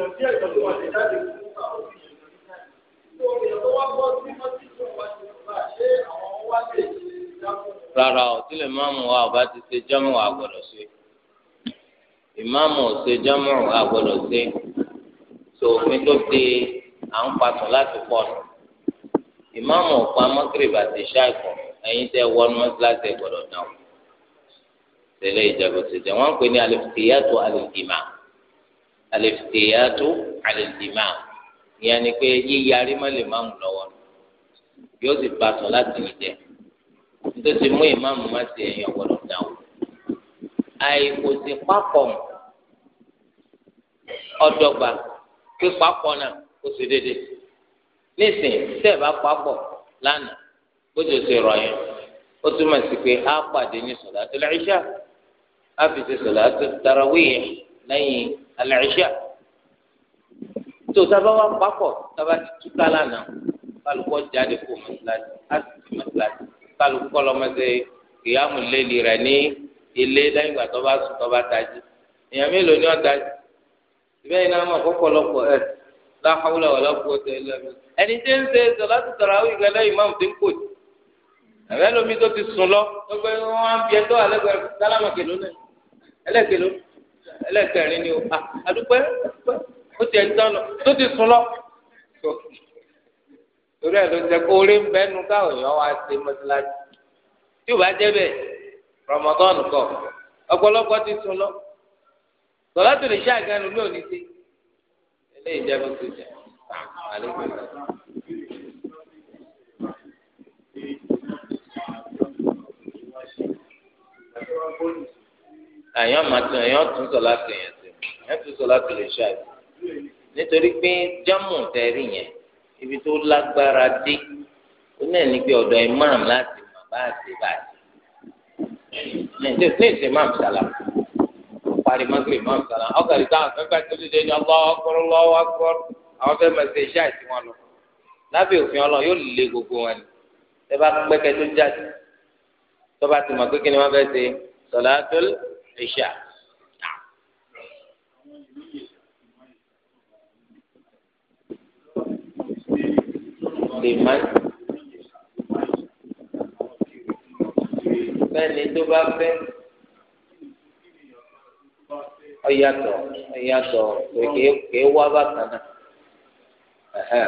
èèyàn díẹ̀ kan tó wà lè jáde fún àwọn èèyàn tó èèyàn tó wá gbọ́ sí mọ́tì tó wà ní ọba ṣé àwọn wá lè ṣe rárá o tí lè máàmù wa ọba ti ṣe jámù wa gbọ́dọ̀ ṣe ìmáàmù ò ṣe jámù wa gbọ́dọ̀ ṣe sòfin tó de à ń pa sùn láti pọ̀ nù ìmáàmù ọ̀pá mọ́kìrìbà ti ṣàìkọ̀ ẹ̀yin tẹ́ wọnú mọ́síláṣí ẹ̀ gbọ́dọ̀ náà tẹ̀lé ìjẹ́bù ti jẹ́ wọ́n pè ní alìkìyàtọ̀ alìkìmá alẹ́fìtẹ́yàtò alẹ́dìmá ìyẹn ni pé yíyarí má lè máàmù lọ́wọ́ yóò sì bá sọ láti yìí jẹ nítorí mú ìmáàmù má ti ẹ̀yìn ọ̀gbọ́dọ̀ dáwọ́ àìkò sí pápọ̀ ọ̀dọ́gba kí pápọ̀ náà kó sì dédé nísìn tẹ́ ẹ̀ bá pápọ̀ lánàá bójú ṣe rọ̀ ó túmọ̀ sí pé á pàdé ní sọ̀dá tó lẹ́yìn iṣẹ́ á fi ṣe sọ̀dá tó tarawih lẹ́yìn al-isha tó sábà wà pápọ̀ sábà ti túká lánàá kálukọ́ jáde kó mọ́sálásí àti mọ́sálásí kálukọ́ lọ́mọdé kìyàmù lélì rẹ̀ ní ilé lẹ́yìn ìgbà tó bá sùn tó bá tají èèyàn mélòó ni ọ̀ tají ìbẹ́ yìí náà mọ̀ kọ́kọ́lọ́pọ̀ ẹ̀ láhàúlà wà lápò tẹ ẹ lẹ́nu ẹni tí ń ṣe sọláṣí tàràwí ìgbẹ́lẹ́ ìmáàmù tí ń pò jù àbẹ́ lómi tó ti sùn lọ gbogbo wọn á fi ẹjọ́ alẹ́gbẹ̀rẹ́ sálámà ẹlẹ́kẹrin ni o àdúpẹ́ ah, ó ti ẹ̀jẹ̀ tán lọ tó ti sùn lọ. torí ẹ̀ ló jẹ́ kó orí ń bẹ́ nu káwọn èèyàn wá ṣe mọ́tíláṣí tí ò bá jẹ́ bẹ́ẹ̀ rọmọdọ́ọ̀nù kọ ọ̀pọ̀lọpọ̀ ti sùn lọ tọ́lá tó lè ṣe àgánù ní òní sí eléyìí jẹ́ bó ti jẹ́ àlékún ìgbà. Thank you àyàn màtún àyàn tún sọ láti yẹn sí àyàn tún sọ láti lè ṣáà nítorí pé jámù tẹrí yẹn ibi tó lágbára dé ó náà ní pé ọ̀dọ̀ imam láti mà bá àti bá àti ní ìsìn imam sàlà parí magre imam sàlà ọkàlì táwọn fẹ́fẹ́ tó dídé ní ọlọ́wọ́ kọ́rọ́ lọ́wọ́ kọ́rọ́ àwọn fẹ́ẹ́ máa ṣe iṣẹ́ àti wọn lọ lábẹ́ òfin ọlọ́run yóò lè gbogbo wọn ni ẹ bá pẹ́kẹ́ tó jáde tó bá ti mọ̀ pé kí ni wọ́n fẹ́ ṣe sọ̀lá tó lé ìṣá. lèmán bẹ́ẹ̀ni tó bá fẹ́ ọ̀yàtọ̀ ọ̀yàtọ̀ kéèké wá bákan náà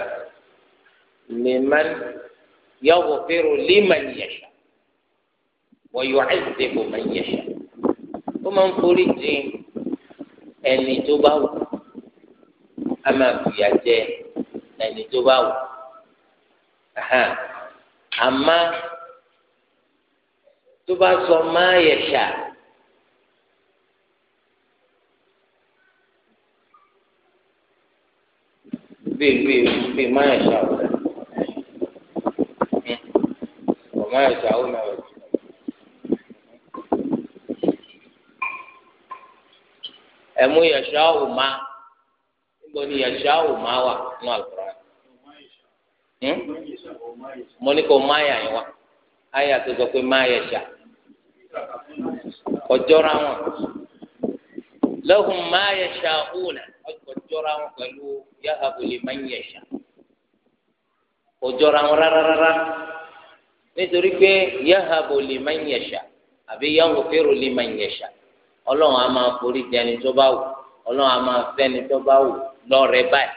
lèmán yọ̀wọ̀ fẹ́rù lèmán yẹ̀ṣà wọ́n yọ̀ ẹ́ ṣe kò yẹ̀ṣà máa ń forí di ẹni tó bá wù á máa fìyà jẹ ẹni tó bá wù àmọ́ tó bá sọ máa yẹ ṣá. bíi bíi bíi máa yẹ ṣá hm. ọ̀rẹ́ máa yẹ ṣá ọ̀rẹ́. ẹmu yẹsọ ọma níbo ni yẹsọ ọma wà nù àlùkòrán hmm? mo ní kò má yà yín wa ayé àtọ́jọ pé má yẹsà ọjọ́ra wọn lọ́hùn má yẹsà ọ̀nà ọjọ́ra wọn pẹ̀lú yahabuli má yẹsà ọjọ́ra wọn rárára nítorí pé yahabuli má yẹsà àbí yahufiru lè má yẹsà ọlọ́run á máa forí jẹni tó bá wù ọlọ́run á máa fẹ́ni tó bá wù lọ́rẹ̀ báyìí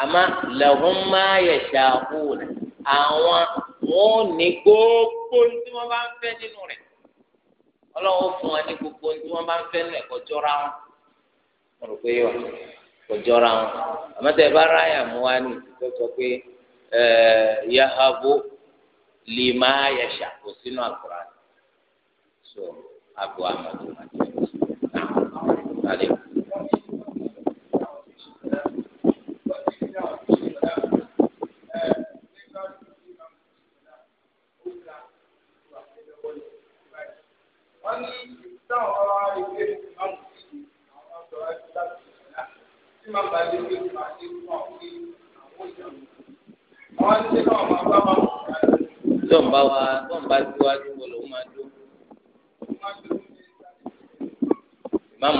àmọ́ lẹ́hùn máa yẹ ṣàkó rẹ̀ àwọn wọn ò ní gbogbo tí wọ́n bá ń fẹ́ nínú rẹ̀ ọlọ́run fún wọn ní gbogbo tí wọ́n bá ń fẹ́ nínú ẹ̀kọ́ jọra wọn mo rò pé wà kò jọra wọn àmọ́ tẹ́ bá ráyà mú wa ní ìtúkọ́ sọ pé yahabu lè máa yẹ ṣàkó sínú àkùrà abu amadu àti ẹ̀sìn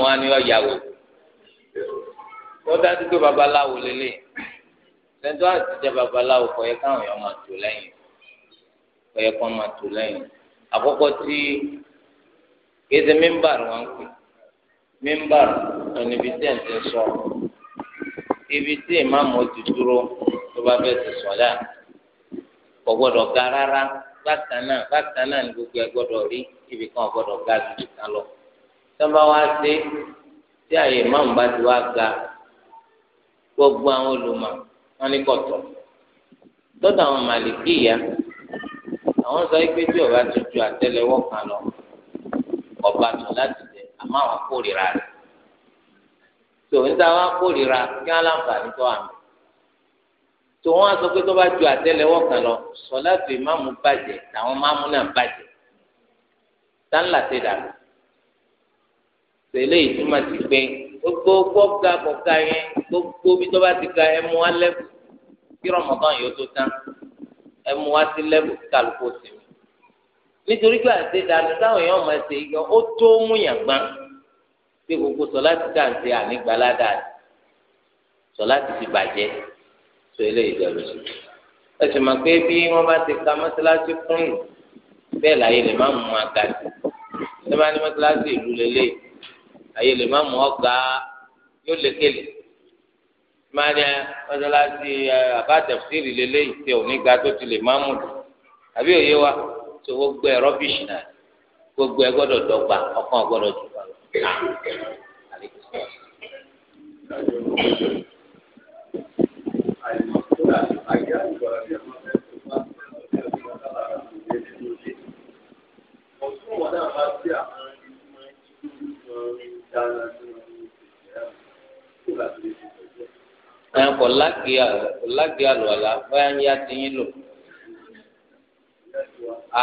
wọn ni ní ọ̀yàwó wọ́n dájú pé babaláwo lélẹ̀ lẹ́jọ́ àtijọ́ babaláwo kọ̀ yẹ káwọn èèyàn máa tó lẹ́yìn kọ̀ yẹ kọ́ máa tó lẹ́yìn àkọ́kọ́ tí kéde mímbàrún wọn pè mímbàrún ẹnibi tí ẹ̀ ń ti sọ ibi tí ìmáàmù ti dúró tó bá fẹ́ ti sọ dáa kò gbọ́dọ̀ ga rárá bákan náà bákan náà ni gbogbo ẹ gbọ́dọ̀ rí ibì kan gbọ́dọ̀ ga ju ibì kan lọ sábà wá sí tí àyè máàmù bá ti wá ga gbogbo àwọn olùmọ̀ wọn ní kọ̀tọ̀ lọ́dọ̀ àwọn màlìkì yá àwọn sọ pé tí ọba tuntun àtẹ́lẹwọ́ kan lọ ọba tó láti jẹ àmọ́ àwọn kórìíra rẹ̀ tó ń ta wá kórìíra kí wọn láǹfààní tó àmì tó wọn sọ pé tó bá ju àtẹ́lẹwọ́ kan lọ sọ láti máàmù bàjẹ́ táwọn máàmù náà bàjẹ́ tá ńlá ti dàrú tẹ̀lé ìtumọ̀ ti pé gbogbo gbọ́gà gbọ́gà yẹn gbogbo bí tó bá ti ga ẹmu wa lẹ́bù kí Ramadan yóò tó tán ẹmu wa ti lẹ́bù kálukú sí mi nítorí pé àti ìdáná táwọn èèyàn máa ṣe yọ ó tó múyàn gbá pé gbogbo sọ láti dá àti ànígbàládà sọ láti fi bàjẹ́ sọ eléyìí dẹ̀rù sí ẹ sì máa pé bí wọ́n bá ti ka mọ́ṣáláṣí kún yìí bẹ́ẹ̀ láyé lè má mú wọn ẹ bá ní mọ́ṣáláṣí ìlú lélẹ́yìí ayé lè má mú ọgá yóò lékele máa ní mọ́sálásí àbá tẹ̀síìrì lélẹ́yìí tẹ onígbà tó ti lè má mú lò àbí òye wa tó gbogbo ẹ̀ rọ́bìṣì náà gbogbo ẹ̀ gbọ́dọ̀ dọ́gba ọkàn gbọ́dọ̀ jù lọ. Thank you dáná sí ẹ kọ lágbè àlọ kọ lágbè àlọ àlà báyà ń yá ti yín lò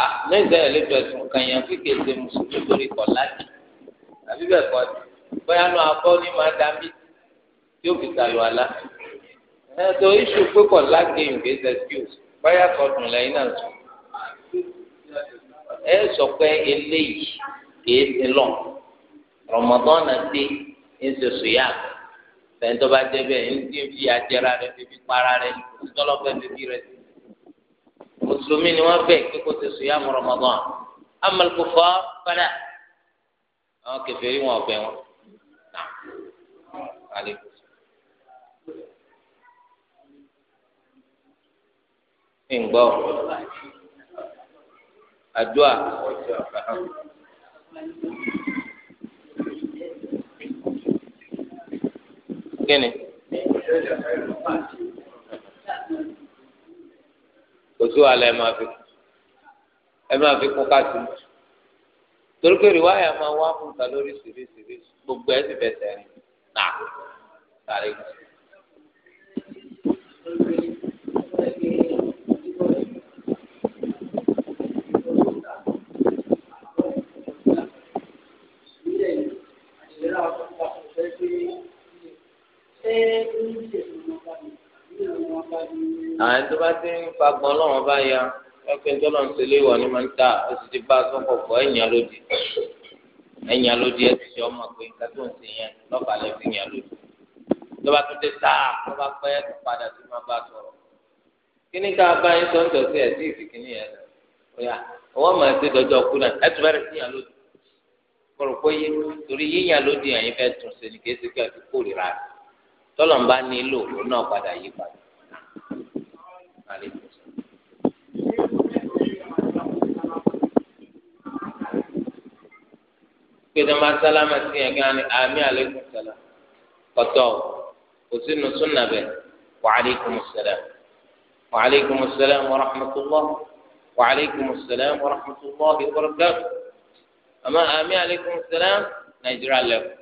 à lẹ́sẹ̀ ẹ̀ lẹ́tọ̀ ẹ̀sùn kan yẹn fi kéde mùsùlùmí lórí kọ lágbè àbí bẹ́ẹ̀ kọ́ báyà nù abọ́ ní máa dá mí tí ó fi tayọ àlà ẹ̀ tó iṣu pé kọ lágbè yìí gbé sẹ́kíùs báyà sọdún lẹ́yìn náà sùn ẹ sọ pé eléyìí kìí ti lọ́n. Ramadan dé ń ṣe sòyà fẹ̀ntọ́ bá jẹ bẹ́ẹ̀ ń dín fi àjẹrà rẹ fi fi para rẹ ìtọ́lọ́fẹ́ fi fi rẹ sí. mùsùlùmí ni wọ́n bẹ̀ kí kò ṣe sòyà mọ́ Ramadan amal kufar fana àwọn kèfèrí wọn ọ̀bẹ wọn. ǹgbọ́ àdúrà. kíni. kò sí wàhálà ẹ máa fi ẹ máa fi kú káàsì torí pé rìwáyà máa wá fún ta lórí sírísírí gbogbo ẹ sì fẹsẹ̀ rìn náà sáré. ṣé ń ṣètò àwọn ẹni tó bá ti ń fagbọn lọ́wọ́ bá ya ẹgbẹ́ tó lọ́n ṣe léwọ̀ ni máa ń ta ó sì ti bá a sọ́kọ̀ fọ́ ẹ̀yìn alódì ẹ̀yìn alódì ẹ̀ ti ṣe ọmọ pé nǹkan tó ń ṣe yẹn lọ́ba lẹ́ fi yẹn lódì tó bá tún dé sáà tó bá pẹ́ tó padà tó máa bá sọ̀rọ̀ kí ni ká bá yín sọ́ńtọ̀ sí ẹ̀ sí ìsìnkì ni yẹn lọ́yà ọwọ́ máa ṣe dọ́jọ́ kú náà ẹ̀ tún bẹ̀rẹ̀ tọlọmba nílò òun náà padà yí padà gbèdé máa sálámà sí yẹn kí wọn ní àmì àlékún sálá kọtọ kò sínú súnà bẹ wàhálíkùmù sálám wàhálíkùmù sálám wàràhàmùtúlọ wàhálíkùmù sálám wàràhàmùtúlọ ìwọlọgbẹ àmà àmì àlékún sálám nàìjíríà lẹkọọ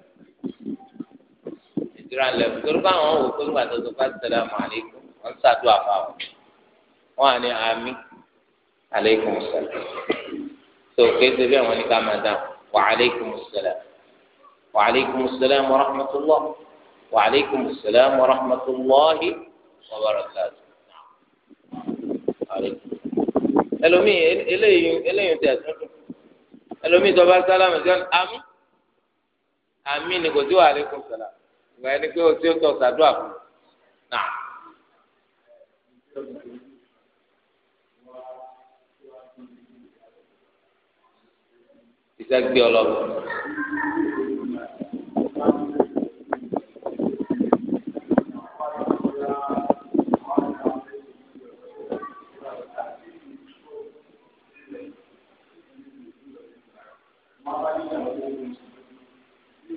tìrà ńlẹ̀ torí báwọn wò pé nígbà tó tó bá assalamu alaikum wọ́n ṣàdúrà fáwọn wọ́n á ní àmì alaikum salam tó kéde bí àwọn oníkà máa dà wa alaikum salam wa alaikum salam wa rahmatullah wa alaikum salam wa rahmatullahi wa barakatuh ẹlòmíì eléyìí eléyìí tẹ̀ tuntun ẹlòmíì tó bá sálámù sí àmì àmì ni kò sí wa alaikum salam ìgbà ẹni pé o ti ń tọ̀ sàdúrà fún náà. iṣẹ́ gbé ọlọ́wọ́.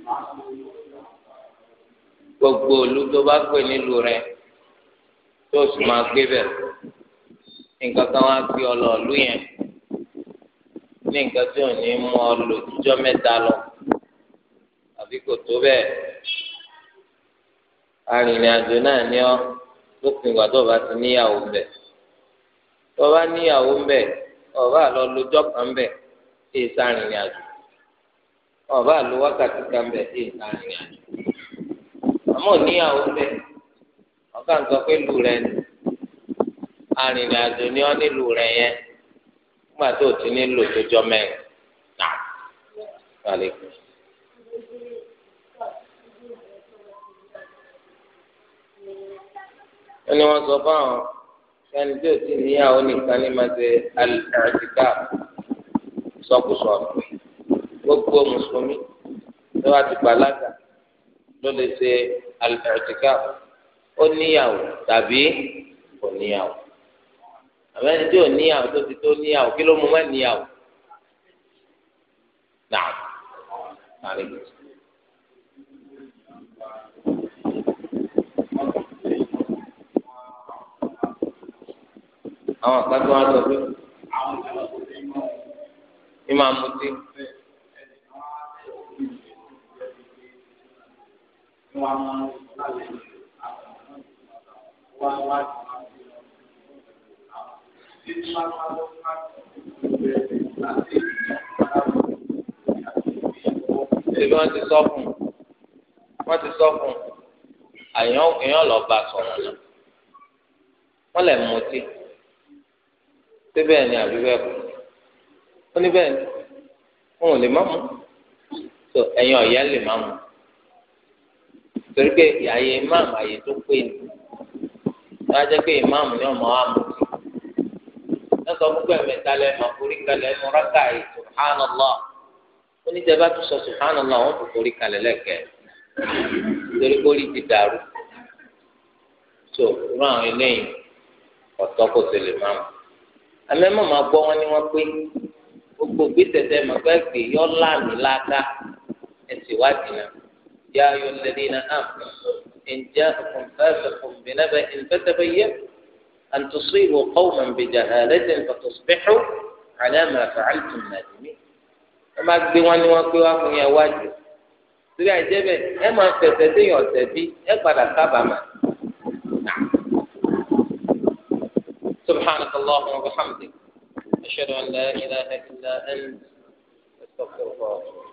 Thank you gbogbo olú tó bá pè nílùú rẹ tó sì máa gbé bẹ nǹkan kan wá gbé ọ lọ ìlú yẹn ní nǹkan tí ò ní mú ọ lò jíjọ mẹ́ta lọ àbí kò tó bẹ́ẹ̀ arìnrìnàjò náà ní ọ lópin ìgbà tó o bá ti níyàwó ń bẹ tó bá níyàwó ń bẹ ọba àlọ lójọ kan bẹ èyí sárìnrìnàjò ọba àlọ wákàtí kan bẹ èyí sárìnrìnàjò àmọ́ níyàwó fẹ́ ọ̀gá ń sọ pé lù rẹ ni arìnrìnàjò ni ọ́ nílù rẹ yẹn nígbà tó o ti nílò tó jọ mẹ́rin náà wàlẹ́ kù. wọ́n ní wọ́n sọ fáwọn sani tí o ti níyàwó nìkan ní ma ṣe alìkàtìkà sọkùsọ gbogbo mùsùlùmí tó wàá ti gbàlagbà ló lè ṣe àlùfẹ́tìkà ó níyàwó tàbí kò níyàwó àmẹ́ni tí ò níyàwó tó ti tó níyàwó kí ló mú má níyàwó náà nàlẹ́ gbèsè. àwọn kan tó sọ pé ìmọ̀ àmúti. kí wọ́n máa ń lálẹ́ àwọn ọmọ wa wá sí àwọn títí wọ́n máa lọ fún àwọn láti ṣèlú wọ́n ti sọ fún wọ́n ti sọ fún àyàn èèyàn lọ bá sọ̀rọ̀ náà wọ́n lè mutí síbẹ̀ ni àbí bẹ́ẹ̀ kọ́ ó ní bẹ́ẹ̀ ni wọn ò lè má mú tó ẹ̀yin ọ̀yẹ́ lè má mú torí pé àyè ìmáàmù àyè tó pé ni wọ́n á jẹ́ pé ìmáàmù ni ọmọ wa mú un wọ́n sọ fún pé mẹ́ta lẹ́nu orí kalẹ̀ ẹnu rákà yìí subhanallah oníjẹba tó sọ subhanallah wọ́n kò forí kalẹ̀ lẹ́kẹ̀ẹ́ torí pé ti dàrú tó irú àwọn eléyìí ọ̀tọ́ kò sì máa mú àmọ́ máa gbọ́ wọn ni wọ́n pé gbogbo gbèsè tẹ́ mọ̀ fẹ́ gbé yọ́ láàmì láàká ẹ̀sìn wádìí náà. يا أيها الذين آمنوا إن جاءكم فاسق بنبأ فتبين أن تصيبوا قوما بجهالة فتصبحوا على ما فعلتم نادمين وما أكبر وأكبر يا واجب torí àìjẹ́ أما ẹ máa ń fẹsẹ̀ déyàn ọ̀sẹ̀ bí ẹ سبحانك اللهم وبحمدك أشهد أن لا إله إلا أنت أستغفرك الله